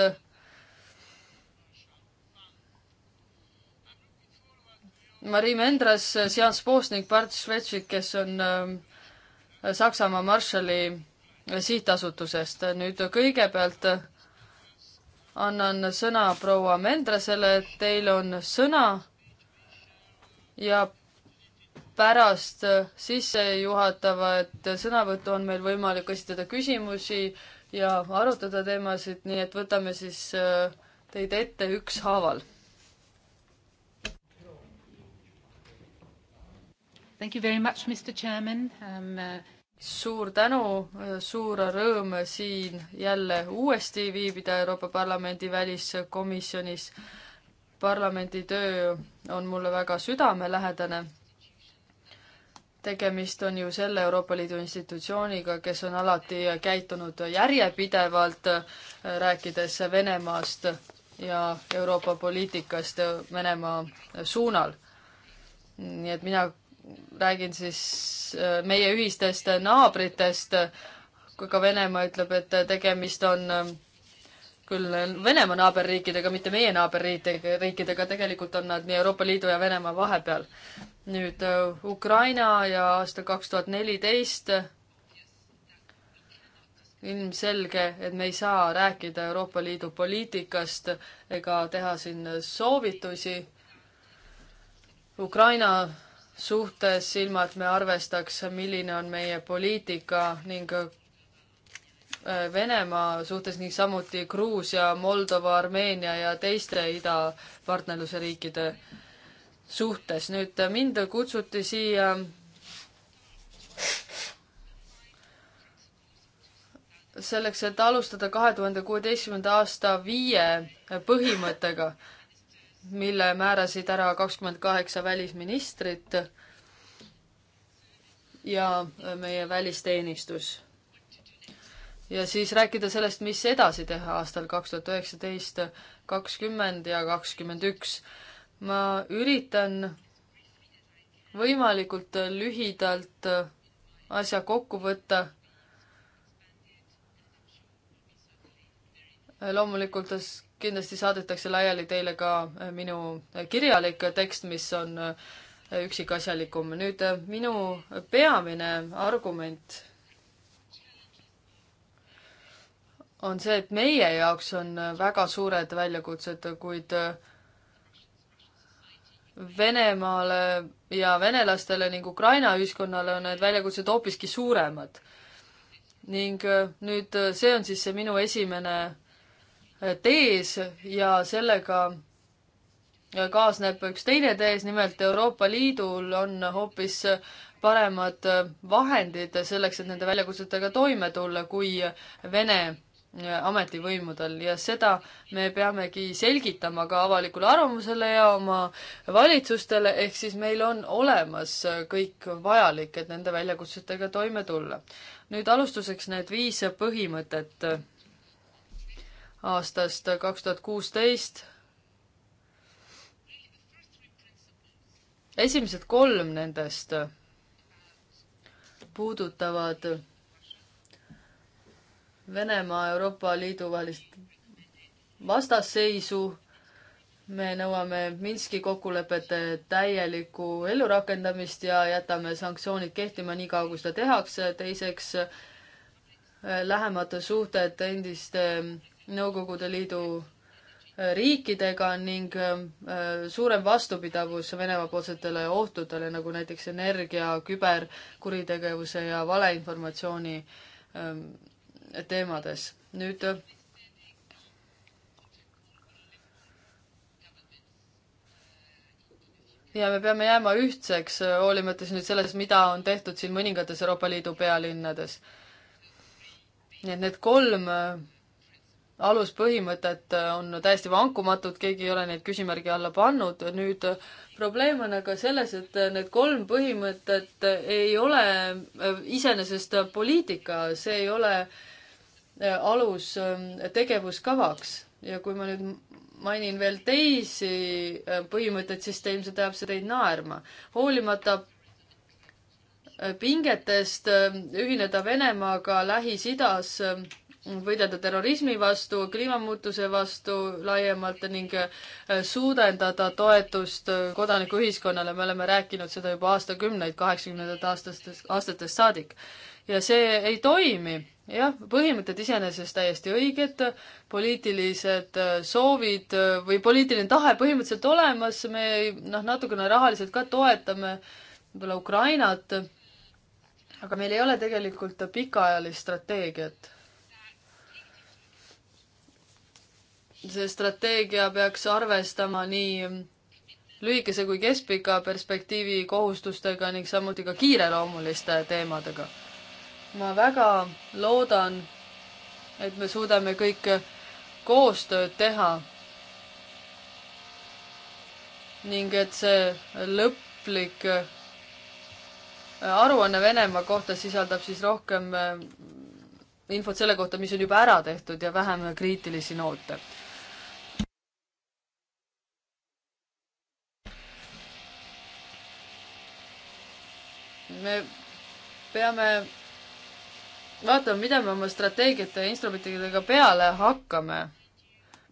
Marii Mendras, Sjans Poosnik, Bart Švetšik, kes on ähm, Saksamaa Marshalli sihtasutusest. nüüd kõigepealt annan sõna proua Mendrasele, teil on sõna ja pärast sissejuhatavat sõnavõttu on meil võimalik esitada küsimusi ja arutada teemasid, nii et võtame siis äh, teid ette ükshaaval. Thank you very much, Mr Chairman um,. Uh... suur tänu, äh, suur rõõm siin jälle uuesti viibida Euroopa Parlamendi väliskomisjonis. parlamendi töö on mulle väga südamelähedane tegemist on ju selle Euroopa Liidu institutsiooniga, kes on alati käitunud järjepidevalt, rääkides Venemaast ja Euroopa poliitikast Venemaa suunal. nii et mina räägin siis äh, meie ühistest naabritest, kui ka Venemaa ütleb, et tegemist on äh, küll Venemaa naaberriikidega, mitte meie naaberriikidega, tegelikult on nad nii Euroopa Liidu ja Venemaa vahepeal nüüd äh, Ukraina ja aastal kaks tuhat neliteist ilmselge, et me ei saa rääkida Euroopa Liidu poliitikast ega teha siin soovitusi Ukraina suhtes, ilma et me arvestaks, milline on meie poliitika ning äh, Venemaa suhtes ning samuti Gruusia, Moldova, Armeenia ja teiste idapartnerluse riikide äh, suhtes. nüüd äh, mind kutsuti siia selleks, et alustada kahe tuhande kuueteistkümnenda aasta viie põhimõttega, mille määrasid ära kakskümmend kaheksa välisministrit ja äh, meie välisteenistus. ja siis rääkida sellest, mis edasi teha aastal kaks tuhat üheksateist, kakskümmend ja kakskümmend üks ma üritan võimalikult lühidalt asja kokku võtta. loomulikult kindlasti saadetakse laiali teile ka minu kirjalik tekst, mis on üksikasjalikum. nüüd minu peamine argument on see, et meie jaoks on väga suured väljakutsed, kuid äh, Venemaale ja venelastele ning Ukraina ühiskonnale on need väljakutsed hoopiski suuremad. ning äh, nüüd äh, see on siis see minu esimene äh, tees ja sellega kaasneb üks teine tees, nimelt Euroopa Liidul on hoopis paremad vahendid selleks, et nende väljakutsetega toime tulla, kui Vene ametivõimudel ja seda me peamegi selgitama ka avalikule arvamusele ja oma valitsustele, ehk siis meil on olemas kõik vajalik, et nende väljakutsetega toime tulla. nüüd alustuseks need viis põhimõtet aastast kaks tuhat kuusteist. esimesed kolm nendest puudutavad Venemaa Euroopa Liidu vahelist vastasseisu. me nõuame Minski kokkulepete täielikku ellurakendamist ja jätame sanktsioonid kehtima niikaua, kui seda tehakse. teiseks, eh, lähemad suhted endiste Nõukogude Liidu eh, riikidega ning eh, suurem vastupidavus Venemaa-poolsetele ohtudele, nagu näiteks energia, küberkuritegevuse ja valeinformatsiooni teemades. nüüd ja me peame jääma ühtseks, hoolimata siis nüüd sellest, mida on tehtud siin mõningates Euroopa Liidu pealinnades. nii et need kolm äh, aluspõhimõtet äh, on täiesti vankumatud, keegi ei ole neid küsimärgi alla pannud. nüüd äh, probleem on aga selles, et need kolm põhimõtet ei ole iseenesest poliitika, see ei ole äh, Äh, alustegevuskavaks ähm, ja kui ma nüüd mainin veel teisi äh, põhimõtteid, siis te ilmselt ajab see teid naerma. hoolimata äh, pingetest ühineda Venemaaga Lähis-Idas, võidelda terrorismi vastu, kliimamuutuse vastu laiemalt ning suurendada toetust kodanikuühiskonnale, me oleme rääkinud seda juba aastakümneid, kaheksakümnendate aastatest, aastatest saadik. ja see ei toimi jah, põhimõtted iseenesest täiesti õiged, poliitilised äh, soovid äh, või poliitiline tahe põhimõtteliselt olemas, me noh, natukene rahaliselt ka toetame võib-olla Ukrainat, aga meil ei ole tegelikult pikaajalist strateegiat. see strateegia peaks arvestama nii lühikese kui keskpika perspektiivi kohustustega ning samuti ka kiireloomuliste teemadega ma väga loodan, et me suudame kõik koostööd teha. ning et see lõplik äh, aruanne Venemaa kohta sisaldab siis rohkem äh, infot selle kohta, mis on juba ära tehtud ja vähem kriitilisi noote me peame vaatame, mida me oma strateegiate ja instrumentidega peale hakkame.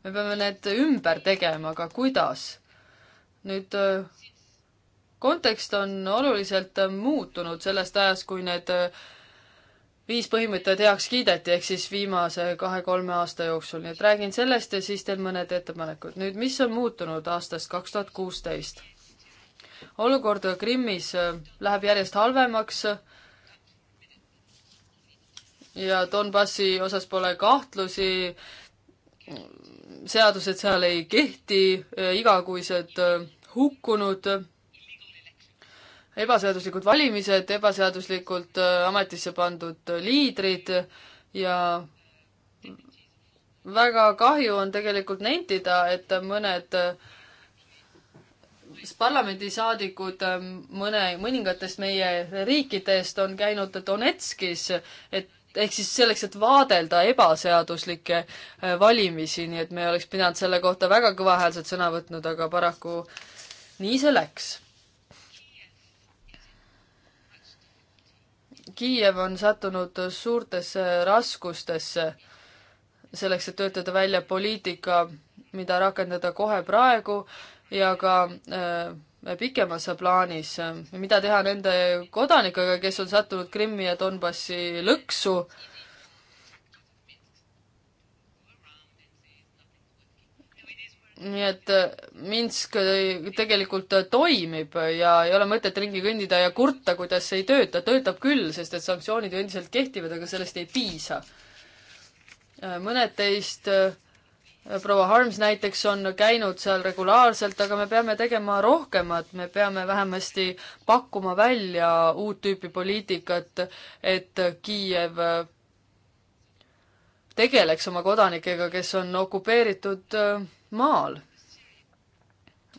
me peame need ümber tegema, aga kuidas? nüüd äh, kontekst on oluliselt muutunud sellest ajast, kui need äh, viis põhimõtet heaks kiideti, ehk siis viimase kahe-kolme aasta jooksul, nii et räägin sellest ja siis teen mõned ettepanekud. nüüd, mis on muutunud aastast kaks tuhat kuusteist? olukord Krimmis äh, läheb järjest halvemaks ja Donbassi osas pole kahtlusi. seadused seal ei kehti, igakuised äh, hukkunud, ebaseaduslikud valimised, ebaseaduslikult äh, ametisse pandud liidrid ja väga kahju on tegelikult nentida, et mõned äh, parlamendisaadikud mõne, mõningatest meie riikidest on käinud Donetskis, et ehk siis selleks, et vaadelda ebaseaduslikke äh, valimisi, nii et me oleks pidanud selle kohta väga kõvahäälselt sõna võtnud, aga paraku nii see läks. Kiiev on sattunud suurtesse raskustesse selleks, et töötada välja poliitika, mida rakendada kohe praegu ja ka äh, pikemas plaanis, mida teha nende kodanikega, kes on sattunud Krimmi ja Donbassi lõksu. nii et Minsk tegelikult toimib ja ei ole mõtet ringi kõndida ja kurta, kuidas ei tööta, töötab küll, sest et sanktsioonid ju endiselt kehtivad, aga sellest ei piisa. mõned teist äh, proua Harms näiteks on käinud seal regulaarselt, aga me peame tegema rohkemat, me peame vähemasti pakkuma välja uut tüüpi poliitikat, et Kiiev tegeleks oma kodanikega, kes on okupeeritud äh, maal.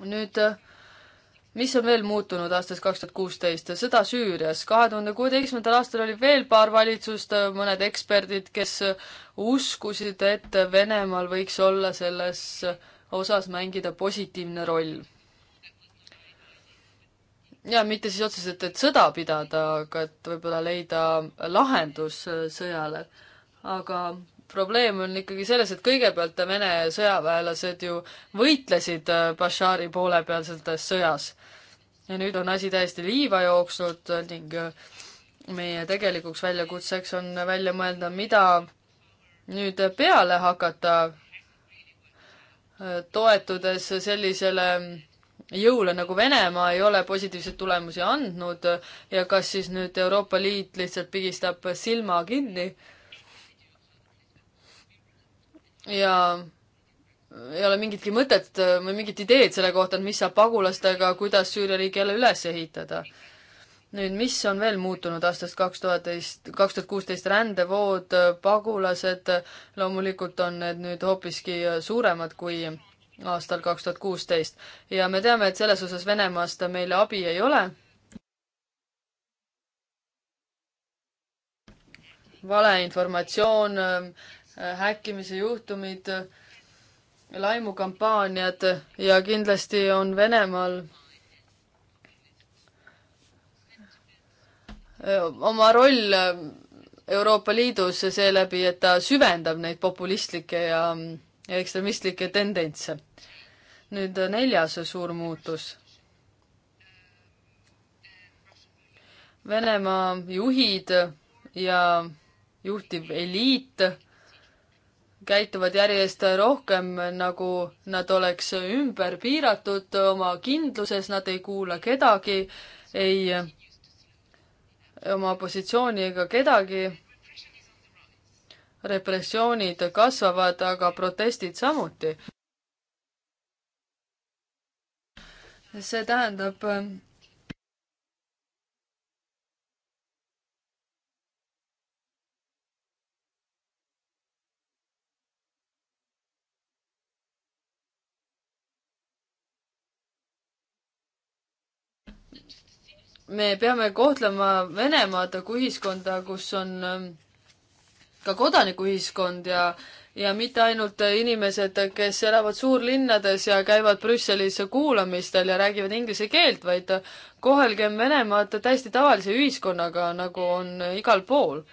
nüüd äh, mis on veel muutunud aastast kaks tuhat kuusteist? sõda Süürias. kahe tuhande kuueteistkümnendal aastal oli veel paar valitsust, mõned eksperdid, kes uskusid, et Venemaal võiks olla selles osas mängida positiivne roll. ja mitte siis otseselt, et sõda pidada, aga et võib-olla leida lahendus äh, sõjale. aga probleem on ikkagi selles, et kõigepealt Vene sõjaväelased ju võitlesid äh, Bashari poolepealsetes sõjas. ja nüüd on asi täiesti liiva jooksnud ning äh, meie tegelikuks väljakutseks on välja mõelda, mida nüüd peale hakata, äh, toetudes sellisele jõule nagu Venemaa ei ole positiivseid tulemusi andnud ja kas siis nüüd Euroopa Liit lihtsalt pigistab silma kinni äh, ja ei ole mingitki mõtet äh, või mingit ideed selle kohta, et mis saab pagulastega, kuidas Süüria riik jälle üles ehitada. nüüd, mis on veel muutunud aastast kaks tuhat teist, kaks tuhat kuusteist, rändevood, äh, pagulased, äh, loomulikult on need nüüd hoopiski suuremad kui aastal kaks tuhat kuusteist ja me teame, et selles osas Venemaast meile abi ei ole. valeinformatsioon Äh, häkkimise juhtumid, laimukampaaniad ja kindlasti on Venemaal äh, oma roll äh, Euroopa Liidus seeläbi, et ta süvendab neid populistlikke ja ekstremistlikke tendentse. nüüd neljas suur muutus. Venemaa juhid ja juhtiv eliit käituvad järjest rohkem, nagu nad oleks ümber piiratud oma kindluses, nad ei kuula kedagi, ei oma positsiooni ega kedagi. repressioonid kasvavad, aga protestid samuti. see tähendab me peame kohtlema Venemaad kui ühiskonda, kus on ähm, ka kodanikuühiskond ja, ja mitte ainult inimesed, kes elavad suurlinnades ja käivad Brüsselis kuulamistel ja räägivad inglise keelt, vaid kohelgem Venemaad täiesti tavalise ühiskonnaga, nagu on igal pool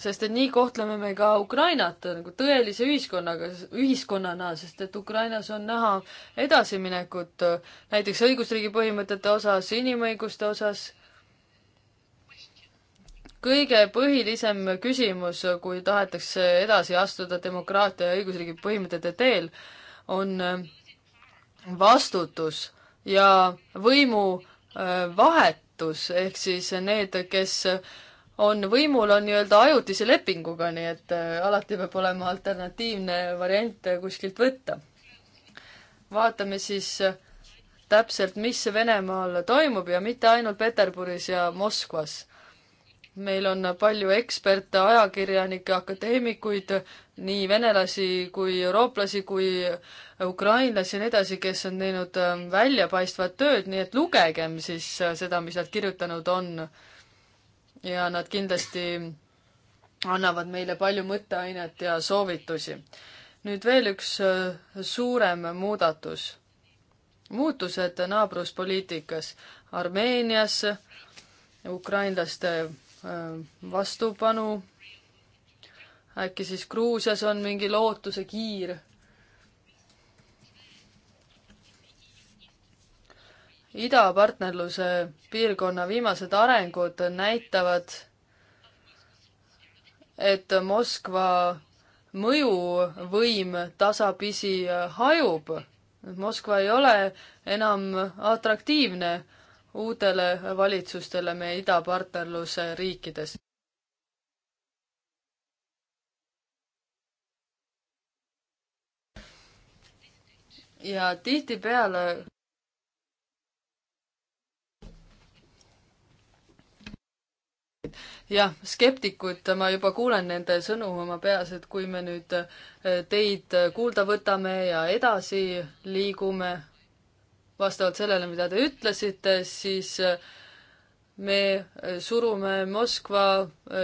sest et nii kohtleme me ka Ukrainat nagu tõelise ühiskonnaga, ühiskonnana, sest et Ukrainas on näha edasiminekut näiteks õigusriigi põhimõtete osas, inimõiguste osas. kõige põhilisem küsimus, kui tahetakse edasi astuda demokraatia ja õigusriigi põhimõtete teel, on äh, vastutus ja võimu äh, vahetus, ehk siis need, kes on võimul, on nii-öelda ajutise lepinguga, nii et äh, alati peab olema alternatiivne variant äh, kuskilt võtta. vaatame siis äh, täpselt, mis Venemaal toimub ja mitte ainult Peterburis ja Moskvas. meil on palju eksperte, ajakirjanikke, akadeemikuid, nii venelasi kui eurooplasi kui ukrainlasi ja nii edasi, kes on teinud väljapaistvat tööd, nii et lugegem siis seda, mis nad kirjutanud on ja nad kindlasti annavad meile palju mõtteainet ja soovitusi. nüüd veel üks äh, suurem muudatus. muutused naabruspoliitikas Armeenias, ukrainlaste äh, vastupanu, äkki siis Gruusias on mingi lootuse kiir idapartnerluse piirkonna viimased arengud näitavad, et Moskva mõjuvõim tasapisi hajub. Moskva ei ole enam atraktiivne uutele valitsustele meie idapartnerluse riikides. ja tihtipeale jah, skeptikud, ma juba kuulen nende sõnu oma peas, et kui me nüüd eh, teid kuulda võtame ja edasi liigume vastavalt sellele, mida te ütlesite, siis eh, me eh, surume Moskva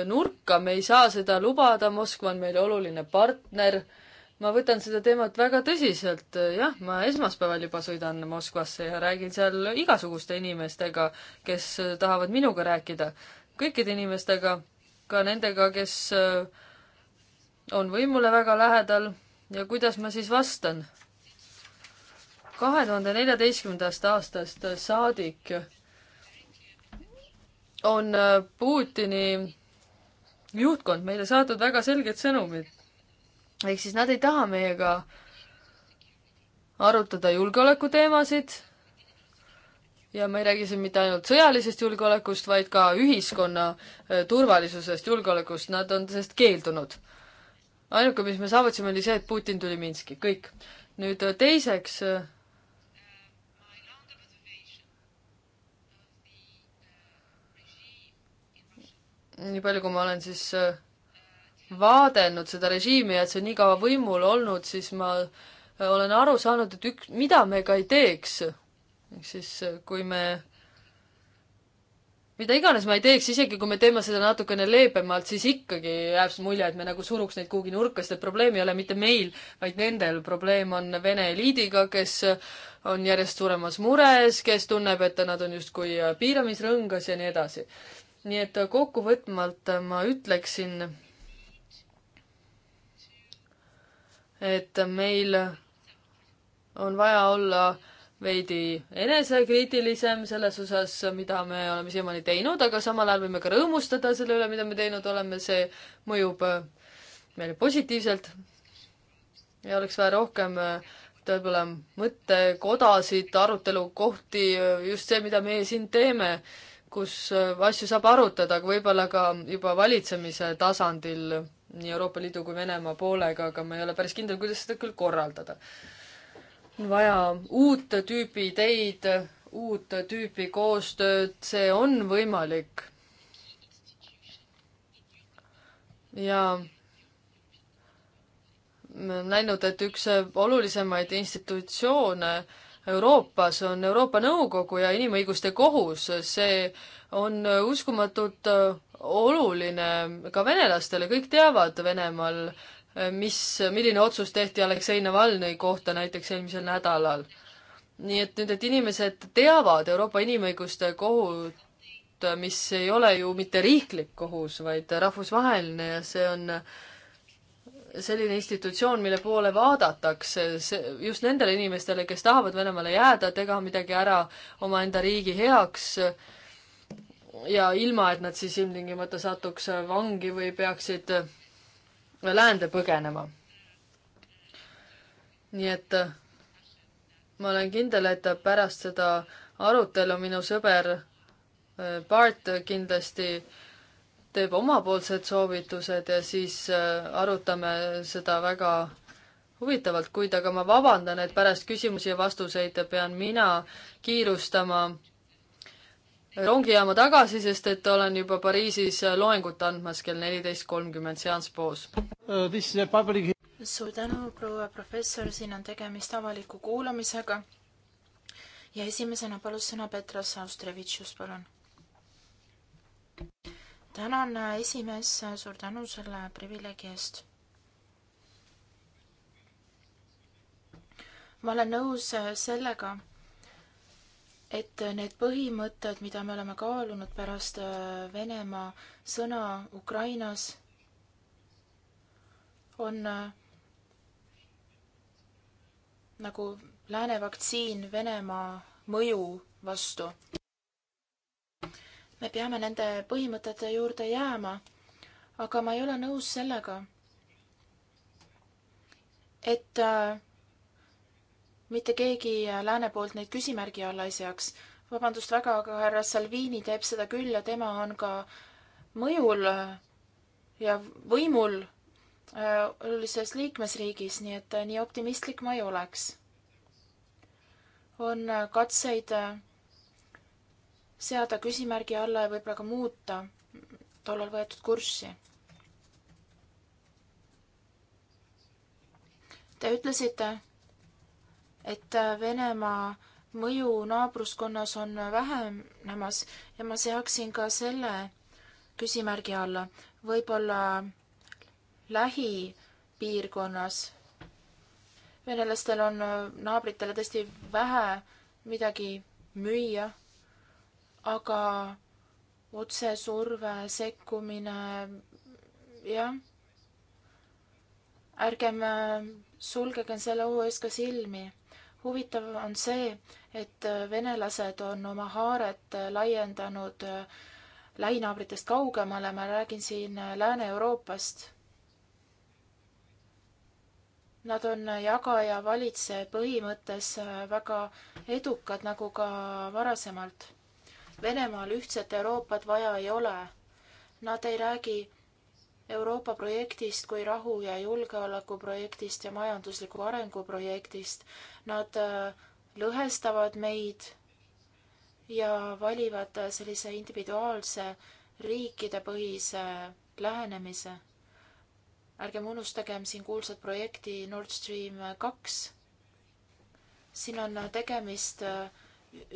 nurka, me ei saa seda lubada, Moskva on meile oluline partner. ma võtan seda teemat väga tõsiselt, jah, ma esmaspäeval juba sõidan Moskvasse ja räägin seal igasuguste inimestega, kes tahavad minuga rääkida kõikide inimestega, ka nendega, kes äh, on võimule väga lähedal ja kuidas ma siis vastan? kahe tuhande neljateistkümnendast aastast saadik on äh, Putini juhtkond meile saatnud väga selged sõnumid. ehk siis nad ei taha meiega arutada julgeolekuteemasid ja ma ei räägi siin mitte ainult sõjalisest julgeolekust, vaid ka ühiskonna äh, turvalisusest, julgeolekust, nad on sellest keeldunud. ainuke, mis me saavutasime, oli see, et Putin tuli Minski, kõik. nüüd äh, teiseks äh, nii palju, kui ma olen siis vaadelnud seda režiimi ja et see on nii kaua võimul olnud, siis ma olen aru saanud, et ük-, mida me ka ei teeks ehk siis äh, kui me mida iganes ma ei teeks, isegi kui me teeme seda natukene leebemalt, siis ikkagi jääb mulje, et me nagu suruks neid kuhugi nurka, sest et probleem ei ole mitte meil, vaid nendel. probleem on Vene eliidiga, kes on järjest suuremas mures, kes tunneb, et nad on justkui piiramisrõngas ja nii edasi. nii et kokkuvõtmalt ma ütleksin, et meil on vaja olla äh, veidi enesekriitilisem selles osas, mida me oleme siiamaani teinud, aga samal ajal võime ka rõõmustada selle üle, mida me teinud oleme, see mõjub äh, meile positiivselt. ja oleks vaja rohkem võib-olla äh, mõttekodasid, arutelukohti, äh, just see, mida meie siin teeme, kus asju saab arutada, aga võib-olla ka juba valitsemise tasandil nii Euroopa Liidu kui Venemaa poolega, aga ma ei ole päris kindel, kuidas seda küll korraldada on vaja uut tüüpi ideid, uut tüüpi koostööd, see on võimalik. ja me oleme näinud, et üks olulisemaid institutsioone Euroopas on Euroopa Nõukogu ja Inimõiguste Kohus, see on uskumatult oluline ka venelastele, kõik teavad Venemaal mis, milline otsus tehti Aleksei Navalnõi kohta näiteks eelmisel nädalal. nii et nüüd, et inimesed teavad Euroopa Inimõiguste Kohut, mis ei ole ju mitte riiklik kohus, vaid rahvusvaheline ja see on selline institutsioon, mille poole vaadatakse see, just nendele inimestele, kes tahavad Venemaale jääda, teha midagi ära omaenda riigi heaks ja ilma, et nad siis ilmtingimata satuks vangi või peaksid läände põgenema. nii et äh, ma olen kindel, et pärast seda arutelu minu sõber äh, Bart kindlasti teeb omapoolsed soovitused ja siis äh, arutame seda väga huvitavalt, kuid aga ma vabandan, et pärast küsimusi ja vastuseid pean mina kiirustama rongijaama tagasi, sest et olen juba Pariisis loengut andmas kell neliteist kolmkümmend Seanss Poos uh,. Public... suur tänu, proua professor, siin on tegemist avaliku kuulamisega. ja esimesena palus sõna Petras Austrevitšus, palun. tänan, äh, esimees, äh, suur tänu selle privileegi eest ma olen nõus äh, sellega, et need põhimõtted, mida me oleme kaalunud pärast äh, Venemaa sõna Ukrainas, on äh, nagu lääne vaktsiin Venemaa mõju vastu. me peame nende põhimõtete juurde jääma, aga ma ei ole nõus sellega, et äh, mitte keegi lääne poolt neid küsimärgi alla ei seaks. vabandust väga, aga härra Salvini teeb seda küll ja tema on ka mõjul äh, ja võimul äh, olulises liikmesriigis, nii et äh, nii optimistlik ma ei oleks. on katseid seada küsimärgi alla ja võib-olla ka muuta tollal võetud kurssi. Te ütlesite, et äh, Venemaa mõju naabruskonnas on vähenemas ja ma seaksin ka selle küsimärgi alla, võib-olla lähipiirkonnas. venelastel on äh, naabritele tõesti vähe midagi müüa, aga otsesurve, sekkumine, jah. ärgem äh, sulgegem selle hoo ees ka silmi huvitav on see, et äh, venelased on oma haaret äh, laiendanud äh, lähinaabritest kaugemale, ma räägin siin Lääne-Euroopast. Nad on jagaja valitse põhimõttes väga edukad, nagu ka varasemalt. Venemaal ühtset Euroopat vaja ei ole. Nad ei räägi Euroopa projektist kui rahu- ja julgeolekuprojektist ja majandusliku arengu projektist. Nad äh, lõhestavad meid ja valivad äh, sellise individuaalse riikidepõhise lähenemise. ärgem unustagem siin kuulsat projekti Nord Stream kaks. siin on äh, tegemist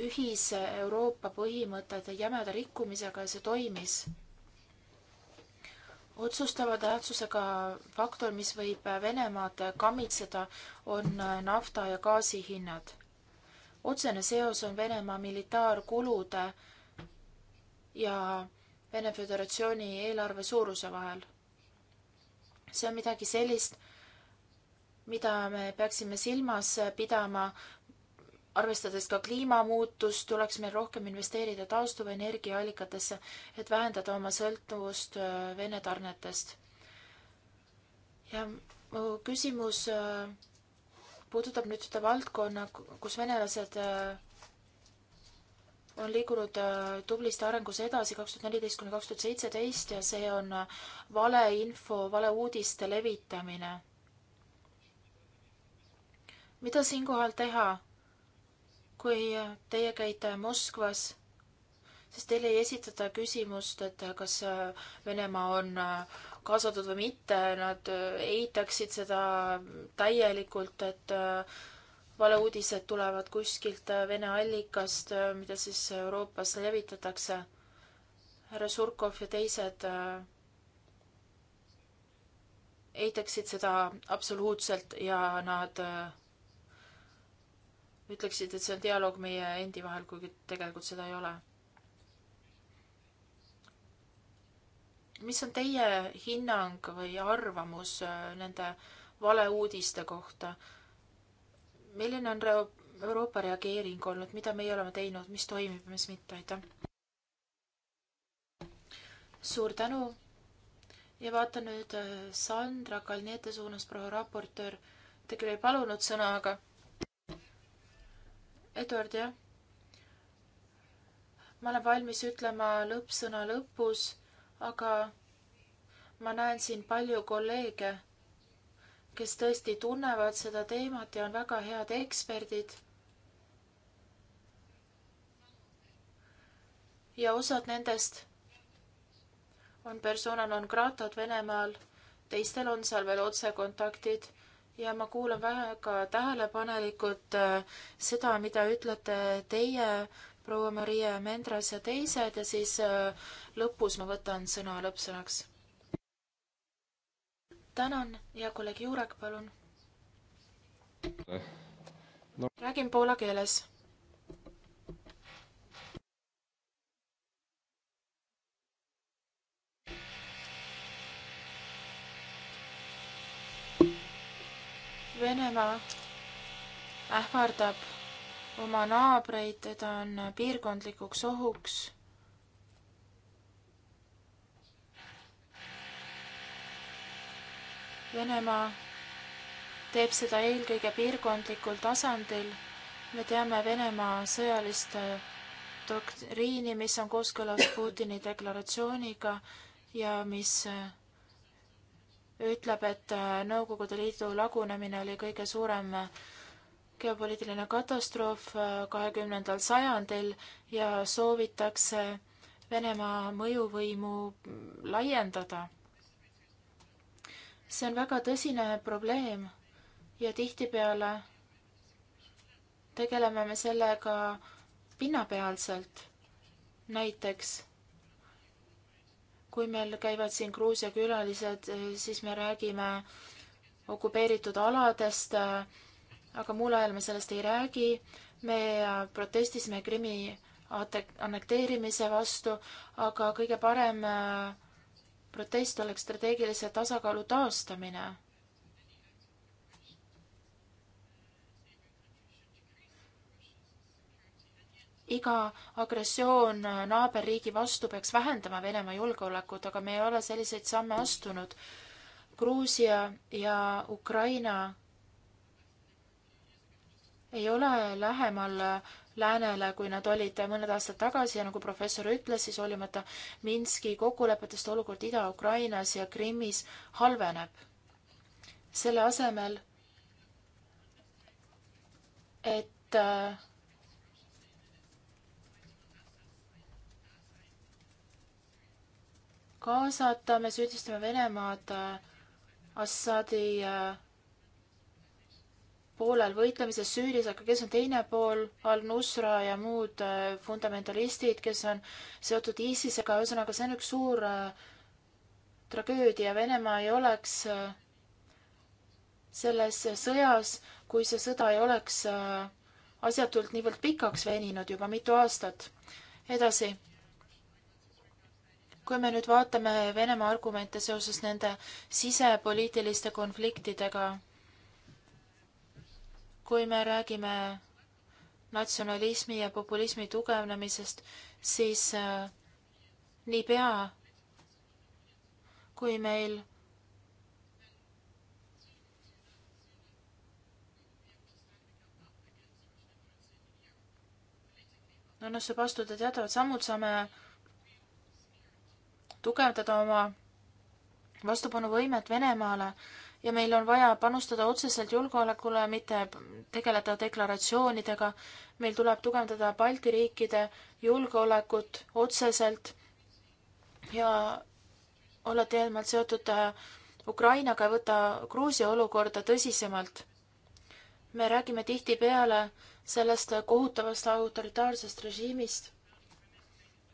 ühise Euroopa põhimõtete jämeda rikkumisega ja see toimis otsustava tähtsusega faktor, mis võib Venemaad kammitseda, on nafta ja gaasi hinnad. otsene seos on Venemaa militaarkulude ja Vene Föderatsiooni eelarve suuruse vahel. see on midagi sellist, mida me peaksime silmas pidama arvestades ka kliimamuutust, tuleks meil rohkem investeerida taastuvenergiaallikatesse, et vähendada oma sõltuvust äh, Vene tarnetest. ja mu küsimus äh, puudutab nüüd seda valdkonna, kus venelased äh, on liikunud tublisti arengus edasi kaks tuhat neliteist kuni kaks tuhat seitseteist ja see on valeinfo, valeuudiste levitamine. mida siinkohal teha? kui teie käite Moskvas, siis teile ei esitata küsimust, et kas Venemaa on kaasatud või mitte, nad eitaksid seda täielikult, et valeuudised tulevad kuskilt Vene allikast, mida siis Euroopas levitatakse. härra Surkov ja teised äh, eitaksid seda absoluutselt ja nad äh, ütleksid, et see on dialoog meie endi vahel, kuigi tegelikult seda ei ole. mis on teie hinnang või arvamus äh, nende valeuudiste kohta? milline on Euroopa reageering olnud, mida meie oleme teinud, mis toimib, mis mitte, aitäh! suur tänu ja vaatan nüüd äh, Sandra Kalniete suunas, proua raportöör, te küll ei palunud sõna, aga Eduard, jah? ma olen valmis ütlema lõppsõna lõpus, aga ma näen siin palju kolleege, kes tõesti tunnevad seda teemat ja on väga head eksperdid. ja osad nendest on persona non grata'd Venemaal, teistel on seal veel otsekontaktid ja ma kuulan väga tähelepanelikult äh, seda, mida ütlete teie, proua Maria Mendras ja teised ja siis äh, lõpus ma võtan sõna lõppsõnaks. tänan ja kolleeg Juurek, palun. Äh, räägin poola keeles Venemaa ähvardab oma naabreid, teda on piirkondlikuks ohuks. Venemaa teeb seda eelkõige piirkondlikul tasandil. me teame Venemaa sõjalist äh, doktriini, mis on kooskõlas Putini deklaratsiooniga ja mis äh, ütleb, et äh, Nõukogude Liidu lagunemine oli kõige suurem äh, geopoliitiline katastroof äh, kahekümnendal sajandil ja soovitakse Venemaa mõjuvõimu laiendada. see on väga tõsine probleem ja tihtipeale tegeleme me sellega pinnapealselt. näiteks kui meil käivad siin Gruusia külalised, siis me räägime okupeeritud aladest, aga muul ajal me sellest ei räägi. me protestisime Krimmi annekteerimise vastu, aga kõige parem äh, protest oleks strateegilise tasakaalu taastamine iga agressioon naaberriigi vastu peaks vähendama Venemaa julgeolekut, aga me ei ole selliseid samme astunud. Gruusia ja Ukraina ei ole lähemal läänele, kui nad olid mõned aastad tagasi ja nagu professor ütles, siis hoolimata Minski kokkulepetest olukord Ida-Ukrainas ja Krimmis halveneb. selle asemel, et äh, kaasata, me süüdistame Venemaad äh, Assadi äh, poolel võitlemises Süürias, aga kes on teine pool, Al-Nusra ja muud äh, fundamentalistid, kes on seotud ISISega, ühesõnaga see on üks suur tragöödia, Venemaa ei oleks selles sõjas, kui see sõda ei oleks asjatult niivõrd pikaks veninud, juba mitu aastat. edasi kui me nüüd vaatame Venemaa argumente seoses nende sisepoliitiliste konfliktidega, kui me räägime natsionalismi ja populismi tugevnemisest, siis äh, niipea, kui meil annab no, noh, see vastuda teatavad sammud, saame tugevdada oma vastupanuvõimet Venemaale ja meil on vaja panustada otseselt julgeolekule, mitte tegeleda deklaratsioonidega. meil tuleb tugevdada Balti riikide julgeolekut otseselt ja olla teemalt seotud äh, Ukrainaga ja võtta Gruusia olukorda tõsisemalt. me räägime tihtipeale sellest kohutavast autoritaarsest režiimist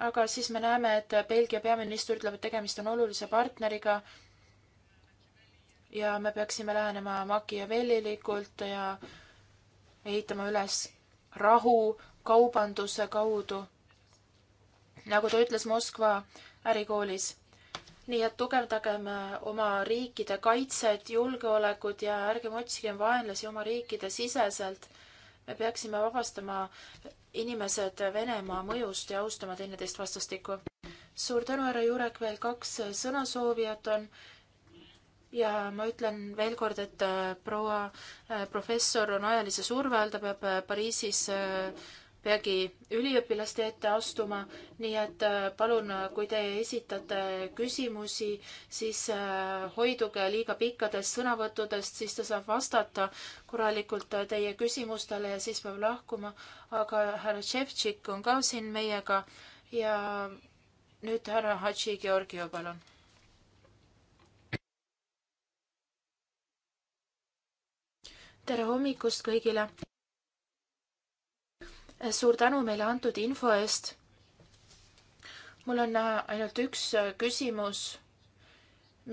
aga siis me näeme, et Belgia peaminister ütleb, et tegemist on olulise partneriga ja me peaksime lähenema makiavellilikult ja ehitama üles rahu kaubanduse kaudu, nagu ta ütles Moskva ärikoolis. nii et tugevdagem oma riikide kaitset, julgeolekut ja ärgem otsigem vaenlasi oma riikide siseselt me peaksime vabastama inimesed Venemaa mõjust ja austama teineteist vastastikku. suur tänu, härra Jurek, veel kaks sõnasoovijat on. ja ma ütlen veel kord, et äh, proua äh, professor on ajalise surve all, ta peab äh, Pariisis peagi üliõpilaste ette astuma, nii et äh, palun, äh, kui te esitate küsimusi, siis äh, hoiduge liiga pikkadest sõnavõttudest, siis ta saab vastata korralikult teie küsimustele ja siis peab lahkuma. aga härra Tševtšik on ka siin meiega ja nüüd härra Hadži Georgiev, palun tere hommikust kõigile! suur tänu meile antud info eest. mul on äh, ainult üks äh, küsimus,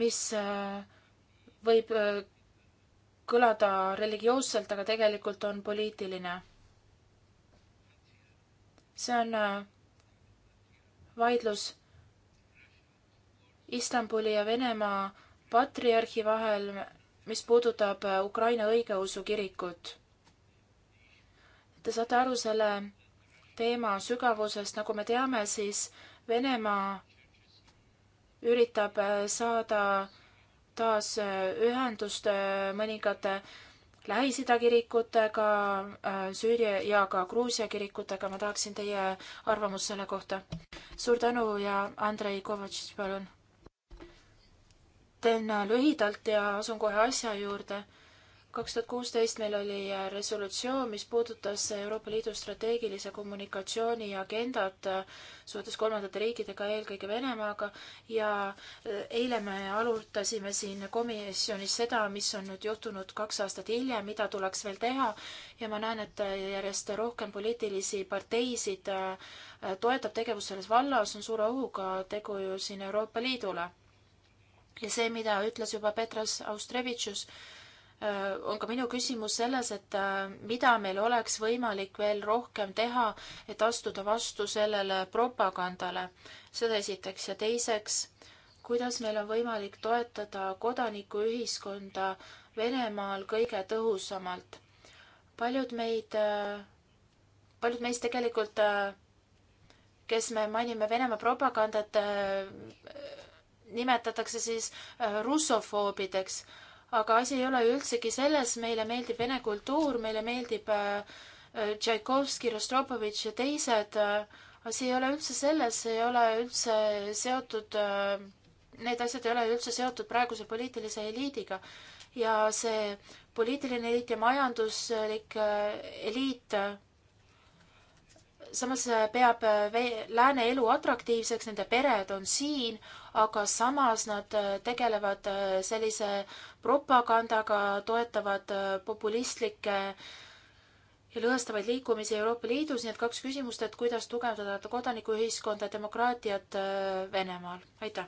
mis äh, võib kõlada religioosselt, aga tegelikult on poliitiline. see on vaidlus Istanbuli ja Venemaa patriarhi vahel, mis puudutab Ukraina õigeusu kirikut Te saate aru selle teema sügavusest, nagu me teame, siis Venemaa üritab äh, saada taas äh, ühendust äh, mõningate Lähis-Ida kirikutega, Süüria ja ka Gruusia kirikutega. ma tahaksin teie arvamust selle kohta. suur tänu ja Andrei Kovatšis, palun. teen lühidalt ja asun kohe asja juurde kaks tuhat kuusteist meil oli äh, resolutsioon, mis puudutas Euroopa Liidu strateegilise kommunikatsiooni agendat äh, suhetes kolmandate riikidega, eelkõige Venemaaga ja äh, eile me arutasime siin komisjonis seda, mis on nüüd juhtunud kaks aastat hiljem, mida tuleks veel teha ja ma näen, et järjest rohkem poliitilisi parteisid toetab tegevust selles vallas, on suure ohuga tegu ju siin Euroopa Liidule. ja see, mida ütles juba Petras Austrevitšus, Äh, on ka minu küsimus selles, et äh, mida meil oleks võimalik veel rohkem teha, et astuda vastu sellele propagandale. seda esiteks ja teiseks, kuidas meil on võimalik toetada kodanikuühiskonda Venemaal kõige tõhusamalt. paljud meid, äh, paljud meist tegelikult, kes me mainime Venemaa propagandat, nimetatakse siis russofoobideks aga asi ei ole ju üldsegi selles, meile meeldib vene kultuur, meile meeldib äh, äh, Tšaikovski, Rostropovitš ja teised. Äh, asi ei ole üldse selles, ei ole üldse seotud, need asjad ei ole üldse seotud praeguse poliitilise eliidiga. ja see poliitiline eliit ja majanduslik eliit samas äh, peab äh, lääne elu atraktiivseks, nende pered on siin, aga samas nad äh, tegelevad sellise propagandaga, toetavad populistlikke ja lõhestavaid liikumisi Euroopa Liidus, nii et kaks küsimust, et kuidas tugevdada kodanikuühiskonda, demokraatiat Venemaal, aitäh!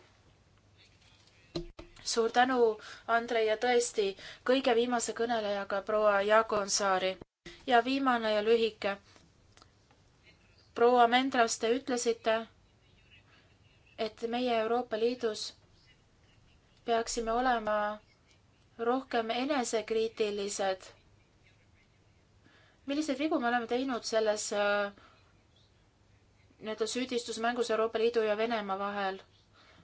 suur tänu, Andrei, ja tõesti kõige viimase kõnelejaga proua Jaagonsaari. ja viimane ja lühike proua Mendras, te ütlesite, et meie Euroopa Liidus peaksime olema rohkem enesekriitilised. milliseid vigu me oleme teinud selles äh, nii-öelda süüdistusmängus Euroopa Liidu ja Venemaa vahel?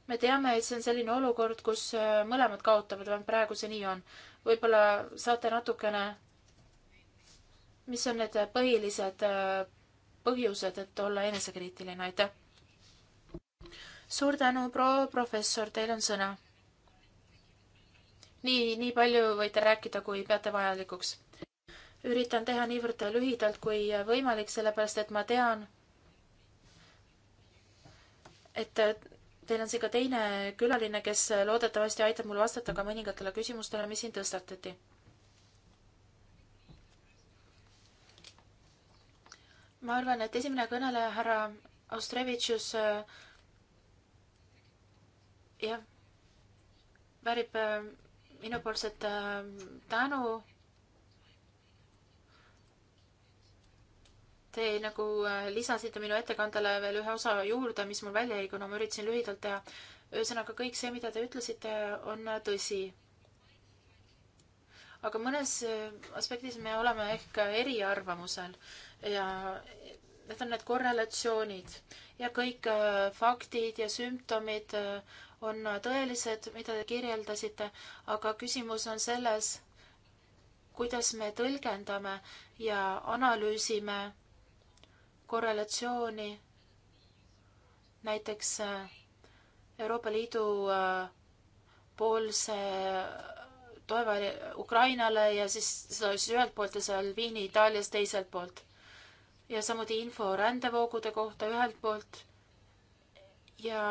me teame, et see on selline olukord, kus äh, mõlemad kaotavad, vähemalt praegu see nii on. võib-olla saate natukene, mis on need põhilised äh, põhjused, et olla enesekriitiline, aitäh! suur tänu, proua professor, teil on sõna. nii, nii palju võite rääkida, kui peate vajalikuks. üritan teha niivõrd lühidalt kui võimalik, sellepärast et ma tean, et teil on siin ka teine külaline, kes loodetavasti aitab mul vastata ka mõningatele küsimustele, mis siin tõstatati ma arvan, et esimene kõneleja, härra Ostrevitšus, äh, jah, väärib äh, minupoolset äh, tänu. Te nagu lisasite minu ettekandele veel ühe osa juurde, mis mul välja jäi, kuna ma üritasin lühidalt teha. ühesõnaga, kõik see, mida te ütlesite, on tõsi aga mõnes äh, aspektis me oleme ehk eriarvamusel ja need on need korrelatsioonid ja kõik äh, faktid ja sümptomid äh, on tõelised, mida te kirjeldasite, aga küsimus on selles, kuidas me tõlgendame ja analüüsime korrelatsiooni näiteks Euroopa Liidu poolse toeva Ukrainale ja siis seda siis ühelt poolt ja Salvini Itaalias teiselt poolt. ja samuti info rändevoogude kohta ühelt poolt ja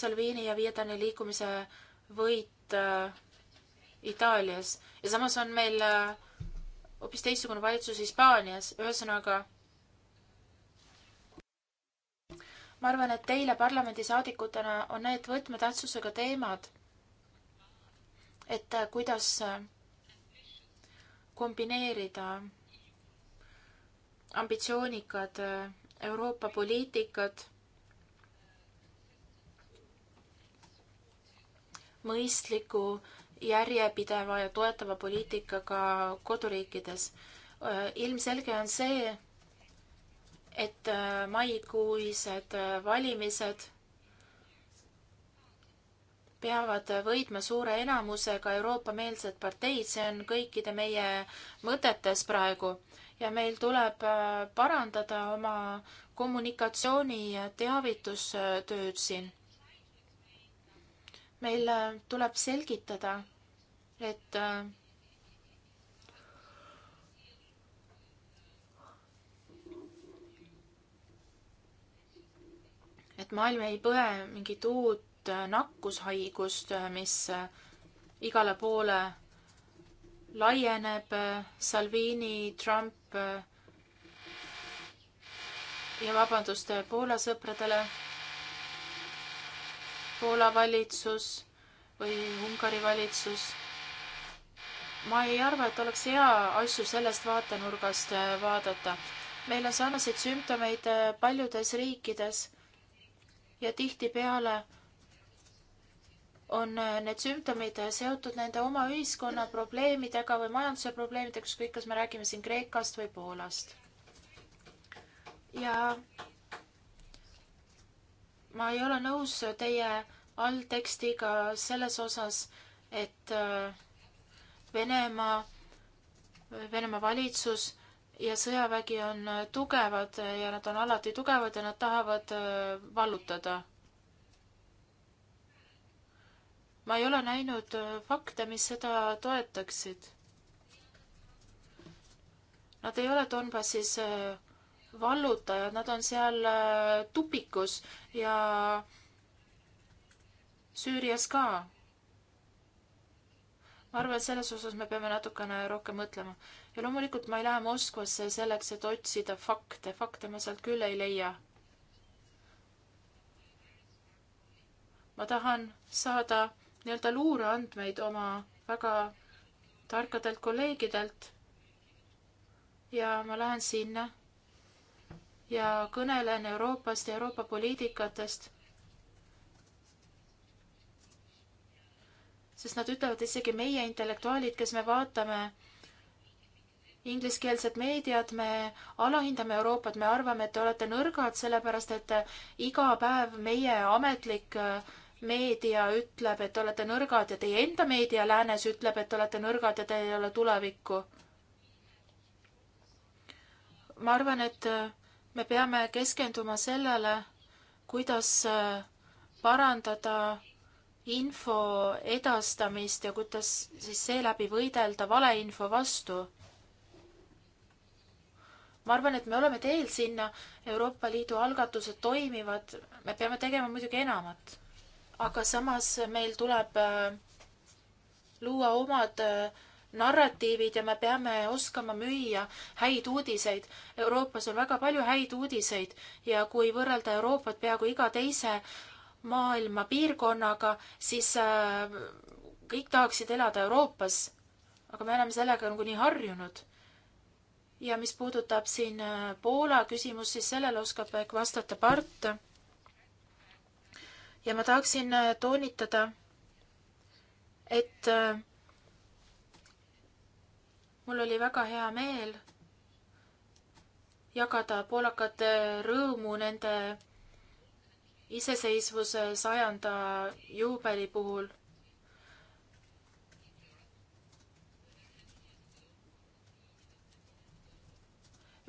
Salvini ja Viedani liikumise võit äh, Itaalias ja samas on meil äh, hoopis teistsugune valitsus Hispaanias, ühesõnaga ma arvan, et teile parlamendisaadikutena on need võtmetähtsusega teemad, et äh, kuidas äh, kombineerida ambitsioonikad äh, Euroopa poliitikad mõistliku, järjepideva ja toetava poliitikaga koduriikides. ilmselge on see, et äh, maikuised äh, valimised peavad võitma suure enamusega Euroopa-meelsed parteid, see on kõikide meie mõtetes praegu ja meil tuleb äh, parandada oma kommunikatsiooni ja teavitustööd siin. meil tuleb selgitada, et äh, et maailm ei põe mingit uut äh, nakkushaigust, äh, mis äh, igale poole laieneb. Salvini, Trump ja vabandust Poola sõpradele. Poola valitsus või Ungari valitsus. ma ei arva, et oleks hea asju sellest vaatenurgast vaadata. meil on sarnaseid sümptomeid paljudes riikides ja tihtipeale on äh, need sümptomid äh, seotud nende oma ühiskonna probleemidega või majanduse probleemidega, ükskõik, kas me räägime siin Kreekast või Poolast. ja ma ei ole nõus teie alltekstiga selles osas, et äh, Venemaa, Venemaa valitsus ja sõjavägi on äh, tugevad ja nad on alati tugevad ja nad tahavad äh, vallutada. ma ei ole näinud äh, fakte, mis seda toetaksid. Nad ei ole Donbassis vallutajad, nad on seal tupikus ja Süürias ka. ma arvan, et selles osas me peame natukene rohkem mõtlema ja loomulikult ma ei lähe Moskvasse selleks, et otsida fakte, fakte ma sealt küll ei leia. ma tahan saada nii-öelda luureandmeid oma väga tarkadelt kolleegidelt. ja ma lähen sinna ja kõnelen Euroopast ja Euroopa poliitikatest. sest nad ütlevad isegi meie intellektuaalid, kes me vaatame ingliskeelset meediat, me alahindame Euroopat, me arvame, et te olete nõrgad, sellepärast et iga päev meie ametlik äh, meedia ütleb, et te olete nõrgad ja teie enda meedia läänes ütleb, et te olete nõrgad ja teil ei ole tulevikku. ma arvan, et äh, me peame keskenduma sellele, kuidas äh, parandada info edastamist ja kuidas siis seeläbi võidelda valeinfo vastu ma arvan, et me oleme teel sinna, Euroopa Liidu algatused toimivad, me peame tegema muidugi enamat. aga samas meil tuleb äh, luua omad äh, narratiivid ja me peame oskama müüa häid uudiseid. Euroopas on väga palju häid uudiseid ja kui võrrelda Euroopat peaaegu iga teise maailma piirkonnaga, siis äh, kõik tahaksid elada Euroopas. aga me oleme sellega nagunii harjunud ja mis puudutab siin äh, Poola küsimust, siis sellele oskab ehk vastata Part. ja ma tahaksin äh, toonitada, et äh, mul oli väga hea meel jagada poolakate rõõmu nende iseseisvuse sajanda juubeli puhul.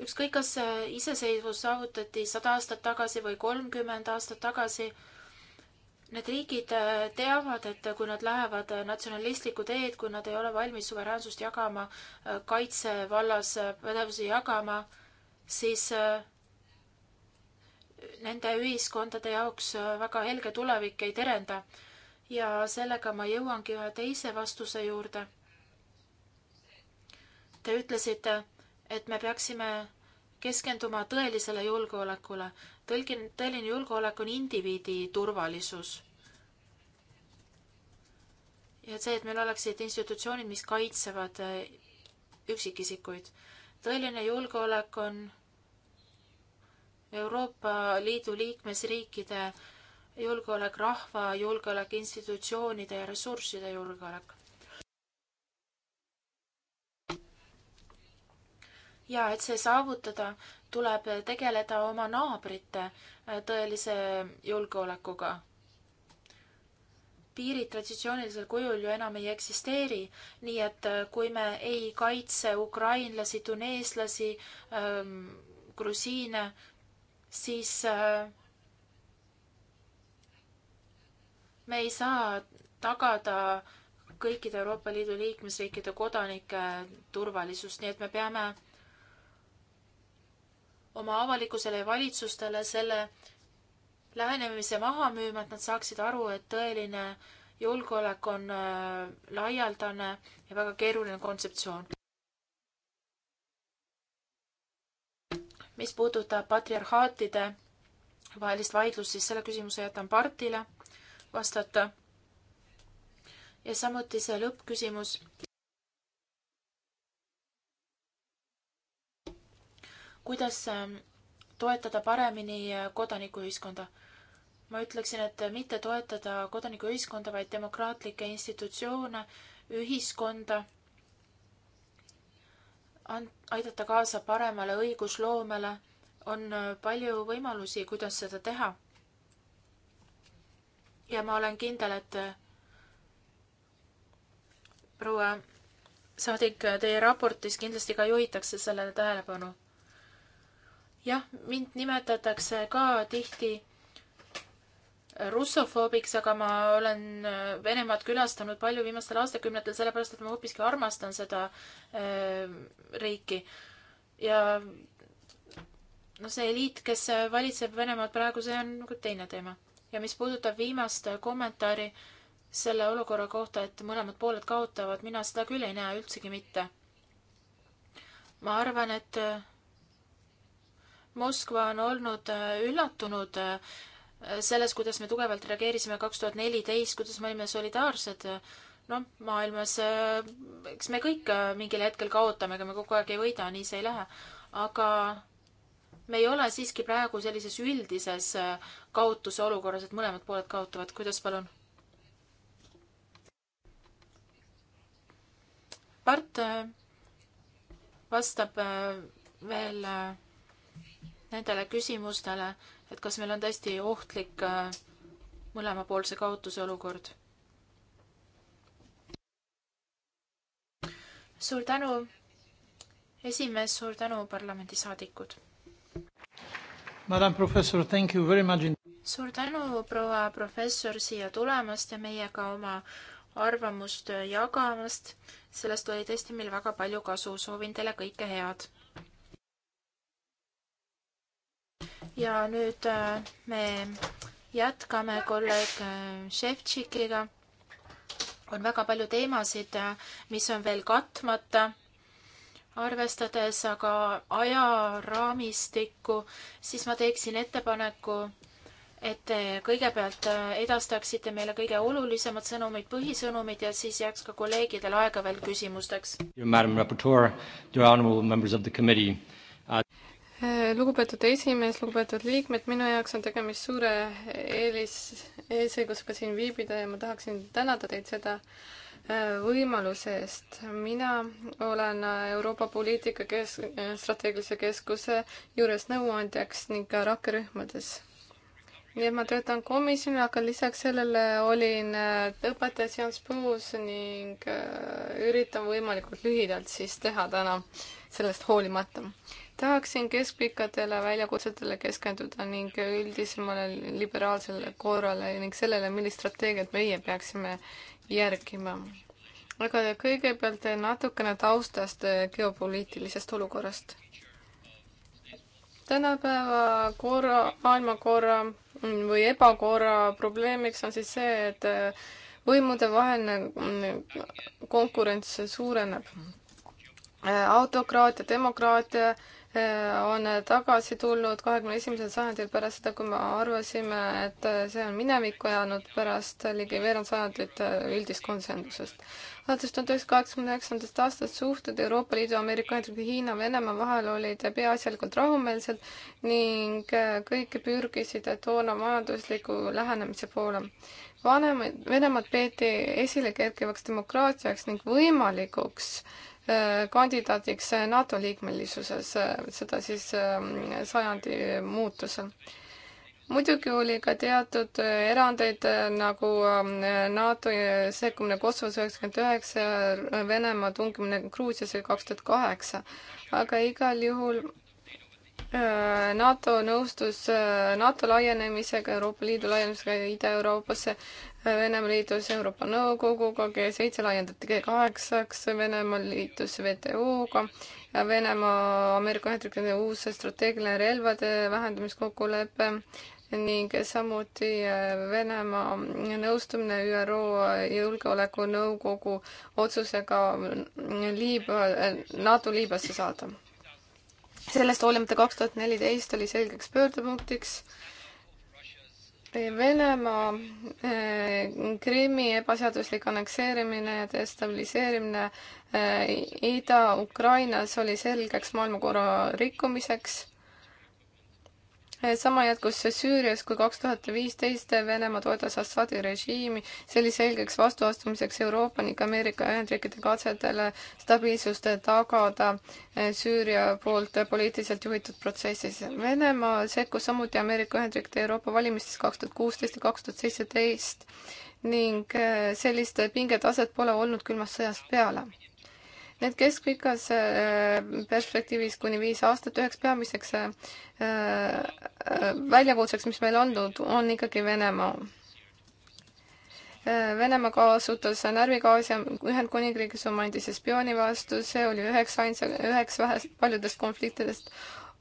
ükskõik, kas äh, iseseisvus saavutati sada aastat tagasi või kolmkümmend aastat tagasi, need riigid äh, teavad, et kui nad lähevad äh, natsionalistlikku teed, kui nad ei ole valmis suveräänsust jagama, kaitsevallas pädevusi jagama, siis nende ühiskondade jaoks väga helge tulevik ei terenda. ja sellega ma jõuangi ühe teise vastuse juurde. Te ütlesite, et me peaksime keskenduma tõelisele julgeolekule. tõlgin, tõeline julgeolek on indiviidi turvalisus. ja see, et meil oleksid institutsioonid, mis kaitsevad eh, üksikisikuid. tõeline julgeolek on Euroopa Liidu liikmesriikide julgeolek, rahva julgeolek, institutsioonide ja ressursside julgeolek. ja et see saavutada, tuleb tegeleda oma naabrite äh, tõelise julgeolekuga. piirid traditsioonilisel kujul ju enam ei eksisteeri, nii et äh, kui me ei kaitse ukrainlasi, tuneeslasi ähm,, grusiine, siis äh, me ei saa tagada kõikide Euroopa Liidu liikmesriikide kodanike turvalisust, nii et me peame äh, oma avalikkusele ja valitsustele selle lähenemise maha müüma, et nad saaksid aru, et tõeline julgeolek on äh, laialdane ja väga keeruline kontseptsioon. mis puudutab patriarhaatide vahelist vaidlust, siis selle küsimuse jätan Partile vastata. ja samuti see lõppküsimus kuidas ähm, toetada paremini äh, kodanikuühiskonda. ma ütleksin, et äh, mitte toetada kodanikuühiskonda, vaid demokraatlikke institutsioone, ühiskonda, aidata kaasa paremale õigusloomele, on äh, palju võimalusi, kuidas seda teha. ja ma olen kindel, et proua saadik, teie raportis kindlasti ka juhitakse sellele tähelepanu jah, mind nimetatakse ka tihti russofoobiks, aga ma olen äh, Venemaad külastanud palju viimastel aastakümnetel, sellepärast et ma hoopiski armastan seda äh, riiki. ja noh, see eliit, kes äh, valitseb Venemaad praegu, see on nagu teine teema. ja mis puudutab viimast äh, kommentaari selle olukorra kohta, et mõlemad pooled kaotavad, mina seda küll ei näe üldsegi mitte. ma arvan, et äh, Moskva on olnud äh, üllatunud äh, selles, kuidas me tugevalt reageerisime kaks tuhat neliteist, kuidas me olime solidaarsed. noh, maailmas, äh, eks me kõik mingil hetkel kaotame, ega me kogu aeg ei võida, nii see ei lähe. aga me ei ole siiski praegu sellises üldises kaotuse olukorras, et mõlemad pooled kaotavad. kuidas, palun? Mart vastab veel nendele küsimustele, et kas meil on tõesti ohtlik äh, mõlemapoolse kaotuse olukord. suur tänu, esimees, suur tänu, parlamendisaadikud. Madam professor, thank you very much. suur tänu, proua professor, siia tulemast ja meiega oma arvamust jagamast. sellest oli tõesti meil väga palju kasu, soovin teile kõike head ja nüüd äh, me jätkame kolleeg äh, Ševtšikiga. on väga palju teemasid, äh, mis on veel katmata, arvestades aga ajaraamistikku, siis ma teeksin ettepaneku, et te kõigepealt edastaksite meile kõige olulisemad sõnumid, põhisõnumid ja siis jääks ka kolleegidel aega veel küsimusteks lugupeetud esimees, lugupeetud liikmed, minu jaoks on tegemist suure eelis, eesõigusega siin viibida ja ma tahaksin tänada teid seda äh, võimaluse eest. mina olen Euroopa Poliitika Kes-, Strateegilise Keskuse juures nõuandjaks ning ka rakkerühmades. nii et ma töötan komisjonil, aga lisaks sellele olin äh, õpetaja Sciences Po's ning äh, üritan võimalikult lühidalt siis teha täna sellest hoolimata tahaksin keskpikkadele väljakutsetele keskenduda ning üldisemale liberaalsele korrale ning sellele, millist strateegiat meie peaksime järgima. aga kõigepealt natukene taustast geopoliitilisest olukorrast. tänapäeva korra, maailmakorra või ebakorra probleemiks on siis see, et võimudevaheline konkurents suureneb autokraatia, demokraatia Äh, on tagasi tulnud kahekümne esimesel sajandil pärast seda, kui me arvasime, et äh, see on minevikku jäänud pärast ligi veerand sajandit äh, üldist konsensusest. alates tuhande üheksasaja kaheksakümne üheksandast aastast suhted Euroopa Liidu, Ameerika Ühendriikide, Hiina, Venemaa vahel olid peaasjalikult rahumeelsed ning kõik pürgisid toona majandusliku lähenemise poole. vanemaid, Venemaad peeti esile kerkivaks demokraatiaks ning võimalikuks äh, kandidaadiks NATO liikmelisuses, seda siis ähm, sajandi muutusel. muidugi oli ka teatud erandeid äh, nagu ähm, NATO sekkumine Kosovos üheksakümmend üheksa ja Venemaa tungimine Gruusiasse kaks tuhat kaheksa, aga igal juhul Äh, NATO nõustus äh, NATO laienemisega, Euroopa Liidu laienemisega Ida-Euroopasse, äh, Venemaa liitus Euroopa Nõukoguga, G7 laiendati G8-ks, Venemaa liitus WTO-ga ja Venemaa, Ameerika Ühendriikide uus strateegiline relvade vähendamiskokkulepe ning samuti Venemaa nõustumine ÜRO Julgeolekunõukogu otsusega Liibüa, NATO Liibüasse saada sellest hoolimata kaks tuhat neliteist oli selgeks pöördepunktiks Venemaa eh, Krimmi ebaseaduslik annekseerimine ja destabiliseerimine eh, Ida-Ukrainas oli selgeks maailmakorra rikkumiseks sama jätkus Süürias, kui kaks tuhat viisteist Venemaa toetas Assadi režiimi, see oli selgeks vastuastumiseks Euroopa ning Ameerika Ühendriikide katsetele stabiilsust tagada Süüria poolt poliitiliselt juhitud protsessis. Venemaa sekkus samuti Ameerika Ühendriikide Euroopa valimistes kaks tuhat kuusteist ja kaks tuhat seitseteist ning sellist pingetaset pole olnud külmast sõjast peale Need keskpikas äh, perspektiivis kuni viis aastat üheks peamiseks äh, äh, väljakutseks, mis meil on, on ikkagi Venemaa. Venemaa kasutas närvigaasi Ühendkuningriigis oma endise spiooni vastu, see oli üheks ainsa, üheks vähest paljudest konfliktidest,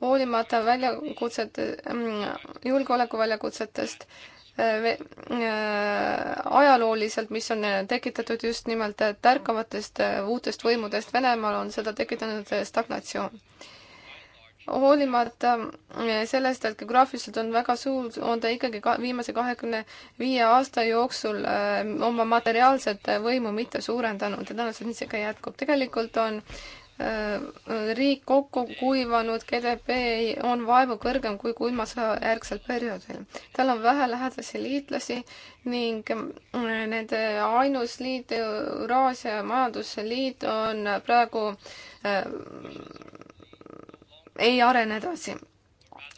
hoolimata väljakutsete, mm, julgeolekuväljakutsetest Äh, ajalooliselt, mis on äh, tekitatud just nimelt äh, tärkavatest uutest võimudest Venemaal, on seda tekitanud stagnatsioon. hoolimata sellest, et geograafiliselt on väga suur, on ta ikkagi ka viimase kahekümne viie aasta jooksul oma materiaalset võimu mitte suurendanud ja tõenäoliselt nii see ka jätkub. tegelikult on äh, riik kokku kuivanud, GDP on vaevu kõrgem kui kuimasõjajärgsel perioodil. tal on vähe lähedasi liitlasi ning mm, nende ainus liit, Euraasia Majandusliit, on praegu äh,, ei arene edasi.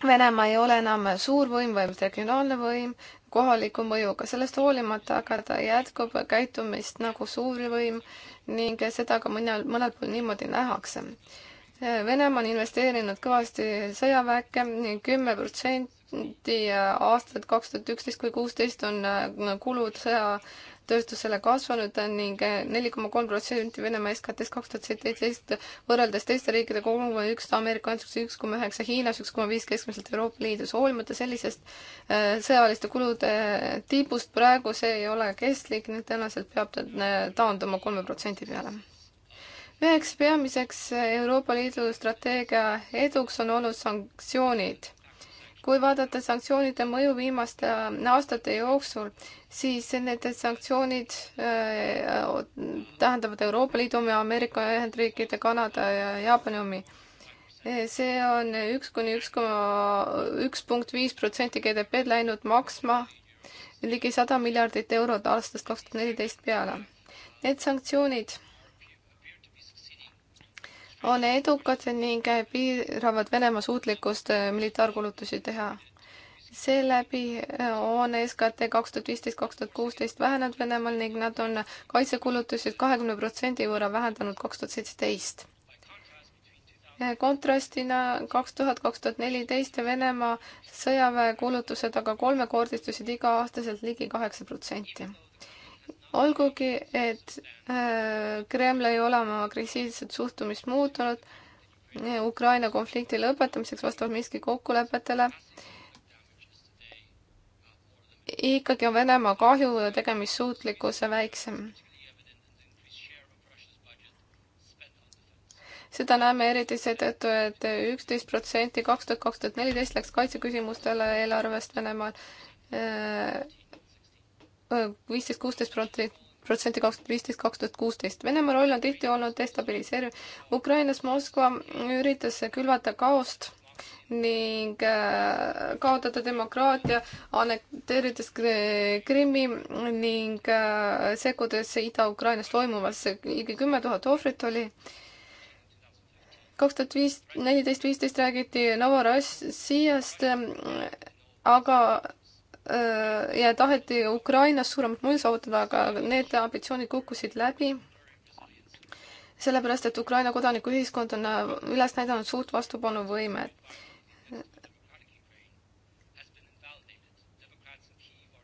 Venemaa ei ole enam suurvõim, vaid regionaalne võim, kohaliku mõjuga. sellest hoolimata aga ta jätkub käitumist nagu suurvõim ning seda ka mõnel, mõnel pool niimoodi nähakse. Venemaa on investeerinud kõvasti sõjaväkke, kümme protsenti aastat kaks tuhat üksteist kuni kuusteist on kulud sõja tööstusele kasvanud ning neli koma kolm protsenti Venemaa SKT-st kaks tuhat seitseteist võrreldes teiste riikide kolme üks Ameerika Ühendriikides üks koma üheksa, Hiinas üks koma viis keskmiselt Euroopa Liidus. hoolimata sellisest äh, sõjaliste kulude tipust praegu see ei ole kestlik ning tõenäoliselt peab ta äh, taanduma kolme protsendi peale üheks peamiseks Euroopa Liidu strateegia eduks on olnud sanktsioonid kui vaadata sanktsioonide mõju viimaste äh, aastate jooksul, siis need sanktsioonid äh, tähendavad Euroopa Liidu omi, Ameerika Ühendriikide, Kanada ja Jaapani omi. Äh, see on üks kuni üks koma üks punkt viis protsenti GDP-d läinud maksma ligi sada miljardit eurot aastast kaks tuhat neliteist peale. Need sanktsioonid on edukad ning piiravad Venemaa suutlikkust äh, militaarkulutusi teha. seeläbi äh, on SKT kaks tuhat viisteist, kaks tuhat kuusteist vähenenud Venemaal ning nad on kaitsekulutusi kahekümne protsendi võrra vähendanud kaks tuhat seitseteist. Äh, kontrastina kaks tuhat, kaks tuhat neliteist Venemaa sõjaväekulutused aga kolmekordistusid iga-aastaselt ligi kaheksa protsenti olgugi, et äh, Kreml ei ole oma agressiivset suhtumist muutunud äh, Ukraina konflikti lõpetamiseks vastavalt Minski kokkulepetele, ikkagi on Venemaa kahju tegemissuutlikkuse väiksem. seda näeme eriti seetõttu, et üksteist protsenti kaks tuhat, kaks tuhat neliteist läks kaitseküsimustele eelarvest Venemaal äh, viisteist, kuusteist protsenti protsenti kaks tuhat viisteist, kaks tuhat kuusteist. Venemaa roll on tihti olnud destabiliseeriv. Ukrainas Moskva üritas külvata kaost ning äh, kaotada demokraatia, annekteerides Krimmi ning äh, sekkudes Ida-Ukrainas toimuvasse. ligi kümme tuhat ohvrit oli. kaks tuhat viis, neliteist, viisteist räägiti Novorossijast, äh, aga Äh, ja taheti Ukrainas suuremat mõju saavutada, aga need ambitsioonid kukkusid läbi. sellepärast, et Ukraina kodanikuühiskond on äh, üles näidanud suurt vastupanuvõimet.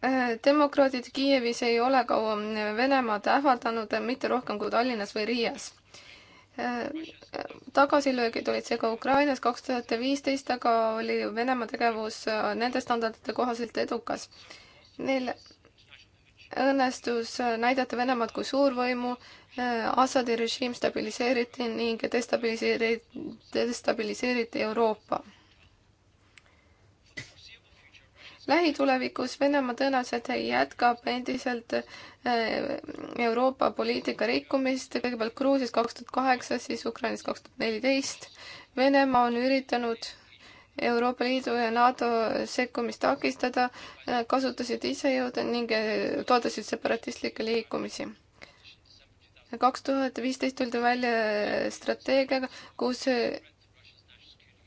Äh, demokraadid Kiievis ei ole kauem Venemaad ähvardanud, mitte rohkem kui Tallinnas või Riias tagasilöögid olid seega Ukrainas kaks tuhat viisteist, aga oli Venemaa tegevus äh, nende standardite kohaselt edukas. Neil õnnestus äh, näidata Venemaad kui suurvõimu, äh, Assadi režiim stabiliseeriti ning destabiliseeriti, destabiliseeriti Euroopa lähitulevikus Venemaa tõenäoliselt jätkab endiselt eh, Euroopa poliitika rikkumist, kõigepealt Gruusias kaks tuhat kaheksa, siis Ukrainas kaks tuhat neliteist. Venemaa on üritanud Euroopa Liidu ja NATO sekkumist takistada, eh, kasutasid isejõude ning eh, toodasid separatistlikke liikumisi. kaks tuhat viisteist tuldi välja strateegiaga, kus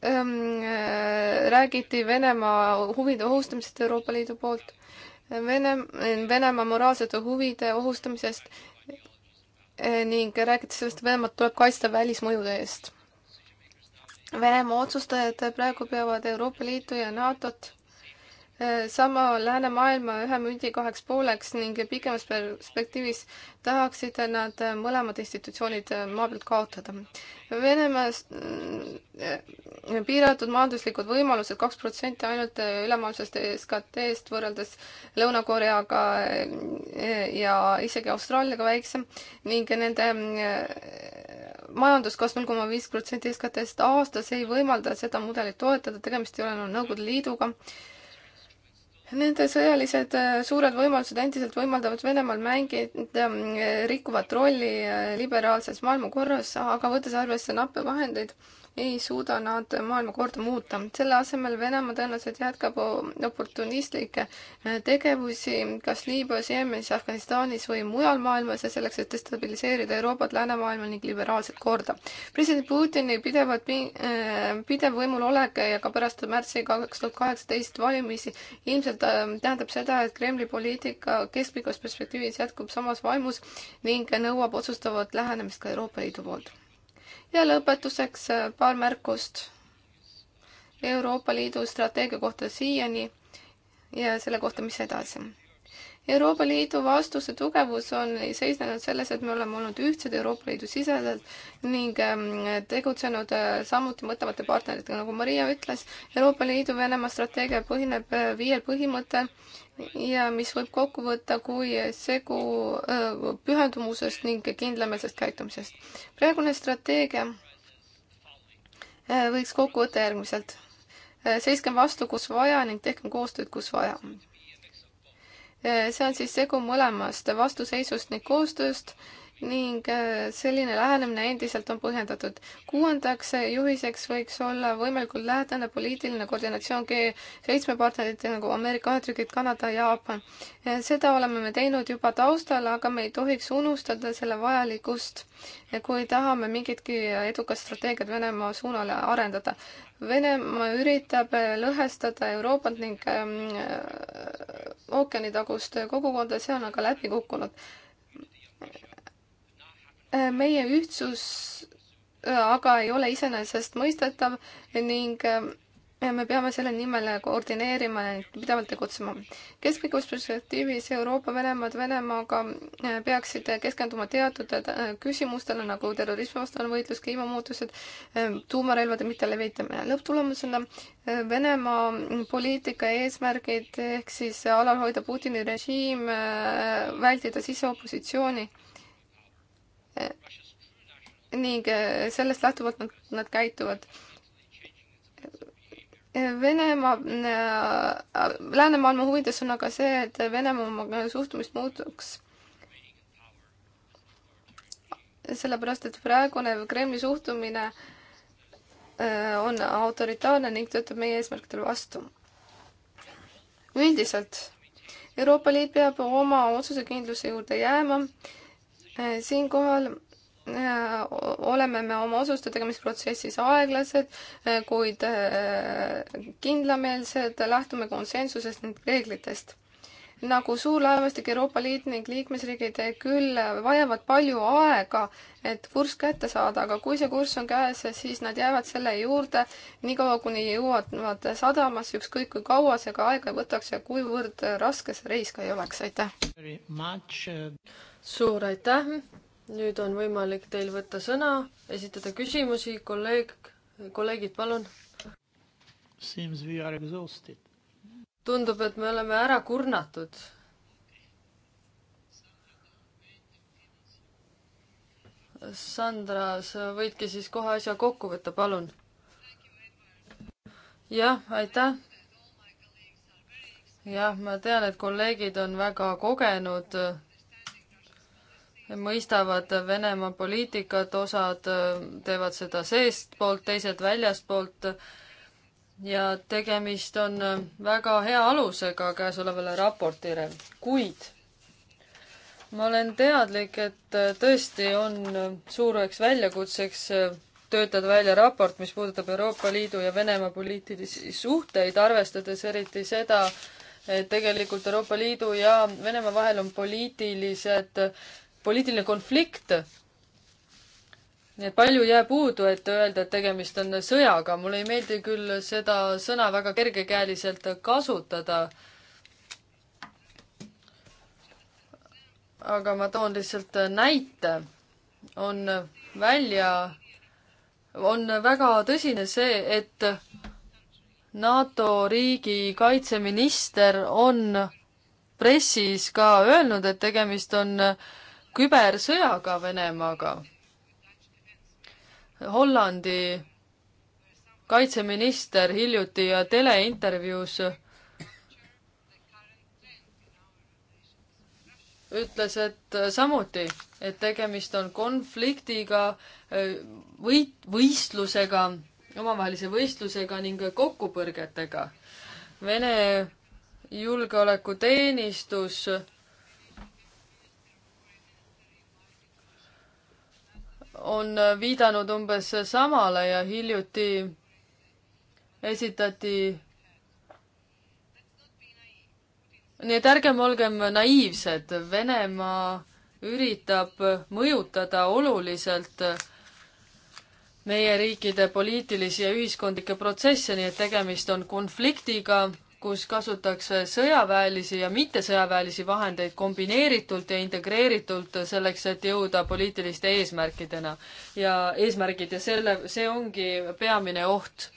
Äh, räägiti Venemaa huvide ohustamisest Euroopa Liidu poolt, Vene, Venemaa moraalsete huvide ohustamisest äh, ning räägiti sellest, et Venemaad tuleb kaitsta välismõjude eest. Venemaa otsustajad praegu peavad Euroopa Liitu ja NATO-t Äh, sama läänemaailma ühe mündi kaheks pooleks ning pikemas perspektiivis tahaksid nad äh, mõlemad institutsioonid äh, maa pealt kaotada. Venemaa piiratud majanduslikud võimalused, kaks protsenti ainult ülemaailmsest SKT-st võrreldes Lõuna-Koreaga ja isegi Austraaliaga väiksem ning nende majanduskasv null koma viis protsenti SKT-st aastas ei võimalda seda mudelit toetada, tegemist ei ole enam Nõukogude Liiduga Nende sõjalised äh, suured võimalused endiselt võimaldavad Venemaal mängida ähm, rikkuvat rolli äh, liberaalses maailmakorras, aga võttes arvesse nappe vahendeid ei suuda nad maailmakorda muuta. selle asemel Venemaa tõenäoliselt jätkab oportunistlikke äh, tegevusi kas Liibüas, Jeemenis, Afganistanis või mujal maailmas ja selleks, et destabiliseerida Euroopat, läänemaailma ning liberaalset korda. president Putini pidevat, äh, pidev võimul olek ja ka pärast märtsi kaks tuhat kaheksateist valimisi ilmselt äh, tähendab seda, et Kremli poliitika keskpikas perspektiivis jätkub samas vaimus ning nõuab otsustavat lähenemist ka Euroopa Liidu poolt ja lõpetuseks äh, paar märkust Euroopa Liidu strateegia kohta siiani ja selle kohta, mis edasi. Euroopa Liidu vastuse tugevus on seisnenud selles, et me oleme olnud ühtsed Euroopa Liidu siseselt ning ähm, tegutsenud äh, samuti mõtlevate partneritega, nagu Maria ütles, Euroopa Liidu Venemaa strateegia põhineb äh, viiel põhimõttel ja mis võib kokku võtta kui segu äh, pühendumusest ning kindlameelsest käitumisest. praegune strateegia äh, võiks kokku võtta järgmiselt. Äh, seiskem vastu, kus vaja ning tehkem koostööd, kus vaja. see on siis segu mõlemast vastuseisust ning koostööst ning äh, selline lähenemine endiselt on põhjendatud. kuuendaks juhiseks võiks olla võimalikult lähedane poliitiline koordinatsioon G7 partneritega nagu Ameerika Ühendriigid, Kanada ja Jaapan. Äh, seda oleme me teinud juba taustal, aga me ei tohiks unustada selle vajalikkust, äh, kui tahame mingitki edukat strateegiat Venemaa suunale arendada. Venemaa üritab lõhestada Euroopat ning ähm, ookeanitagust kogukonda, see on aga läbi kukkunud Äh, meie ühtsus äh, aga ei ole iseenesestmõistetav ning äh, me peame selle nimel koordineerima ja pidevalt tegutsema. keskpikus perspektiivis Euroopa Venemaad Venemaaga peaksid keskenduma teatud küsimustele nagu terrorismi vastane võitlus, kliimamuutused, tuumarelvade mittelevitamine. lõpptulemusena Venemaa poliitika eesmärgid ehk siis alal hoida Putini režiim, vältida siseopositsiooni ning äh, sellest lähtuvalt nad, nad käituvad. Venemaa, äh, läänemaailma huvides on aga see, et Venemaa oma suhtumist muutuks. sellepärast, et praegune Kremli suhtumine äh, on autoritaarne ning töötab meie eesmärkidele vastu. üldiselt Euroopa Liit peab oma otsusekindluse juurde jääma. siinkohal Äh, oleme me oma otsuste tegemisprotsessis aeglased, äh, kuid äh, kindlameelsed, lähtume konsensusest ning reeglitest. nagu suurlaevastik Euroopa Liit ning liikmesriigid eh, küll vajavad palju aega, et kurss kätte saada, aga kui see kurss on käes, siis nad jäävad selle juurde niikaua, kuni jõuavad sadamasse, ükskõik kui kaua see ka aega võtaks ja kuivõrd raske see reis ka ei oleks, aitäh! Uh, suur aitäh! nüüd on võimalik teil võtta sõna, esitada küsimusi, kolleeg, kolleegid, palun. Seems we are exhausted. tundub, et me oleme ära kurnatud. Sandra, sa võidki siis kohe asja kokku võtta, palun. jah, aitäh. jah, ma tean, et kolleegid on väga kogenud mõistavad Venemaa poliitikat, osad äh, teevad seda seestpoolt, teised väljastpoolt ja tegemist on äh, väga hea alusega käesolevale raportile, kuid ma olen teadlik, et äh, tõesti on suureks väljakutseks töötada välja raport, mis puudutab Euroopa Liidu ja Venemaa poliitilisi suhteid, arvestades eriti seda, et tegelikult Euroopa Liidu ja Venemaa vahel on poliitilised poliitiline konflikt. nii et palju jääb puudu, et öelda, et tegemist on sõjaga. mulle ei meeldi küll seda sõna väga kergekäeliselt kasutada. aga ma toon lihtsalt näite. on välja, on väga tõsine see, et NATO riigi kaitseminister on pressis ka öelnud, et tegemist on äh, kübersõjaga Venemaaga. Hollandi kaitseminister hiljuti teleintervjuus ütles, et samuti, et tegemist on konfliktiga, võit, võistlusega, omavahelise võistlusega ning kokkupõrgetega. Vene julgeolekuteenistus on viidanud umbes samale ja hiljuti esitati nii et ärgem olgem naiivsed, Venemaa üritab mõjutada oluliselt meie riikide poliitilisi ja ühiskondlikke protsesse, nii et tegemist on konfliktiga kus kasutatakse sõjaväelisi ja mittesõjaväelisi vahendeid kombineeritult ja integreeritult selleks, et jõuda poliitiliste eesmärkidena ja eesmärgid ja selle, see ongi peamine oht.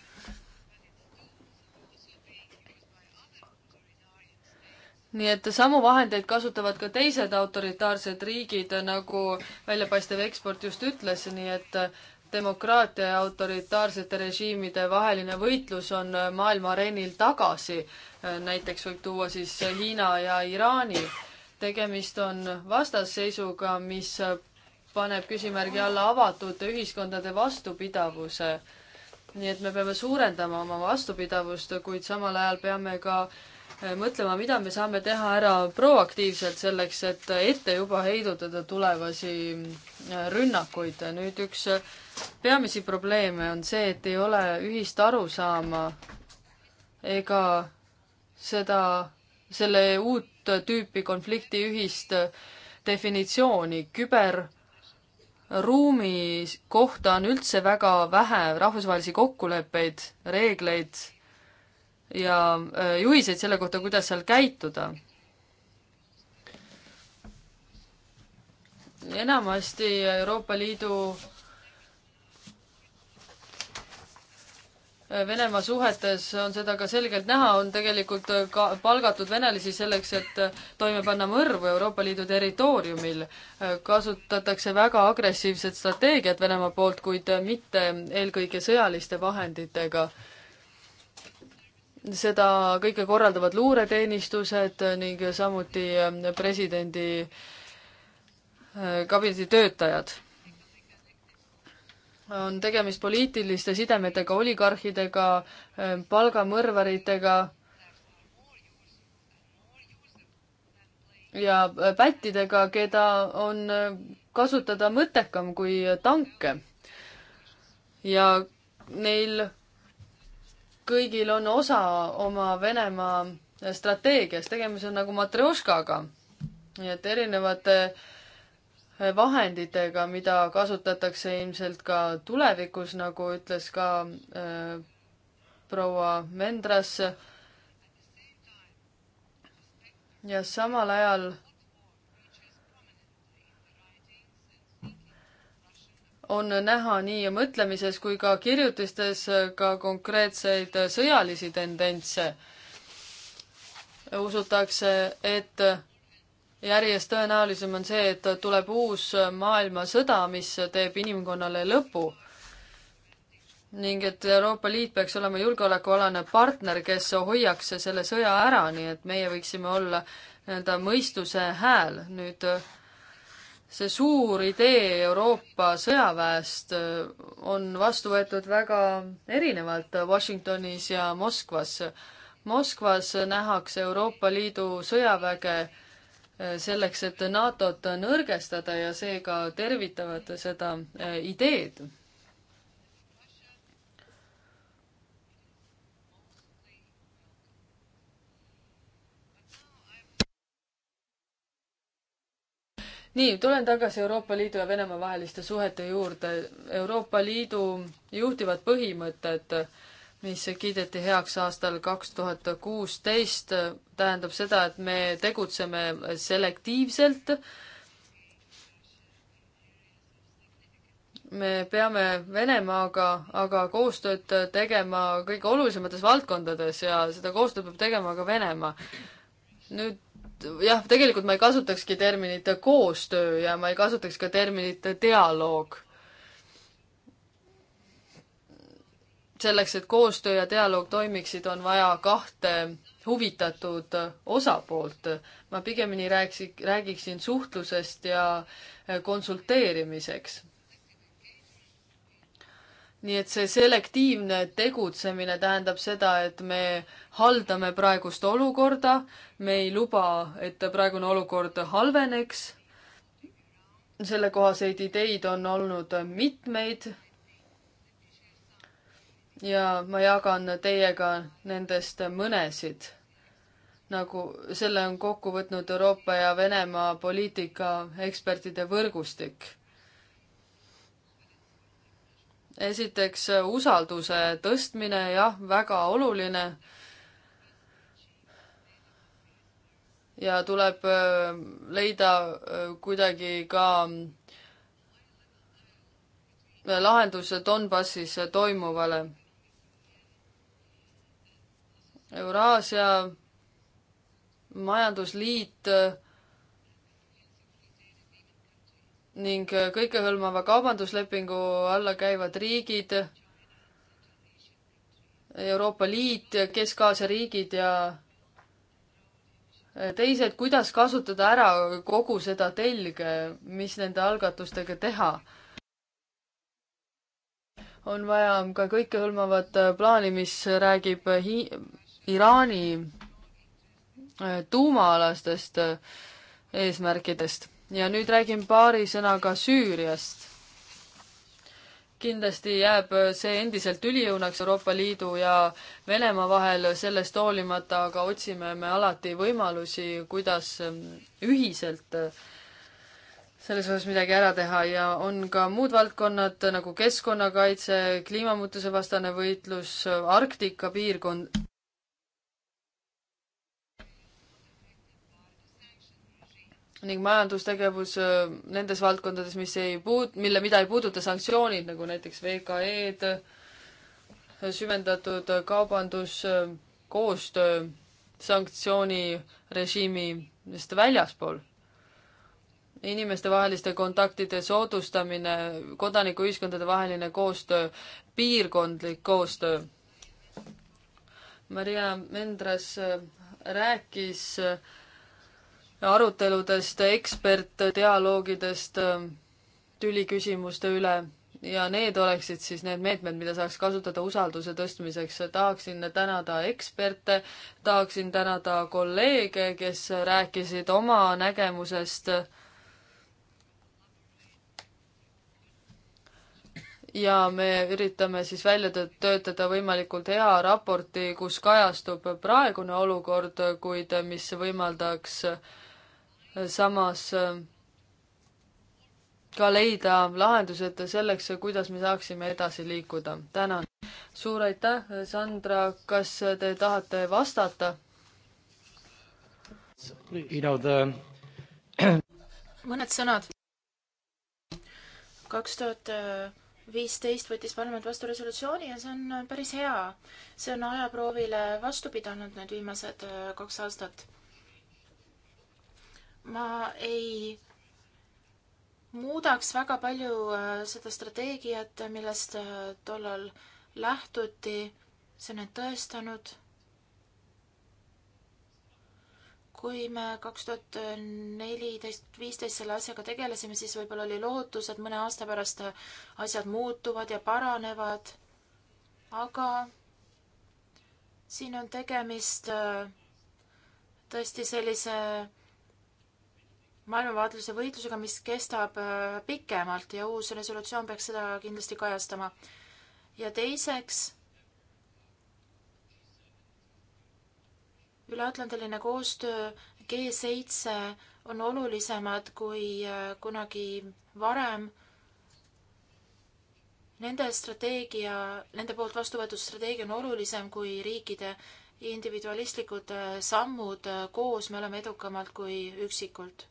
nii et samu vahendeid kasutavad ka teised autoritaarsed riigid, nagu väljapaistev eksport just ütles, nii et äh, demokraatia ja autoritaarsete režiimide vaheline võitlus on äh, maailma areenil tagasi. Äh, näiteks võib tuua siis äh, Hiina ja Iraani. tegemist on vastasseisuga, mis paneb küsimärgi alla avatud ühiskondade vastupidavuse. nii et me peame suurendama oma vastupidavust, kuid samal ajal peame ka äh, Äh, mõtlema, mida me saame teha ära proaktiivselt selleks, et ette juba heidutada tulevasi äh, rünnakuid. nüüd üks äh, peamisi probleeme on see, et ei ole ühist arusaama ega seda, selle uut tüüpi konflikti ühist definitsiooni. küber ruumi kohta on üldse väga vähe rahvusvahelisi kokkuleppeid, reegleid ja äh, juhiseid selle kohta, kuidas seal käituda. enamasti Euroopa Liidu äh, Venemaa suhetes on seda ka selgelt näha, on tegelikult äh, ka palgatud venelasi selleks, et toime panna mõrvu Euroopa Liidu territooriumil. kasutatakse väga agressiivset strateegiat Venemaa poolt, kuid mitte eelkõige sõjaliste vahenditega seda kõike korraldavad luureteenistused ning samuti ähm, presidendi äh, kabineti töötajad. on tegemist poliitiliste sidemetega, oligarhidega, ähm, palgamõrvaritega ja äh, pättidega, keda on äh, kasutada mõttekam kui tanke. ja neil kõigil on osa oma Venemaa strateegias, tegemist on nagu matrjoškaga. nii et erinevate eh, vahenditega, mida kasutatakse ilmselt ka tulevikus, nagu ütles ka äh, proua Mendras. ja samal ajal on näha nii mõtlemises kui ka kirjutistes ka konkreetseid sõjalisi tendentse. usutakse, et järjest tõenäolisem on see, et tuleb uus maailmasõda, mis teeb inimkonnale lõpu ning et Euroopa Liit peaks olema julgeolekualane partner, kes hoiaks selle sõja ära, nii et meie võiksime olla nii-öelda mõistuse hääl. nüüd see suur idee Euroopa sõjaväest äh, on vastu võetud väga erinevalt Washingtonis ja Moskvas. Moskvas nähakse Euroopa Liidu sõjaväge äh, selleks, et NATO-t nõrgestada ja seega tervitavad seda äh, ideed nii, tulen tagasi Euroopa Liidu ja Venemaa vaheliste suhete juurde. Euroopa Liidu juhtivad põhimõtted, mis kiideti heaks aastal kaks tuhat kuusteist, tähendab seda, et me tegutseme selektiivselt. me peame Venemaaga aga koostööd tegema kõige olulisemates valdkondades ja seda koostööd peab tegema ka Venemaa. nüüd jah, tegelikult ma ei kasutakski terminit koostöö ja ma ei kasutaks ka terminit dialoog. selleks, et koostöö ja dialoog toimiksid, on vaja kahte huvitatud osapoolt. ma pigemini rääkisin, räägiksin suhtlusest ja konsulteerimiseks nii et see selektiivne tegutsemine tähendab seda, et me haldame praegust olukorda, me ei luba, et praegune olukord halveneks. sellekohaseid ideid on olnud mitmeid. ja ma jagan teiega nendest mõnesid. nagu selle on kokku võtnud Euroopa ja Venemaa poliitika ekspertide võrgustik esiteks usalduse tõstmine, jah, väga oluline. ja tuleb äh, leida äh, kuidagi ka äh, lahenduse Donbassis toimuvale. Euraasia majandusliit ning äh, kõikehõlmava kaubanduslepingu alla käivad riigid, Euroopa Liit, Kesk-Aasia riigid ja äh, teised, kuidas kasutada ära kogu seda telge, mis nende algatustega teha. on vaja ka kõikehõlmavat äh, plaani, mis räägib Hi Iraani tuumaalastest eesmärkidest ja nüüd räägin paari sõnaga Süüriast. kindlasti jääb see endiselt ülijõunaks Euroopa Liidu ja Venemaa vahel, sellest hoolimata aga otsime me alati võimalusi, kuidas ähm, ühiselt äh, selles osas midagi ära teha ja on ka muud valdkonnad nagu keskkonnakaitse, kliimamuutuse vastane võitlus, Arktika piirkond. ning majandustegevus äh, nendes valdkondades, mis ei puut-, mille, mida ei puuduta sanktsioonid, nagu näiteks VKE-d, äh, süvendatud kaubanduskoostöö äh, sanktsioonirežiimist väljaspool. inimestevaheliste kontaktide soodustamine, kodanikuühiskondade vaheline koostöö, piirkondlik koostöö. Maria Mendras rääkis äh, aruteludest, ekspertdialoogidest tüliküsimuste üle ja need oleksid siis need meetmed, mida saaks kasutada usalduse tõstmiseks. tahaksin tänada eksperte, tahaksin tänada kolleege, kes rääkisid oma nägemusest. ja me üritame siis välja töötada võimalikult hea raporti, kus kajastub praegune olukord, kuid mis võimaldaks äh, samas äh, ka leida lahendused selleks, kuidas me saaksime edasi liikuda. tänan. suur aitäh, Sandra, kas te tahate vastata? You know, the... (clears throat) mõned sõnad. kaks tuhat viisteist võttis parlament vastu resolutsiooni ja see on päris hea. see on ajaproovile vastu pidanud need viimased äh, kaks aastat ma ei muudaks väga palju äh, seda strateegiat, millest äh, tollal lähtuti, see on end tõestanud. kui me kaks tuhat neliteist, viisteist selle asjaga tegelesime, siis võib-olla oli lootus, et mõne aasta pärast äh, asjad muutuvad ja paranevad. aga siin on tegemist tõesti sellise maailmavaatelise võitlusega, mis kestab äh, pikemalt ja uus resolutsioon peaks seda kindlasti kajastama. ja teiseks, üleatlandiline koostöö G7 on olulisemad kui äh, kunagi varem. Nende strateegia, nende poolt vastu võetud strateegia on olulisem kui riikide individualistlikud äh, sammud koos, me oleme edukamad kui üksikult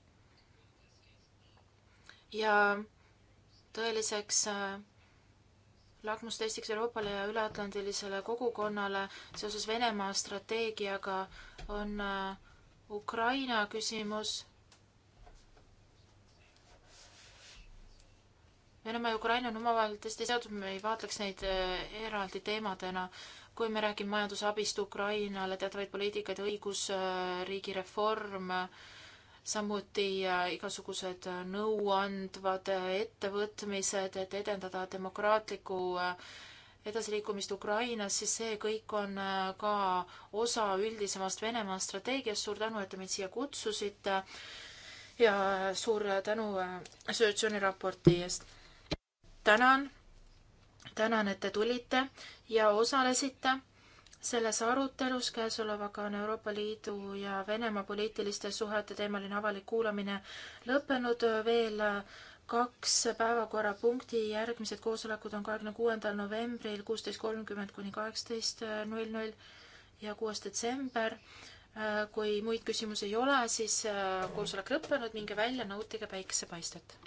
ja tõeliseks äh, lakmustestiks Euroopale ja üleatlandilisele kogukonnale seoses Venemaa strateegiaga on äh, Ukraina küsimus. Venemaa ja Ukraina on omavahel tõesti seotud, me ei vaatleks neid äh, eraldi teemadena. kui me räägime majandusabist Ukrainale, teatavaid poliitikaid, õigusriigi reform äh,, samuti äh, igasugused äh, nõuandvad äh, ettevõtmised, et edendada demokraatlikku edasiliikumist Ukrainas, siis see kõik on ka osa üldisemast Venemaa strateegiast. suur tänu, et te mind siia kutsusite ja suur tänu Söötsiooni raporti eest. tänan, tänan, et te tulite ja osalesite selles arutelus käesolevaga on Euroopa Liidu ja Venemaa poliitiliste suhete teemaline avalik kuulamine lõppenud veel kaks päevakorrapunkti, järgmised koosolekud on kahekümne kuuendal novembril kuusteist kolmkümmend kuni kaheksateist null null ja kuues detsember. kui muid küsimusi ei ole, siis koosolek lõppenud, minge välja, nautige päikesepaistet.